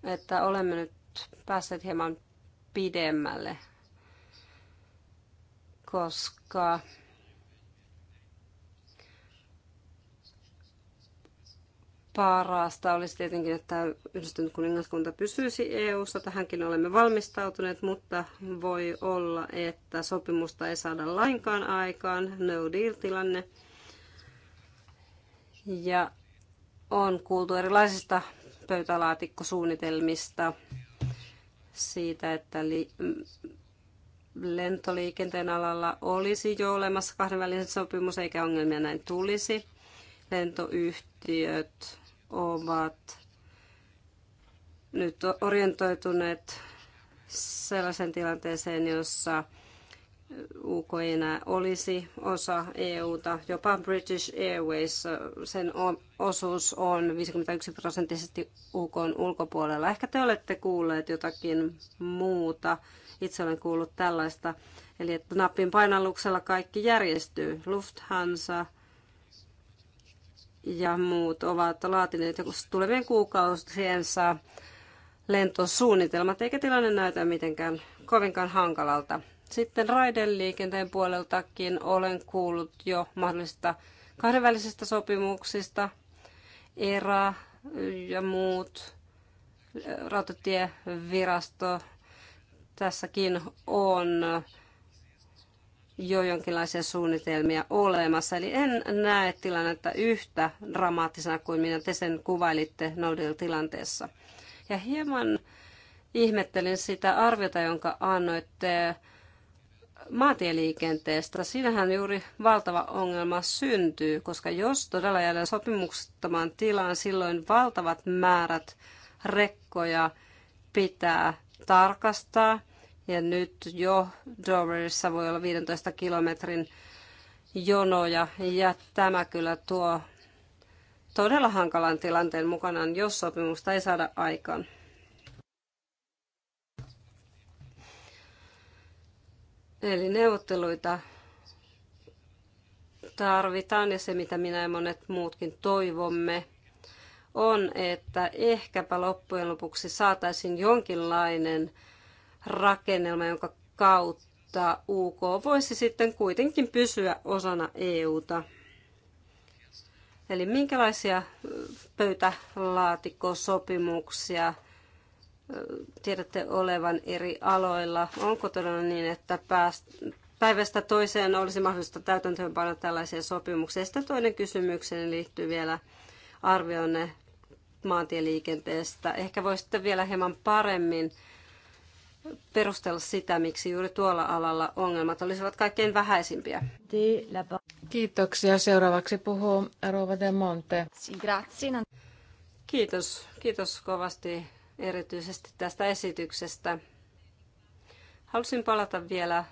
että olemme nyt päässeet hieman pidemmälle koska parasta olisi tietenkin, että yhdistynyt kuningaskunta pysyisi EU-ssa. Tähänkin olemme valmistautuneet, mutta voi olla, että sopimusta ei saada lainkaan aikaan. No deal-tilanne. Ja on kuultu erilaisista pöytälaatikkosuunnitelmista siitä, että li- lentoliikenteen alalla olisi jo olemassa kahdenvälinen sopimus, eikä ongelmia näin tulisi. Lentoyhtiöt ovat nyt orientoituneet sellaisen tilanteeseen, jossa UK ei enää olisi osa EUta. Jopa British Airways, sen osuus on 51 prosenttisesti UK ulkopuolella. Ehkä te olette kuulleet jotakin muuta itse olen kuullut tällaista. Eli että napin painalluksella kaikki järjestyy. Lufthansa ja muut ovat laatineet tulevien kuukausiensa lentosuunnitelmat, eikä tilanne näytä mitenkään kovinkaan hankalalta. Sitten raideliikenteen puoleltakin olen kuullut jo mahdollisista kahdenvälisistä sopimuksista, ERA ja muut, rautatievirasto Tässäkin on jo jonkinlaisia suunnitelmia olemassa. Eli en näe tilannetta yhtä dramaattisena kuin minä te sen kuvailitte Nodil-tilanteessa. Ja hieman ihmettelin sitä arviota, jonka annoitte maatieliikenteestä. Siinähän juuri valtava ongelma syntyy, koska jos todella jäädään sopimuksettomaan tilaan, silloin valtavat määrät rekkoja pitää tarkastaa. Ja nyt jo Doverissa voi olla 15 kilometrin jonoja. Ja tämä kyllä tuo todella hankalan tilanteen mukanaan, jos sopimusta ei saada aikaan. Eli neuvotteluita tarvitaan ja se, mitä minä ja monet muutkin toivomme, on, että ehkäpä loppujen lopuksi saataisiin jonkinlainen rakennelma, jonka kautta UK voisi sitten kuitenkin pysyä osana EUta. Eli minkälaisia pöytälaatikosopimuksia tiedätte olevan eri aloilla? Onko todella niin, että päivästä toiseen olisi mahdollista täytäntöönpanna tällaisia sopimuksia? Sitten toinen kysymykseen liittyy vielä arvioinne maantieliikenteestä. Ehkä voisitte vielä hieman paremmin perustella sitä, miksi juuri tuolla alalla ongelmat olisivat kaikkein vähäisimpiä. Kiitoksia. Seuraavaksi puhuu Rova de Monte. Kiitos. Kiitos kovasti erityisesti tästä esityksestä. Halusin palata vielä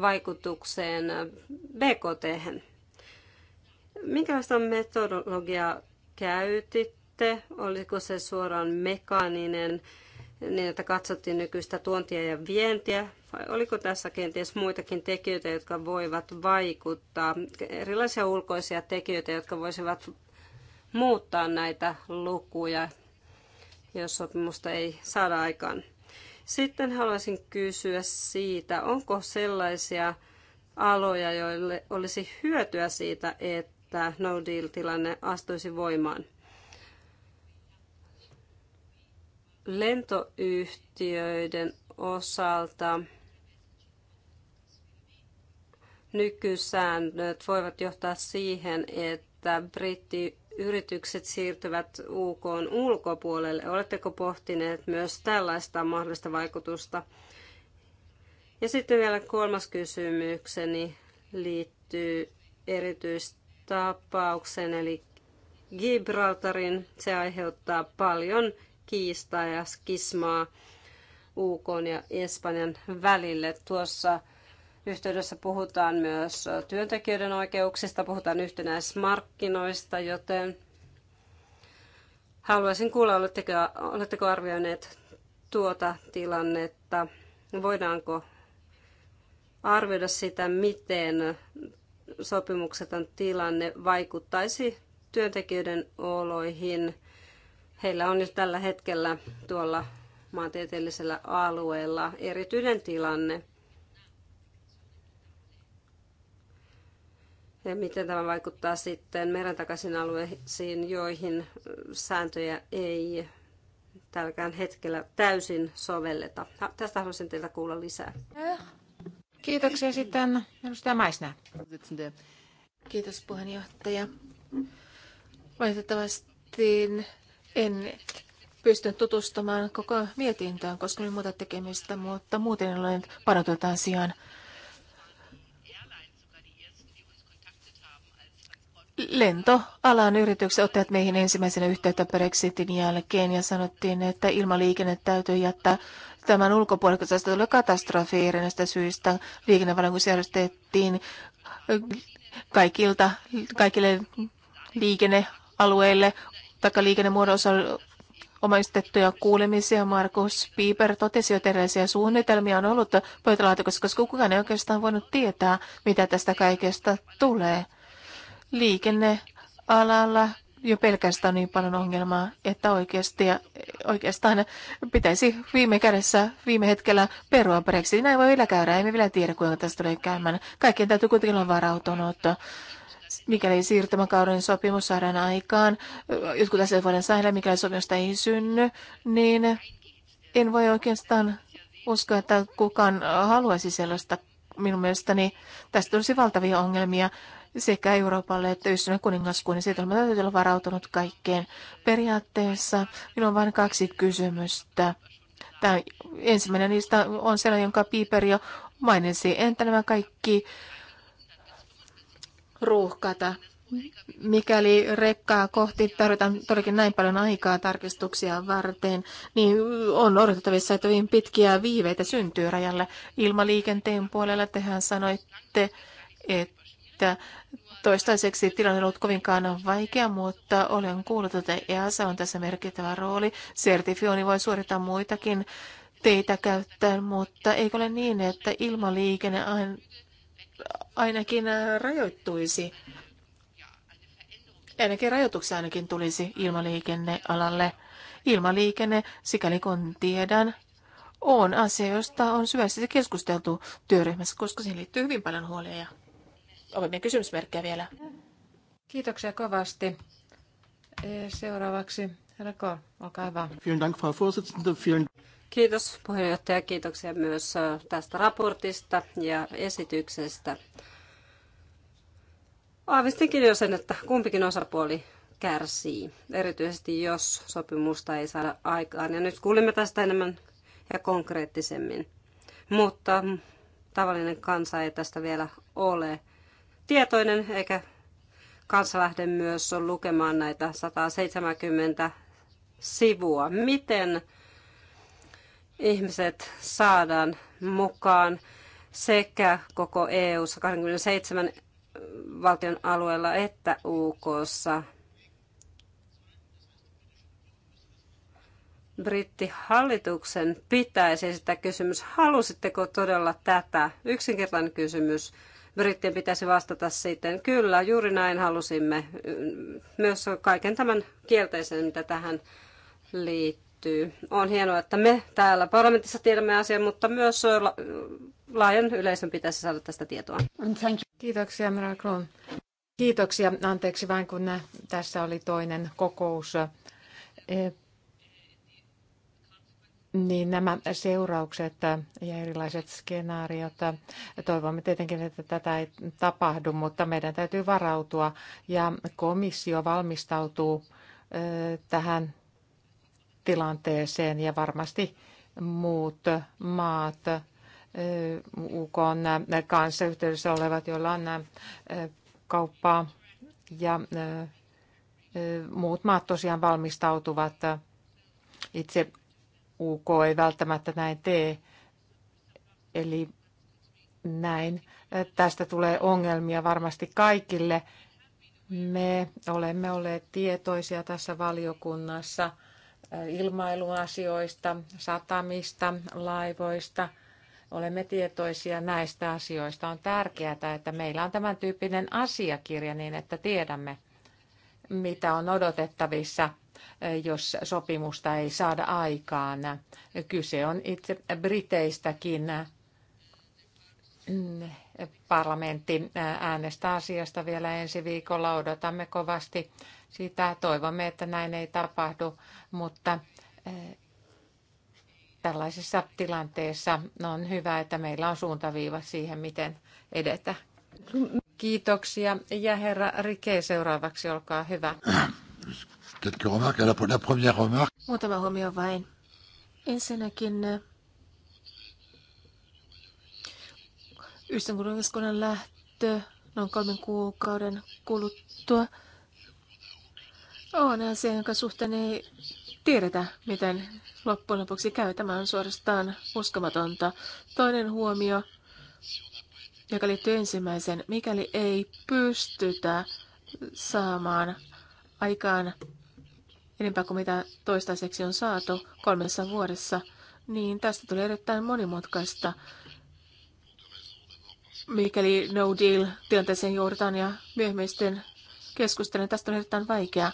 vaikutukseen BKT. Minkälaista metodologiaa käytit sitten, oliko se suoraan mekaaninen, niin että katsottiin nykyistä tuontia ja vientiä, vai oliko tässä kenties muitakin tekijöitä, jotka voivat vaikuttaa, erilaisia ulkoisia tekijöitä, jotka voisivat muuttaa näitä lukuja, jos sopimusta ei saada aikaan. Sitten haluaisin kysyä siitä, onko sellaisia aloja, joille olisi hyötyä siitä, että no deal-tilanne astuisi voimaan. lentoyhtiöiden osalta nykysäännöt voivat johtaa siihen, että brittiyritykset siirtyvät UK ulkopuolelle. Oletteko pohtineet myös tällaista mahdollista vaikutusta? Ja sitten vielä kolmas kysymykseni liittyy erityistapaukseen, eli Gibraltarin. Se aiheuttaa paljon kiistaa ja skismaa UK ja Espanjan välille. Tuossa yhteydessä puhutaan myös työntekijöiden oikeuksista, puhutaan yhtenäismarkkinoista, joten haluaisin kuulla, oletteko, oletteko arvioineet tuota tilannetta, voidaanko arvioida sitä, miten sopimukseton tilanne vaikuttaisi työntekijöiden oloihin Heillä on nyt tällä hetkellä tuolla maantieteellisellä alueella erityinen tilanne. Ja miten tämä vaikuttaa sitten meren takaisin alueisiin, joihin sääntöjä ei tälläkään hetkellä täysin sovelleta. Tästä haluaisin teiltä kuulla lisää. Kiitoksia sitten edustaja Maisnä. Kiitos puheenjohtaja. Valitettavasti en pystynyt tutustumaan koko mietintöön, koska oli muuta tekemistä, mutta muuten olen parantunut asiaan. Lentoalan yritykset ottivat meihin ensimmäisenä yhteyttä Brexitin jälkeen ja sanottiin, että ilmaliikenne täytyy jättää tämän ulkopuolelle, koska tästä tulee katastrofi erinäistä syistä. Liikennevaliokunnassa järjestettiin kaikilta, kaikille liikennealueille takaliikennemuodon osalla omaistettuja kuulemisia. Markus Piper totesi, että erilaisia suunnitelmia on ollut pöytälaatikossa, koska kukaan ei oikeastaan voinut tietää, mitä tästä kaikesta tulee. Liikennealalla jo pelkästään niin paljon ongelmaa, että oikeasti, oikeastaan pitäisi viime kädessä, viime hetkellä perua Brexit. Näin voi vielä käydä, emme vielä tiedä, kuinka tästä tulee käymään. Kaikkien täytyy kuitenkin olla varautunut mikäli siirtymäkauden sopimus saadaan aikaan, jotkut asiat voidaan saada, mikäli sopimusta ei synny, niin en voi oikeastaan uskoa, että kukaan haluaisi sellaista. Minun mielestäni tästä tulisi valtavia ongelmia sekä Euroopalle että Yhdistyneen kuningaskunnan. Siitä on täytyy olla varautunut kaikkeen. Periaatteessa minulla on vain kaksi kysymystä. Tämä ensimmäinen niistä on sellainen, jonka Piiperi jo mainitsi. Entä nämä kaikki ruuhkata. Mikäli rekkaa kohti tarvitaan todellakin näin paljon aikaa tarkistuksia varten, niin on odotettavissa, että hyvin pitkiä viiveitä syntyy rajalle. Ilmaliikenteen puolella tehän sanoitte, että toistaiseksi tilanne on ollut kovinkaan vaikea, mutta olen kuullut, että EASA on tässä merkittävä rooli. Sertifioni voi suorittaa muitakin teitä käyttäen, mutta eikö ole niin, että ilmaliikenne ainakin äh, rajoittuisi. Ainakin rajoituksia ainakin tulisi ilmaliikennealalle. Ilmaliikenne, sikäli kun tiedän, on asia, josta on syvästi keskusteltu työryhmässä, koska siihen liittyy hyvin paljon huolia ja avoimia kysymysmerkkejä vielä. Kiitoksia kovasti. Seuraavaksi herra Kohl, olkaa hyvä. Vielen Dank, Frau Vorsitzende. Kiitos puheenjohtaja, kiitoksia myös äh, tästä raportista ja esityksestä. Aavistinkin jo sen, että kumpikin osapuoli kärsii, erityisesti jos sopimusta ei saada aikaan. Ja nyt kuulimme tästä enemmän ja konkreettisemmin. Mutta tavallinen kansa ei tästä vielä ole tietoinen, eikä kansa lähde myös lukemaan näitä 170 sivua. Miten ihmiset saadaan mukaan sekä koko eu 27 valtion alueella että UKssa. Brittihallituksen pitäisi esittää kysymys, halusitteko todella tätä? Yksinkertainen kysymys. Brittien pitäisi vastata sitten, kyllä, juuri näin halusimme. Myös kaiken tämän kielteisen, mitä tähän liittyy kehittyy. On hienoa, että me täällä parlamentissa tiedämme asian, mutta myös laajan yleisön pitäisi saada tästä tietoa. Kiitoksia, Mira Kroon. Kiitoksia. Anteeksi vain, kun tässä oli toinen kokous. E, niin nämä seuraukset ja erilaiset skenaariot, toivomme tietenkin, että tätä ei tapahdu, mutta meidän täytyy varautua ja komissio valmistautuu e, tähän tilanteeseen ja varmasti muut maat UK kanssa yhteydessä olevat, joilla on kauppaa ja muut maat tosiaan valmistautuvat. Itse UK ei välttämättä näin tee, eli näin. Tästä tulee ongelmia varmasti kaikille. Me olemme olleet tietoisia tässä valiokunnassa – ilmailuasioista, satamista, laivoista. Olemme tietoisia näistä asioista. On tärkeää, että meillä on tämän tyyppinen asiakirja niin, että tiedämme, mitä on odotettavissa, jos sopimusta ei saada aikaan. Kyse on itse Briteistäkin mm, Parlamentti äänestää asiasta vielä ensi viikolla. Odotamme kovasti sitä. Toivomme, että näin ei tapahdu, mutta tällaisessa tilanteessa on hyvä, että meillä on suuntaviiva siihen, miten edetä. Kiitoksia. Ja herra Rike, seuraavaksi olkaa hyvä. Muutama huomio vain. Ensinnäkin ystävän kuningaskunnan lähtö noin kolmen kuukauden kuluttua on asia, jonka suhteen ei tiedetä, miten loppujen lopuksi käy. Tämä on suorastaan uskomatonta. Toinen huomio, joka liittyy ensimmäiseen. Mikäli ei pystytä saamaan aikaan enempää kuin mitä toistaiseksi on saatu kolmessa vuodessa, niin tästä tulee erittäin monimutkaista mikäli no deal tilanteeseen joudutaan ja myöhemmin sitten keskustelen. Tästä on erittäin vaikea.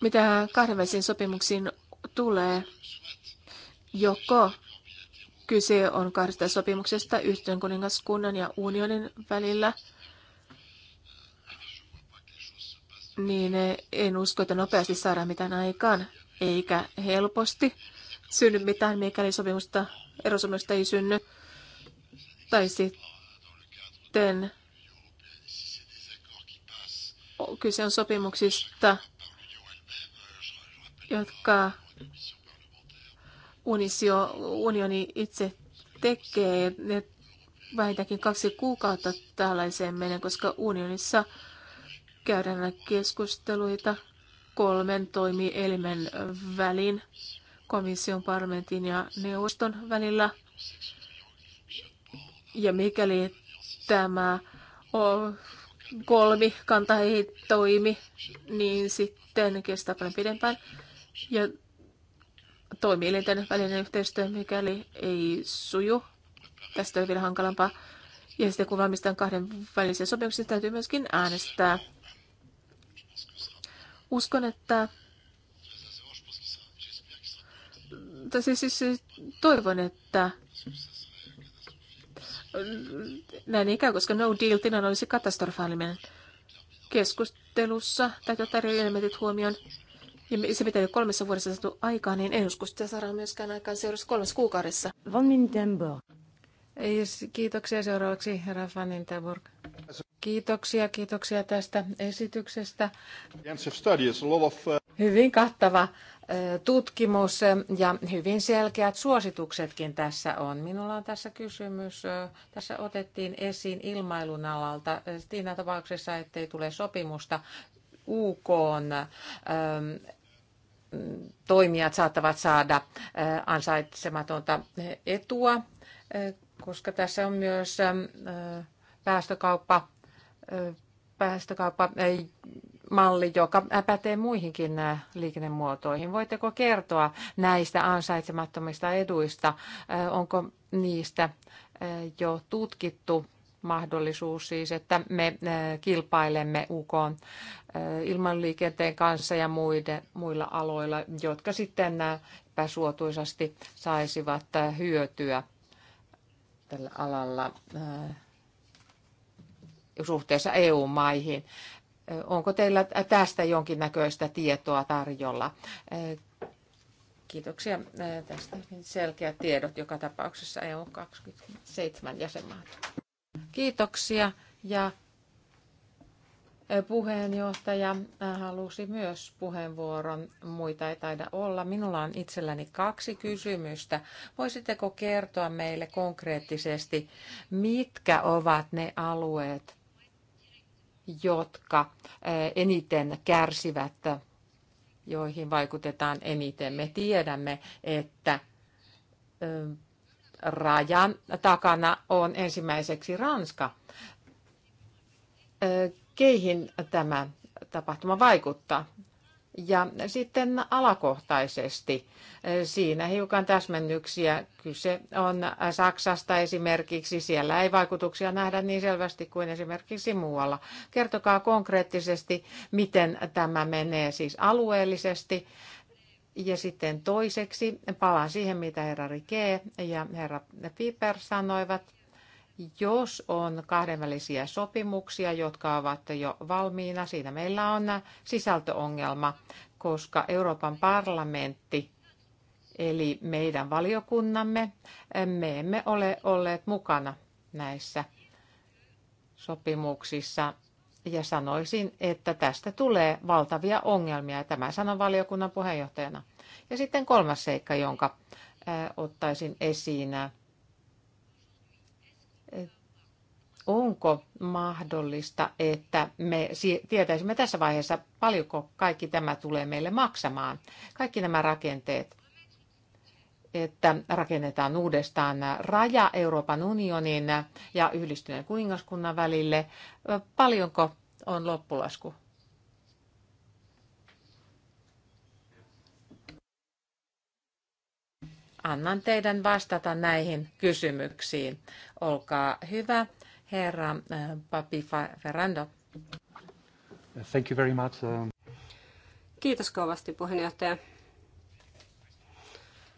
Mitä kahdenvälisiin sopimuksiin tulee, joko kyse on kahdesta sopimuksesta yhteen kuningaskunnan ja unionin välillä, niin en usko, että nopeasti saadaan mitään aikaan eikä helposti synny mitään, mikäli sopimusta, erosopimusta ei synny. Tai sitten kyse on sopimuksista, jotka unisio, unioni itse tekee. Ne vähintäänkin kaksi kuukautta tällaiseen menen, koska unionissa käydään keskusteluita kolmen toimielimen välin, komission, parlamentin ja neuvoston välillä. Ja mikäli tämä kolmi kanta ei toimi, niin sitten kestää paljon pidempään. Ja toimielinten välinen yhteistyö, mikäli ei suju, tästä on vielä hankalampaa. Ja sitten kun valmistetaan kahden välisiä sopimuksia, täytyy myöskin äänestää Uskon, että tai siis, siis, siis toivon, että näin ikään, koska no deal tilanne olisi katastrofaalinen keskustelussa, täytyy ottaa eri elementit huomioon, ja se mitä jo kolmessa vuodessa saatu aikaa, niin en usko että saadaan myöskään aikaan seuraavassa kolmessa kuukaudessa. Siis kiitoksia seuraavaksi, herra Van Kiitoksia, kiitoksia tästä esityksestä. Uh, hyvin kattava uh, tutkimus ja hyvin selkeät suosituksetkin tässä on. Minulla on tässä kysymys. Uh, tässä otettiin esiin ilmailun alalta siinä tapauksessa, ettei tule sopimusta UK um, toimijat saattavat saada ansaitsematonta etua, koska tässä on myös um, päästökauppa päästökauppamalli, joka pätee muihinkin äh, liikennemuotoihin. Voitteko kertoa näistä ansaitsemattomista eduista? Äh, onko niistä äh, jo tutkittu mahdollisuus siis, että me kilpailemme UK ilmanliikenteen kanssa ja muiden, muilla aloilla, jotka sitten epäsuotuisasti saisivat hyötyä tällä alalla suhteessa EU-maihin. Onko teillä tästä jonkinnäköistä tietoa tarjolla? Kiitoksia tästä. Niin selkeät tiedot joka tapauksessa EU 27 jäsenmaata. Kiitoksia ja puheenjohtaja halusi myös puheenvuoron. Muita ei taida olla. Minulla on itselläni kaksi kysymystä. Voisitteko kertoa meille konkreettisesti, mitkä ovat ne alueet, jotka eniten kärsivät, joihin vaikutetaan eniten. Me tiedämme, että rajan takana on ensimmäiseksi Ranska. Keihin tämä tapahtuma vaikuttaa? Ja sitten alakohtaisesti eh, siinä hiukan täsmennyksiä. Kyse on eh, Saksasta esimerkiksi. Siellä ei vaikutuksia nähdä niin selvästi kuin esimerkiksi muualla. Kertokaa konkreettisesti, miten tämä menee siis alueellisesti. Ja sitten toiseksi palaan siihen, mitä herra Rike ja herra Piper sanoivat. Jos on kahdenvälisiä sopimuksia, jotka ovat jo valmiina, siinä meillä on sisältöongelma, koska Euroopan parlamentti, eli meidän valiokunnamme, me emme ole olleet mukana näissä sopimuksissa. Ja sanoisin, että tästä tulee valtavia ongelmia. Tämä sanon valiokunnan puheenjohtajana. Ja sitten kolmas seikka, jonka ottaisin esiin onko mahdollista, että me tietäisimme tässä vaiheessa, paljonko kaikki tämä tulee meille maksamaan, kaikki nämä rakenteet, että rakennetaan uudestaan raja Euroopan unionin ja yhdistyneen kuningaskunnan välille. Paljonko on loppulasku? Annan teidän vastata näihin kysymyksiin. Olkaa hyvä herra eh, Papi Ferrando. Thank you very much. Um, Kiitos kovasti puheenjohtaja.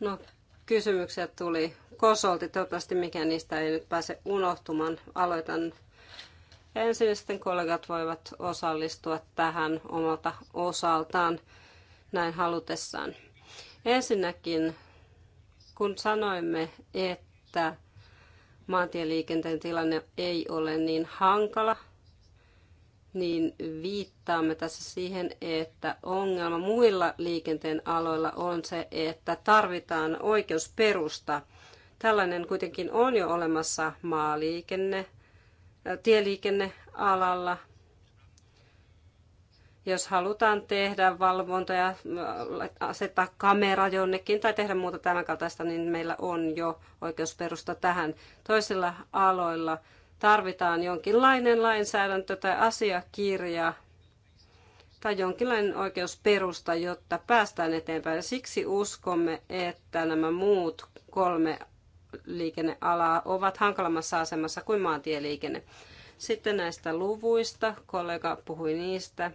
No, kysymyksiä tuli kosolti. Toivottavasti mikä niistä ei nyt pääse unohtumaan. Aloitan ensin sitten kollegat voivat osallistua tähän omalta osaltaan näin halutessaan. Ensinnäkin, kun sanoimme, että maantieliikenteen tilanne ei ole niin hankala, niin viittaamme tässä siihen, että ongelma muilla liikenteen aloilla on se, että tarvitaan oikeusperusta. Tällainen kuitenkin on jo olemassa maaliikenne, tieliikennealalla, jos halutaan tehdä valvontoja, äh, asettaa kamera jonnekin tai tehdä muuta tämän kaltaista, niin meillä on jo oikeusperusta tähän. Toisilla aloilla tarvitaan jonkinlainen lainsäädäntö tai asiakirja tai jonkinlainen oikeusperusta, jotta päästään eteenpäin. Siksi uskomme, että nämä muut kolme liikennealaa ovat hankalammassa asemassa kuin maantieliikenne. Sitten näistä luvuista, kollega puhui niistä.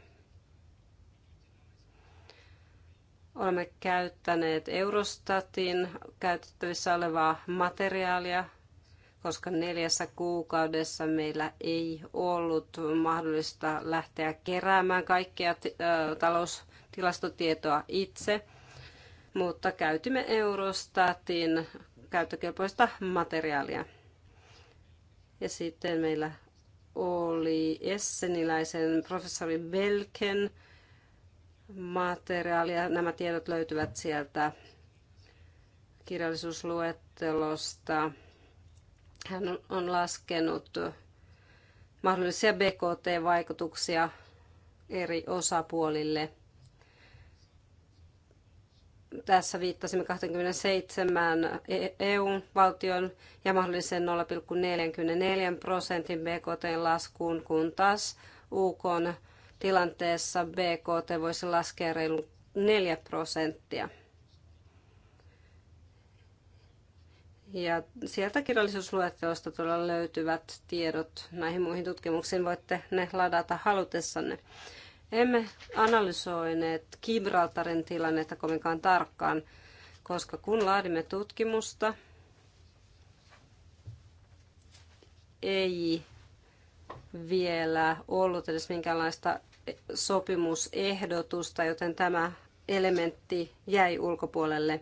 Olemme käyttäneet Eurostatin käytettävissä olevaa materiaalia, koska neljässä kuukaudessa meillä ei ollut mahdollista lähteä keräämään kaikkea taloustilastotietoa itse, mutta käytimme Eurostatin käyttökelpoista materiaalia. Ja sitten meillä oli Esseniläisen professori Belken materiaalia. Nämä tiedot löytyvät sieltä kirjallisuusluettelosta. Hän on laskenut mahdollisia BKT-vaikutuksia eri osapuolille. Tässä viittasimme 27 EU-valtion e ja mahdollisen 0,44 prosentin BKT-laskuun, kun taas UK on tilanteessa BKT voisi laskea reilu 4 prosenttia. Ja sieltä kirjallisuusluettelosta tuolla löytyvät tiedot näihin muihin tutkimuksiin. Voitte ne ladata halutessanne. Emme analysoineet Gibraltarin tilannetta kovinkaan tarkkaan, koska kun laadimme tutkimusta, ei vielä ollut edes minkäänlaista sopimusehdotusta, joten tämä elementti jäi ulkopuolelle.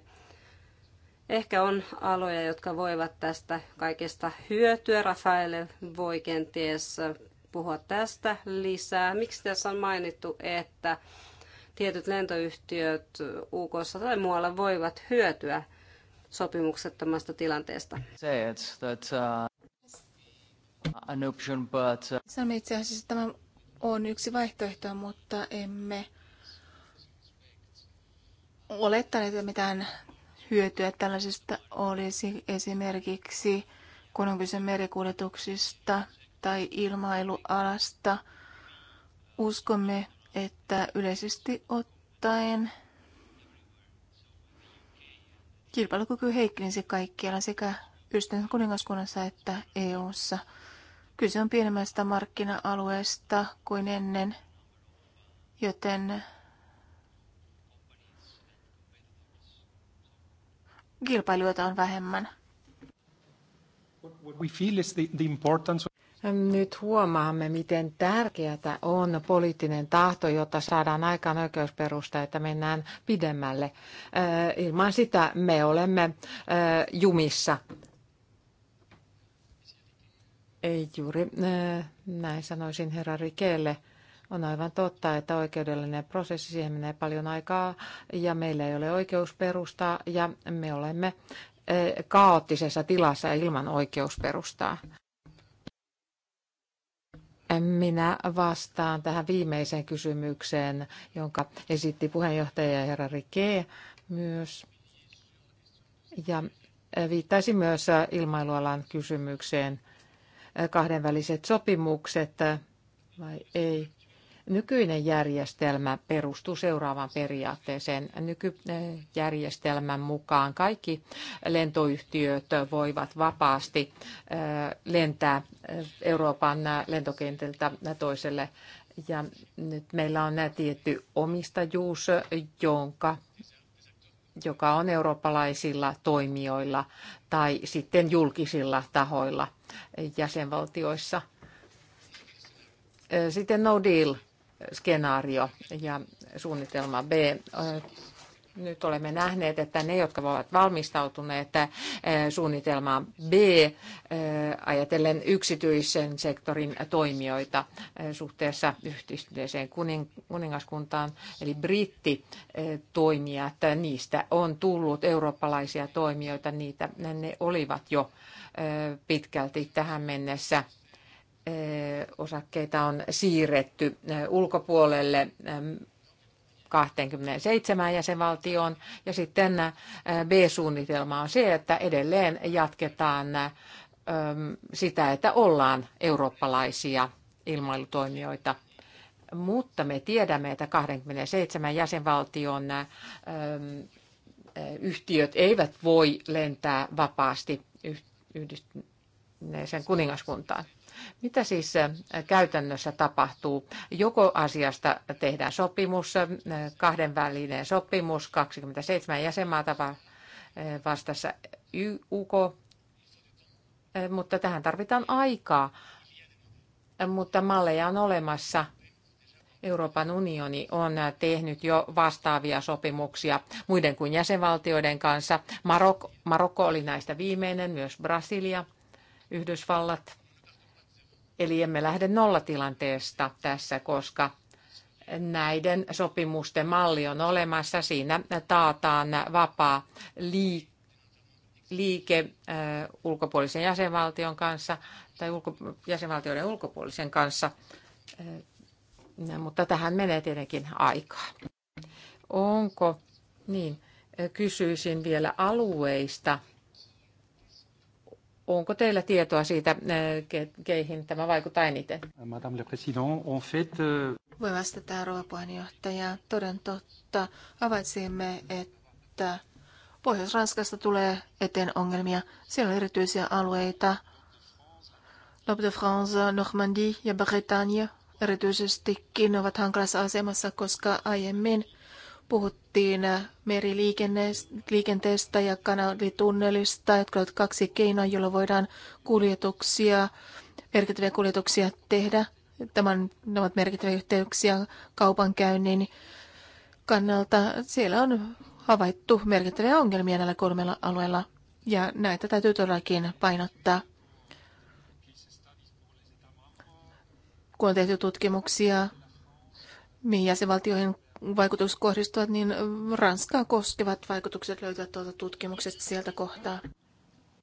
Ehkä on aloja, jotka voivat tästä kaikesta hyötyä. Rafael voi kenties puhua tästä lisää. Miksi tässä on mainittu, että tietyt lentoyhtiöt UK tai muualla voivat hyötyä sopimuksettomasta tilanteesta? Se, että, An option, but... Uh, Sanomme itse asiassa, että tämä on yksi vaihtoehto, mutta emme olettaneet, että mitään hyötyä tällaisesta olisi esimerkiksi, kun on kyse merikuljetuksista tai ilmailualasta. Uskomme, että yleisesti ottaen kilpailukyky heikkenisi kaikkialla sekä Yhdistyneen kuningaskunnassa että EU:ssa. ssa Kyse on pienemmästä markkina-alueesta kuin ennen, joten kilpailijoita on vähemmän. Nyt huomaamme, miten tärkeää on poliittinen tahto, jotta saadaan aikaan oikeusperusta, että mennään pidemmälle. Äh, ilman sitä me olemme äh, jumissa ei juuri eh, näin sanoisin herra Rikelle On aivan totta, että oikeudellinen prosessi, siihen menee paljon aikaa ja meillä ei ole oikeusperustaa ja me olemme eh, kaoottisessa tilassa ilman oikeusperustaa. Minä vastaan tähän viimeiseen kysymykseen, jonka esitti puheenjohtaja herra Rike myös. Ja eh, viittaisin myös ilmailualan kysymykseen – kahdenväliset sopimukset vai ei. Nykyinen järjestelmä perustuu seuraavaan periaatteeseen. Nykyjärjestelmän mukaan kaikki lentoyhtiöt voivat vapaasti eh, lentää Euroopan lentokentiltä toiselle. Ja nyt meillä on tietty omistajuus, jonka joka on eurooppalaisilla toimijoilla tai sitten julkisilla tahoilla jäsenvaltioissa. Sitten no deal skenaario ja suunnitelma B nyt olemme nähneet, että ne, jotka ovat valmistautuneet eh, suunnitelmaan B, eh, ajatellen yksityisen sektorin toimijoita eh, suhteessa yhdistyneeseen kuningaskuntaan, eli brittitoimijat, niistä on tullut eurooppalaisia toimijoita, niitä ne olivat jo pitkälti tähän mennessä osakkeita on siirretty ulkopuolelle 27 jäsenvaltioon. Ja sitten äh, B-suunnitelma on se, että edelleen jatketaan äh, sitä, että ollaan eurooppalaisia ilmailutoimijoita. Mutta me tiedämme, että 27 jäsenvaltion äh, yhtiöt eivät voi lentää vapaasti yhdistyneeseen kuningaskuntaan. Mitä siis käytännössä tapahtuu? Joko asiasta tehdään sopimus, kahdenvälinen sopimus, 27 jäsenmaata vastassa UK, mutta tähän tarvitaan aikaa. Mutta malleja on olemassa. Euroopan unioni on tehnyt jo vastaavia sopimuksia muiden kuin jäsenvaltioiden kanssa. Marokko, Marokko oli näistä viimeinen, myös Brasilia, Yhdysvallat – Eli emme lähde nollatilanteesta tässä, koska näiden sopimusten malli on olemassa. Siinä taataan vapaa liike äh, ulkopuolisen jäsenvaltion kanssa tai ulko, jäsenvaltioiden ulkopuolisen kanssa, äh, mutta tähän menee tietenkin aikaa. Onko, niin kysyisin vielä alueista, Onko teillä tietoa siitä, äh, keihin tämä vaikuttaa eniten? Madame le Président, on fait... Äh, Voi vastata, rouva puheenjohtaja. Toden totta, havaitsimme, että Pohjois-Ranskasta tulee eteen ongelmia. Siellä on erityisiä alueita. Lop de France, Normandie ja Bretagne erityisestikin ovat hankalassa asemassa, koska aiemmin – Puhuttiin meriliikenteestä ja kanalitunnelista, jotka ovat kaksi keinoa, jolla voidaan kuljetuksia, merkittäviä kuljetuksia tehdä. Tämän, ne ovat merkittäviä yhteyksiä kaupankäynnin kannalta. Siellä on havaittu merkittäviä ongelmia näillä kolmella alueella ja näitä täytyy todellakin painottaa. Kun on tehty tutkimuksia, mihin jäsenvaltioihin vaikutukset kohdistuvat, niin Ranskaa koskevat vaikutukset löytyvät tuolta tutkimuksesta sieltä kohtaa.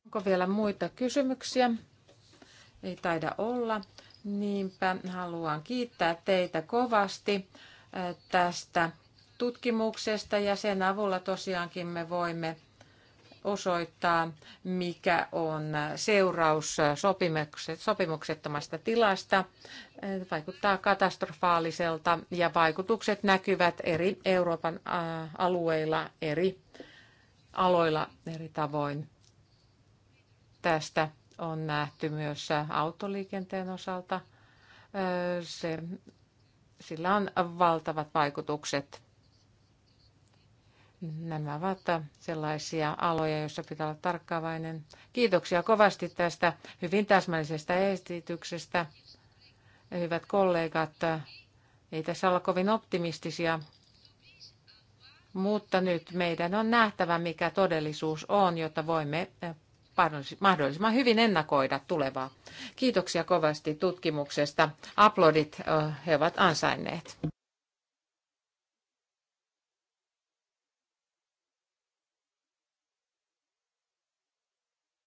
Onko vielä muita kysymyksiä? Ei taida olla. Niinpä haluan kiittää teitä kovasti äh, tästä tutkimuksesta ja sen avulla tosiaankin me voimme osoittaa, mikä on seuraus sopimuksettomasta tilasta. Äh, vaikuttaa katastrofaaliselta ja vaikutukset näkyvät eri Euroopan äh, alueilla, eri aloilla eri tavoin. Tästä on nähty myös autoliikenteen osalta. Äh, se, sillä on valtavat vaikutukset Nämä ovat sellaisia aloja, joissa pitää olla tarkkaavainen. Kiitoksia kovasti tästä hyvin täsmällisestä esityksestä. Hyvät kollegat, ei tässä olla kovin optimistisia, mutta nyt meidän on nähtävä, mikä todellisuus on, jotta voimme eh, mahdollisimman hyvin ennakoida tulevaa. Kiitoksia kovasti tutkimuksesta. Aplodit eh, he ovat ansainneet.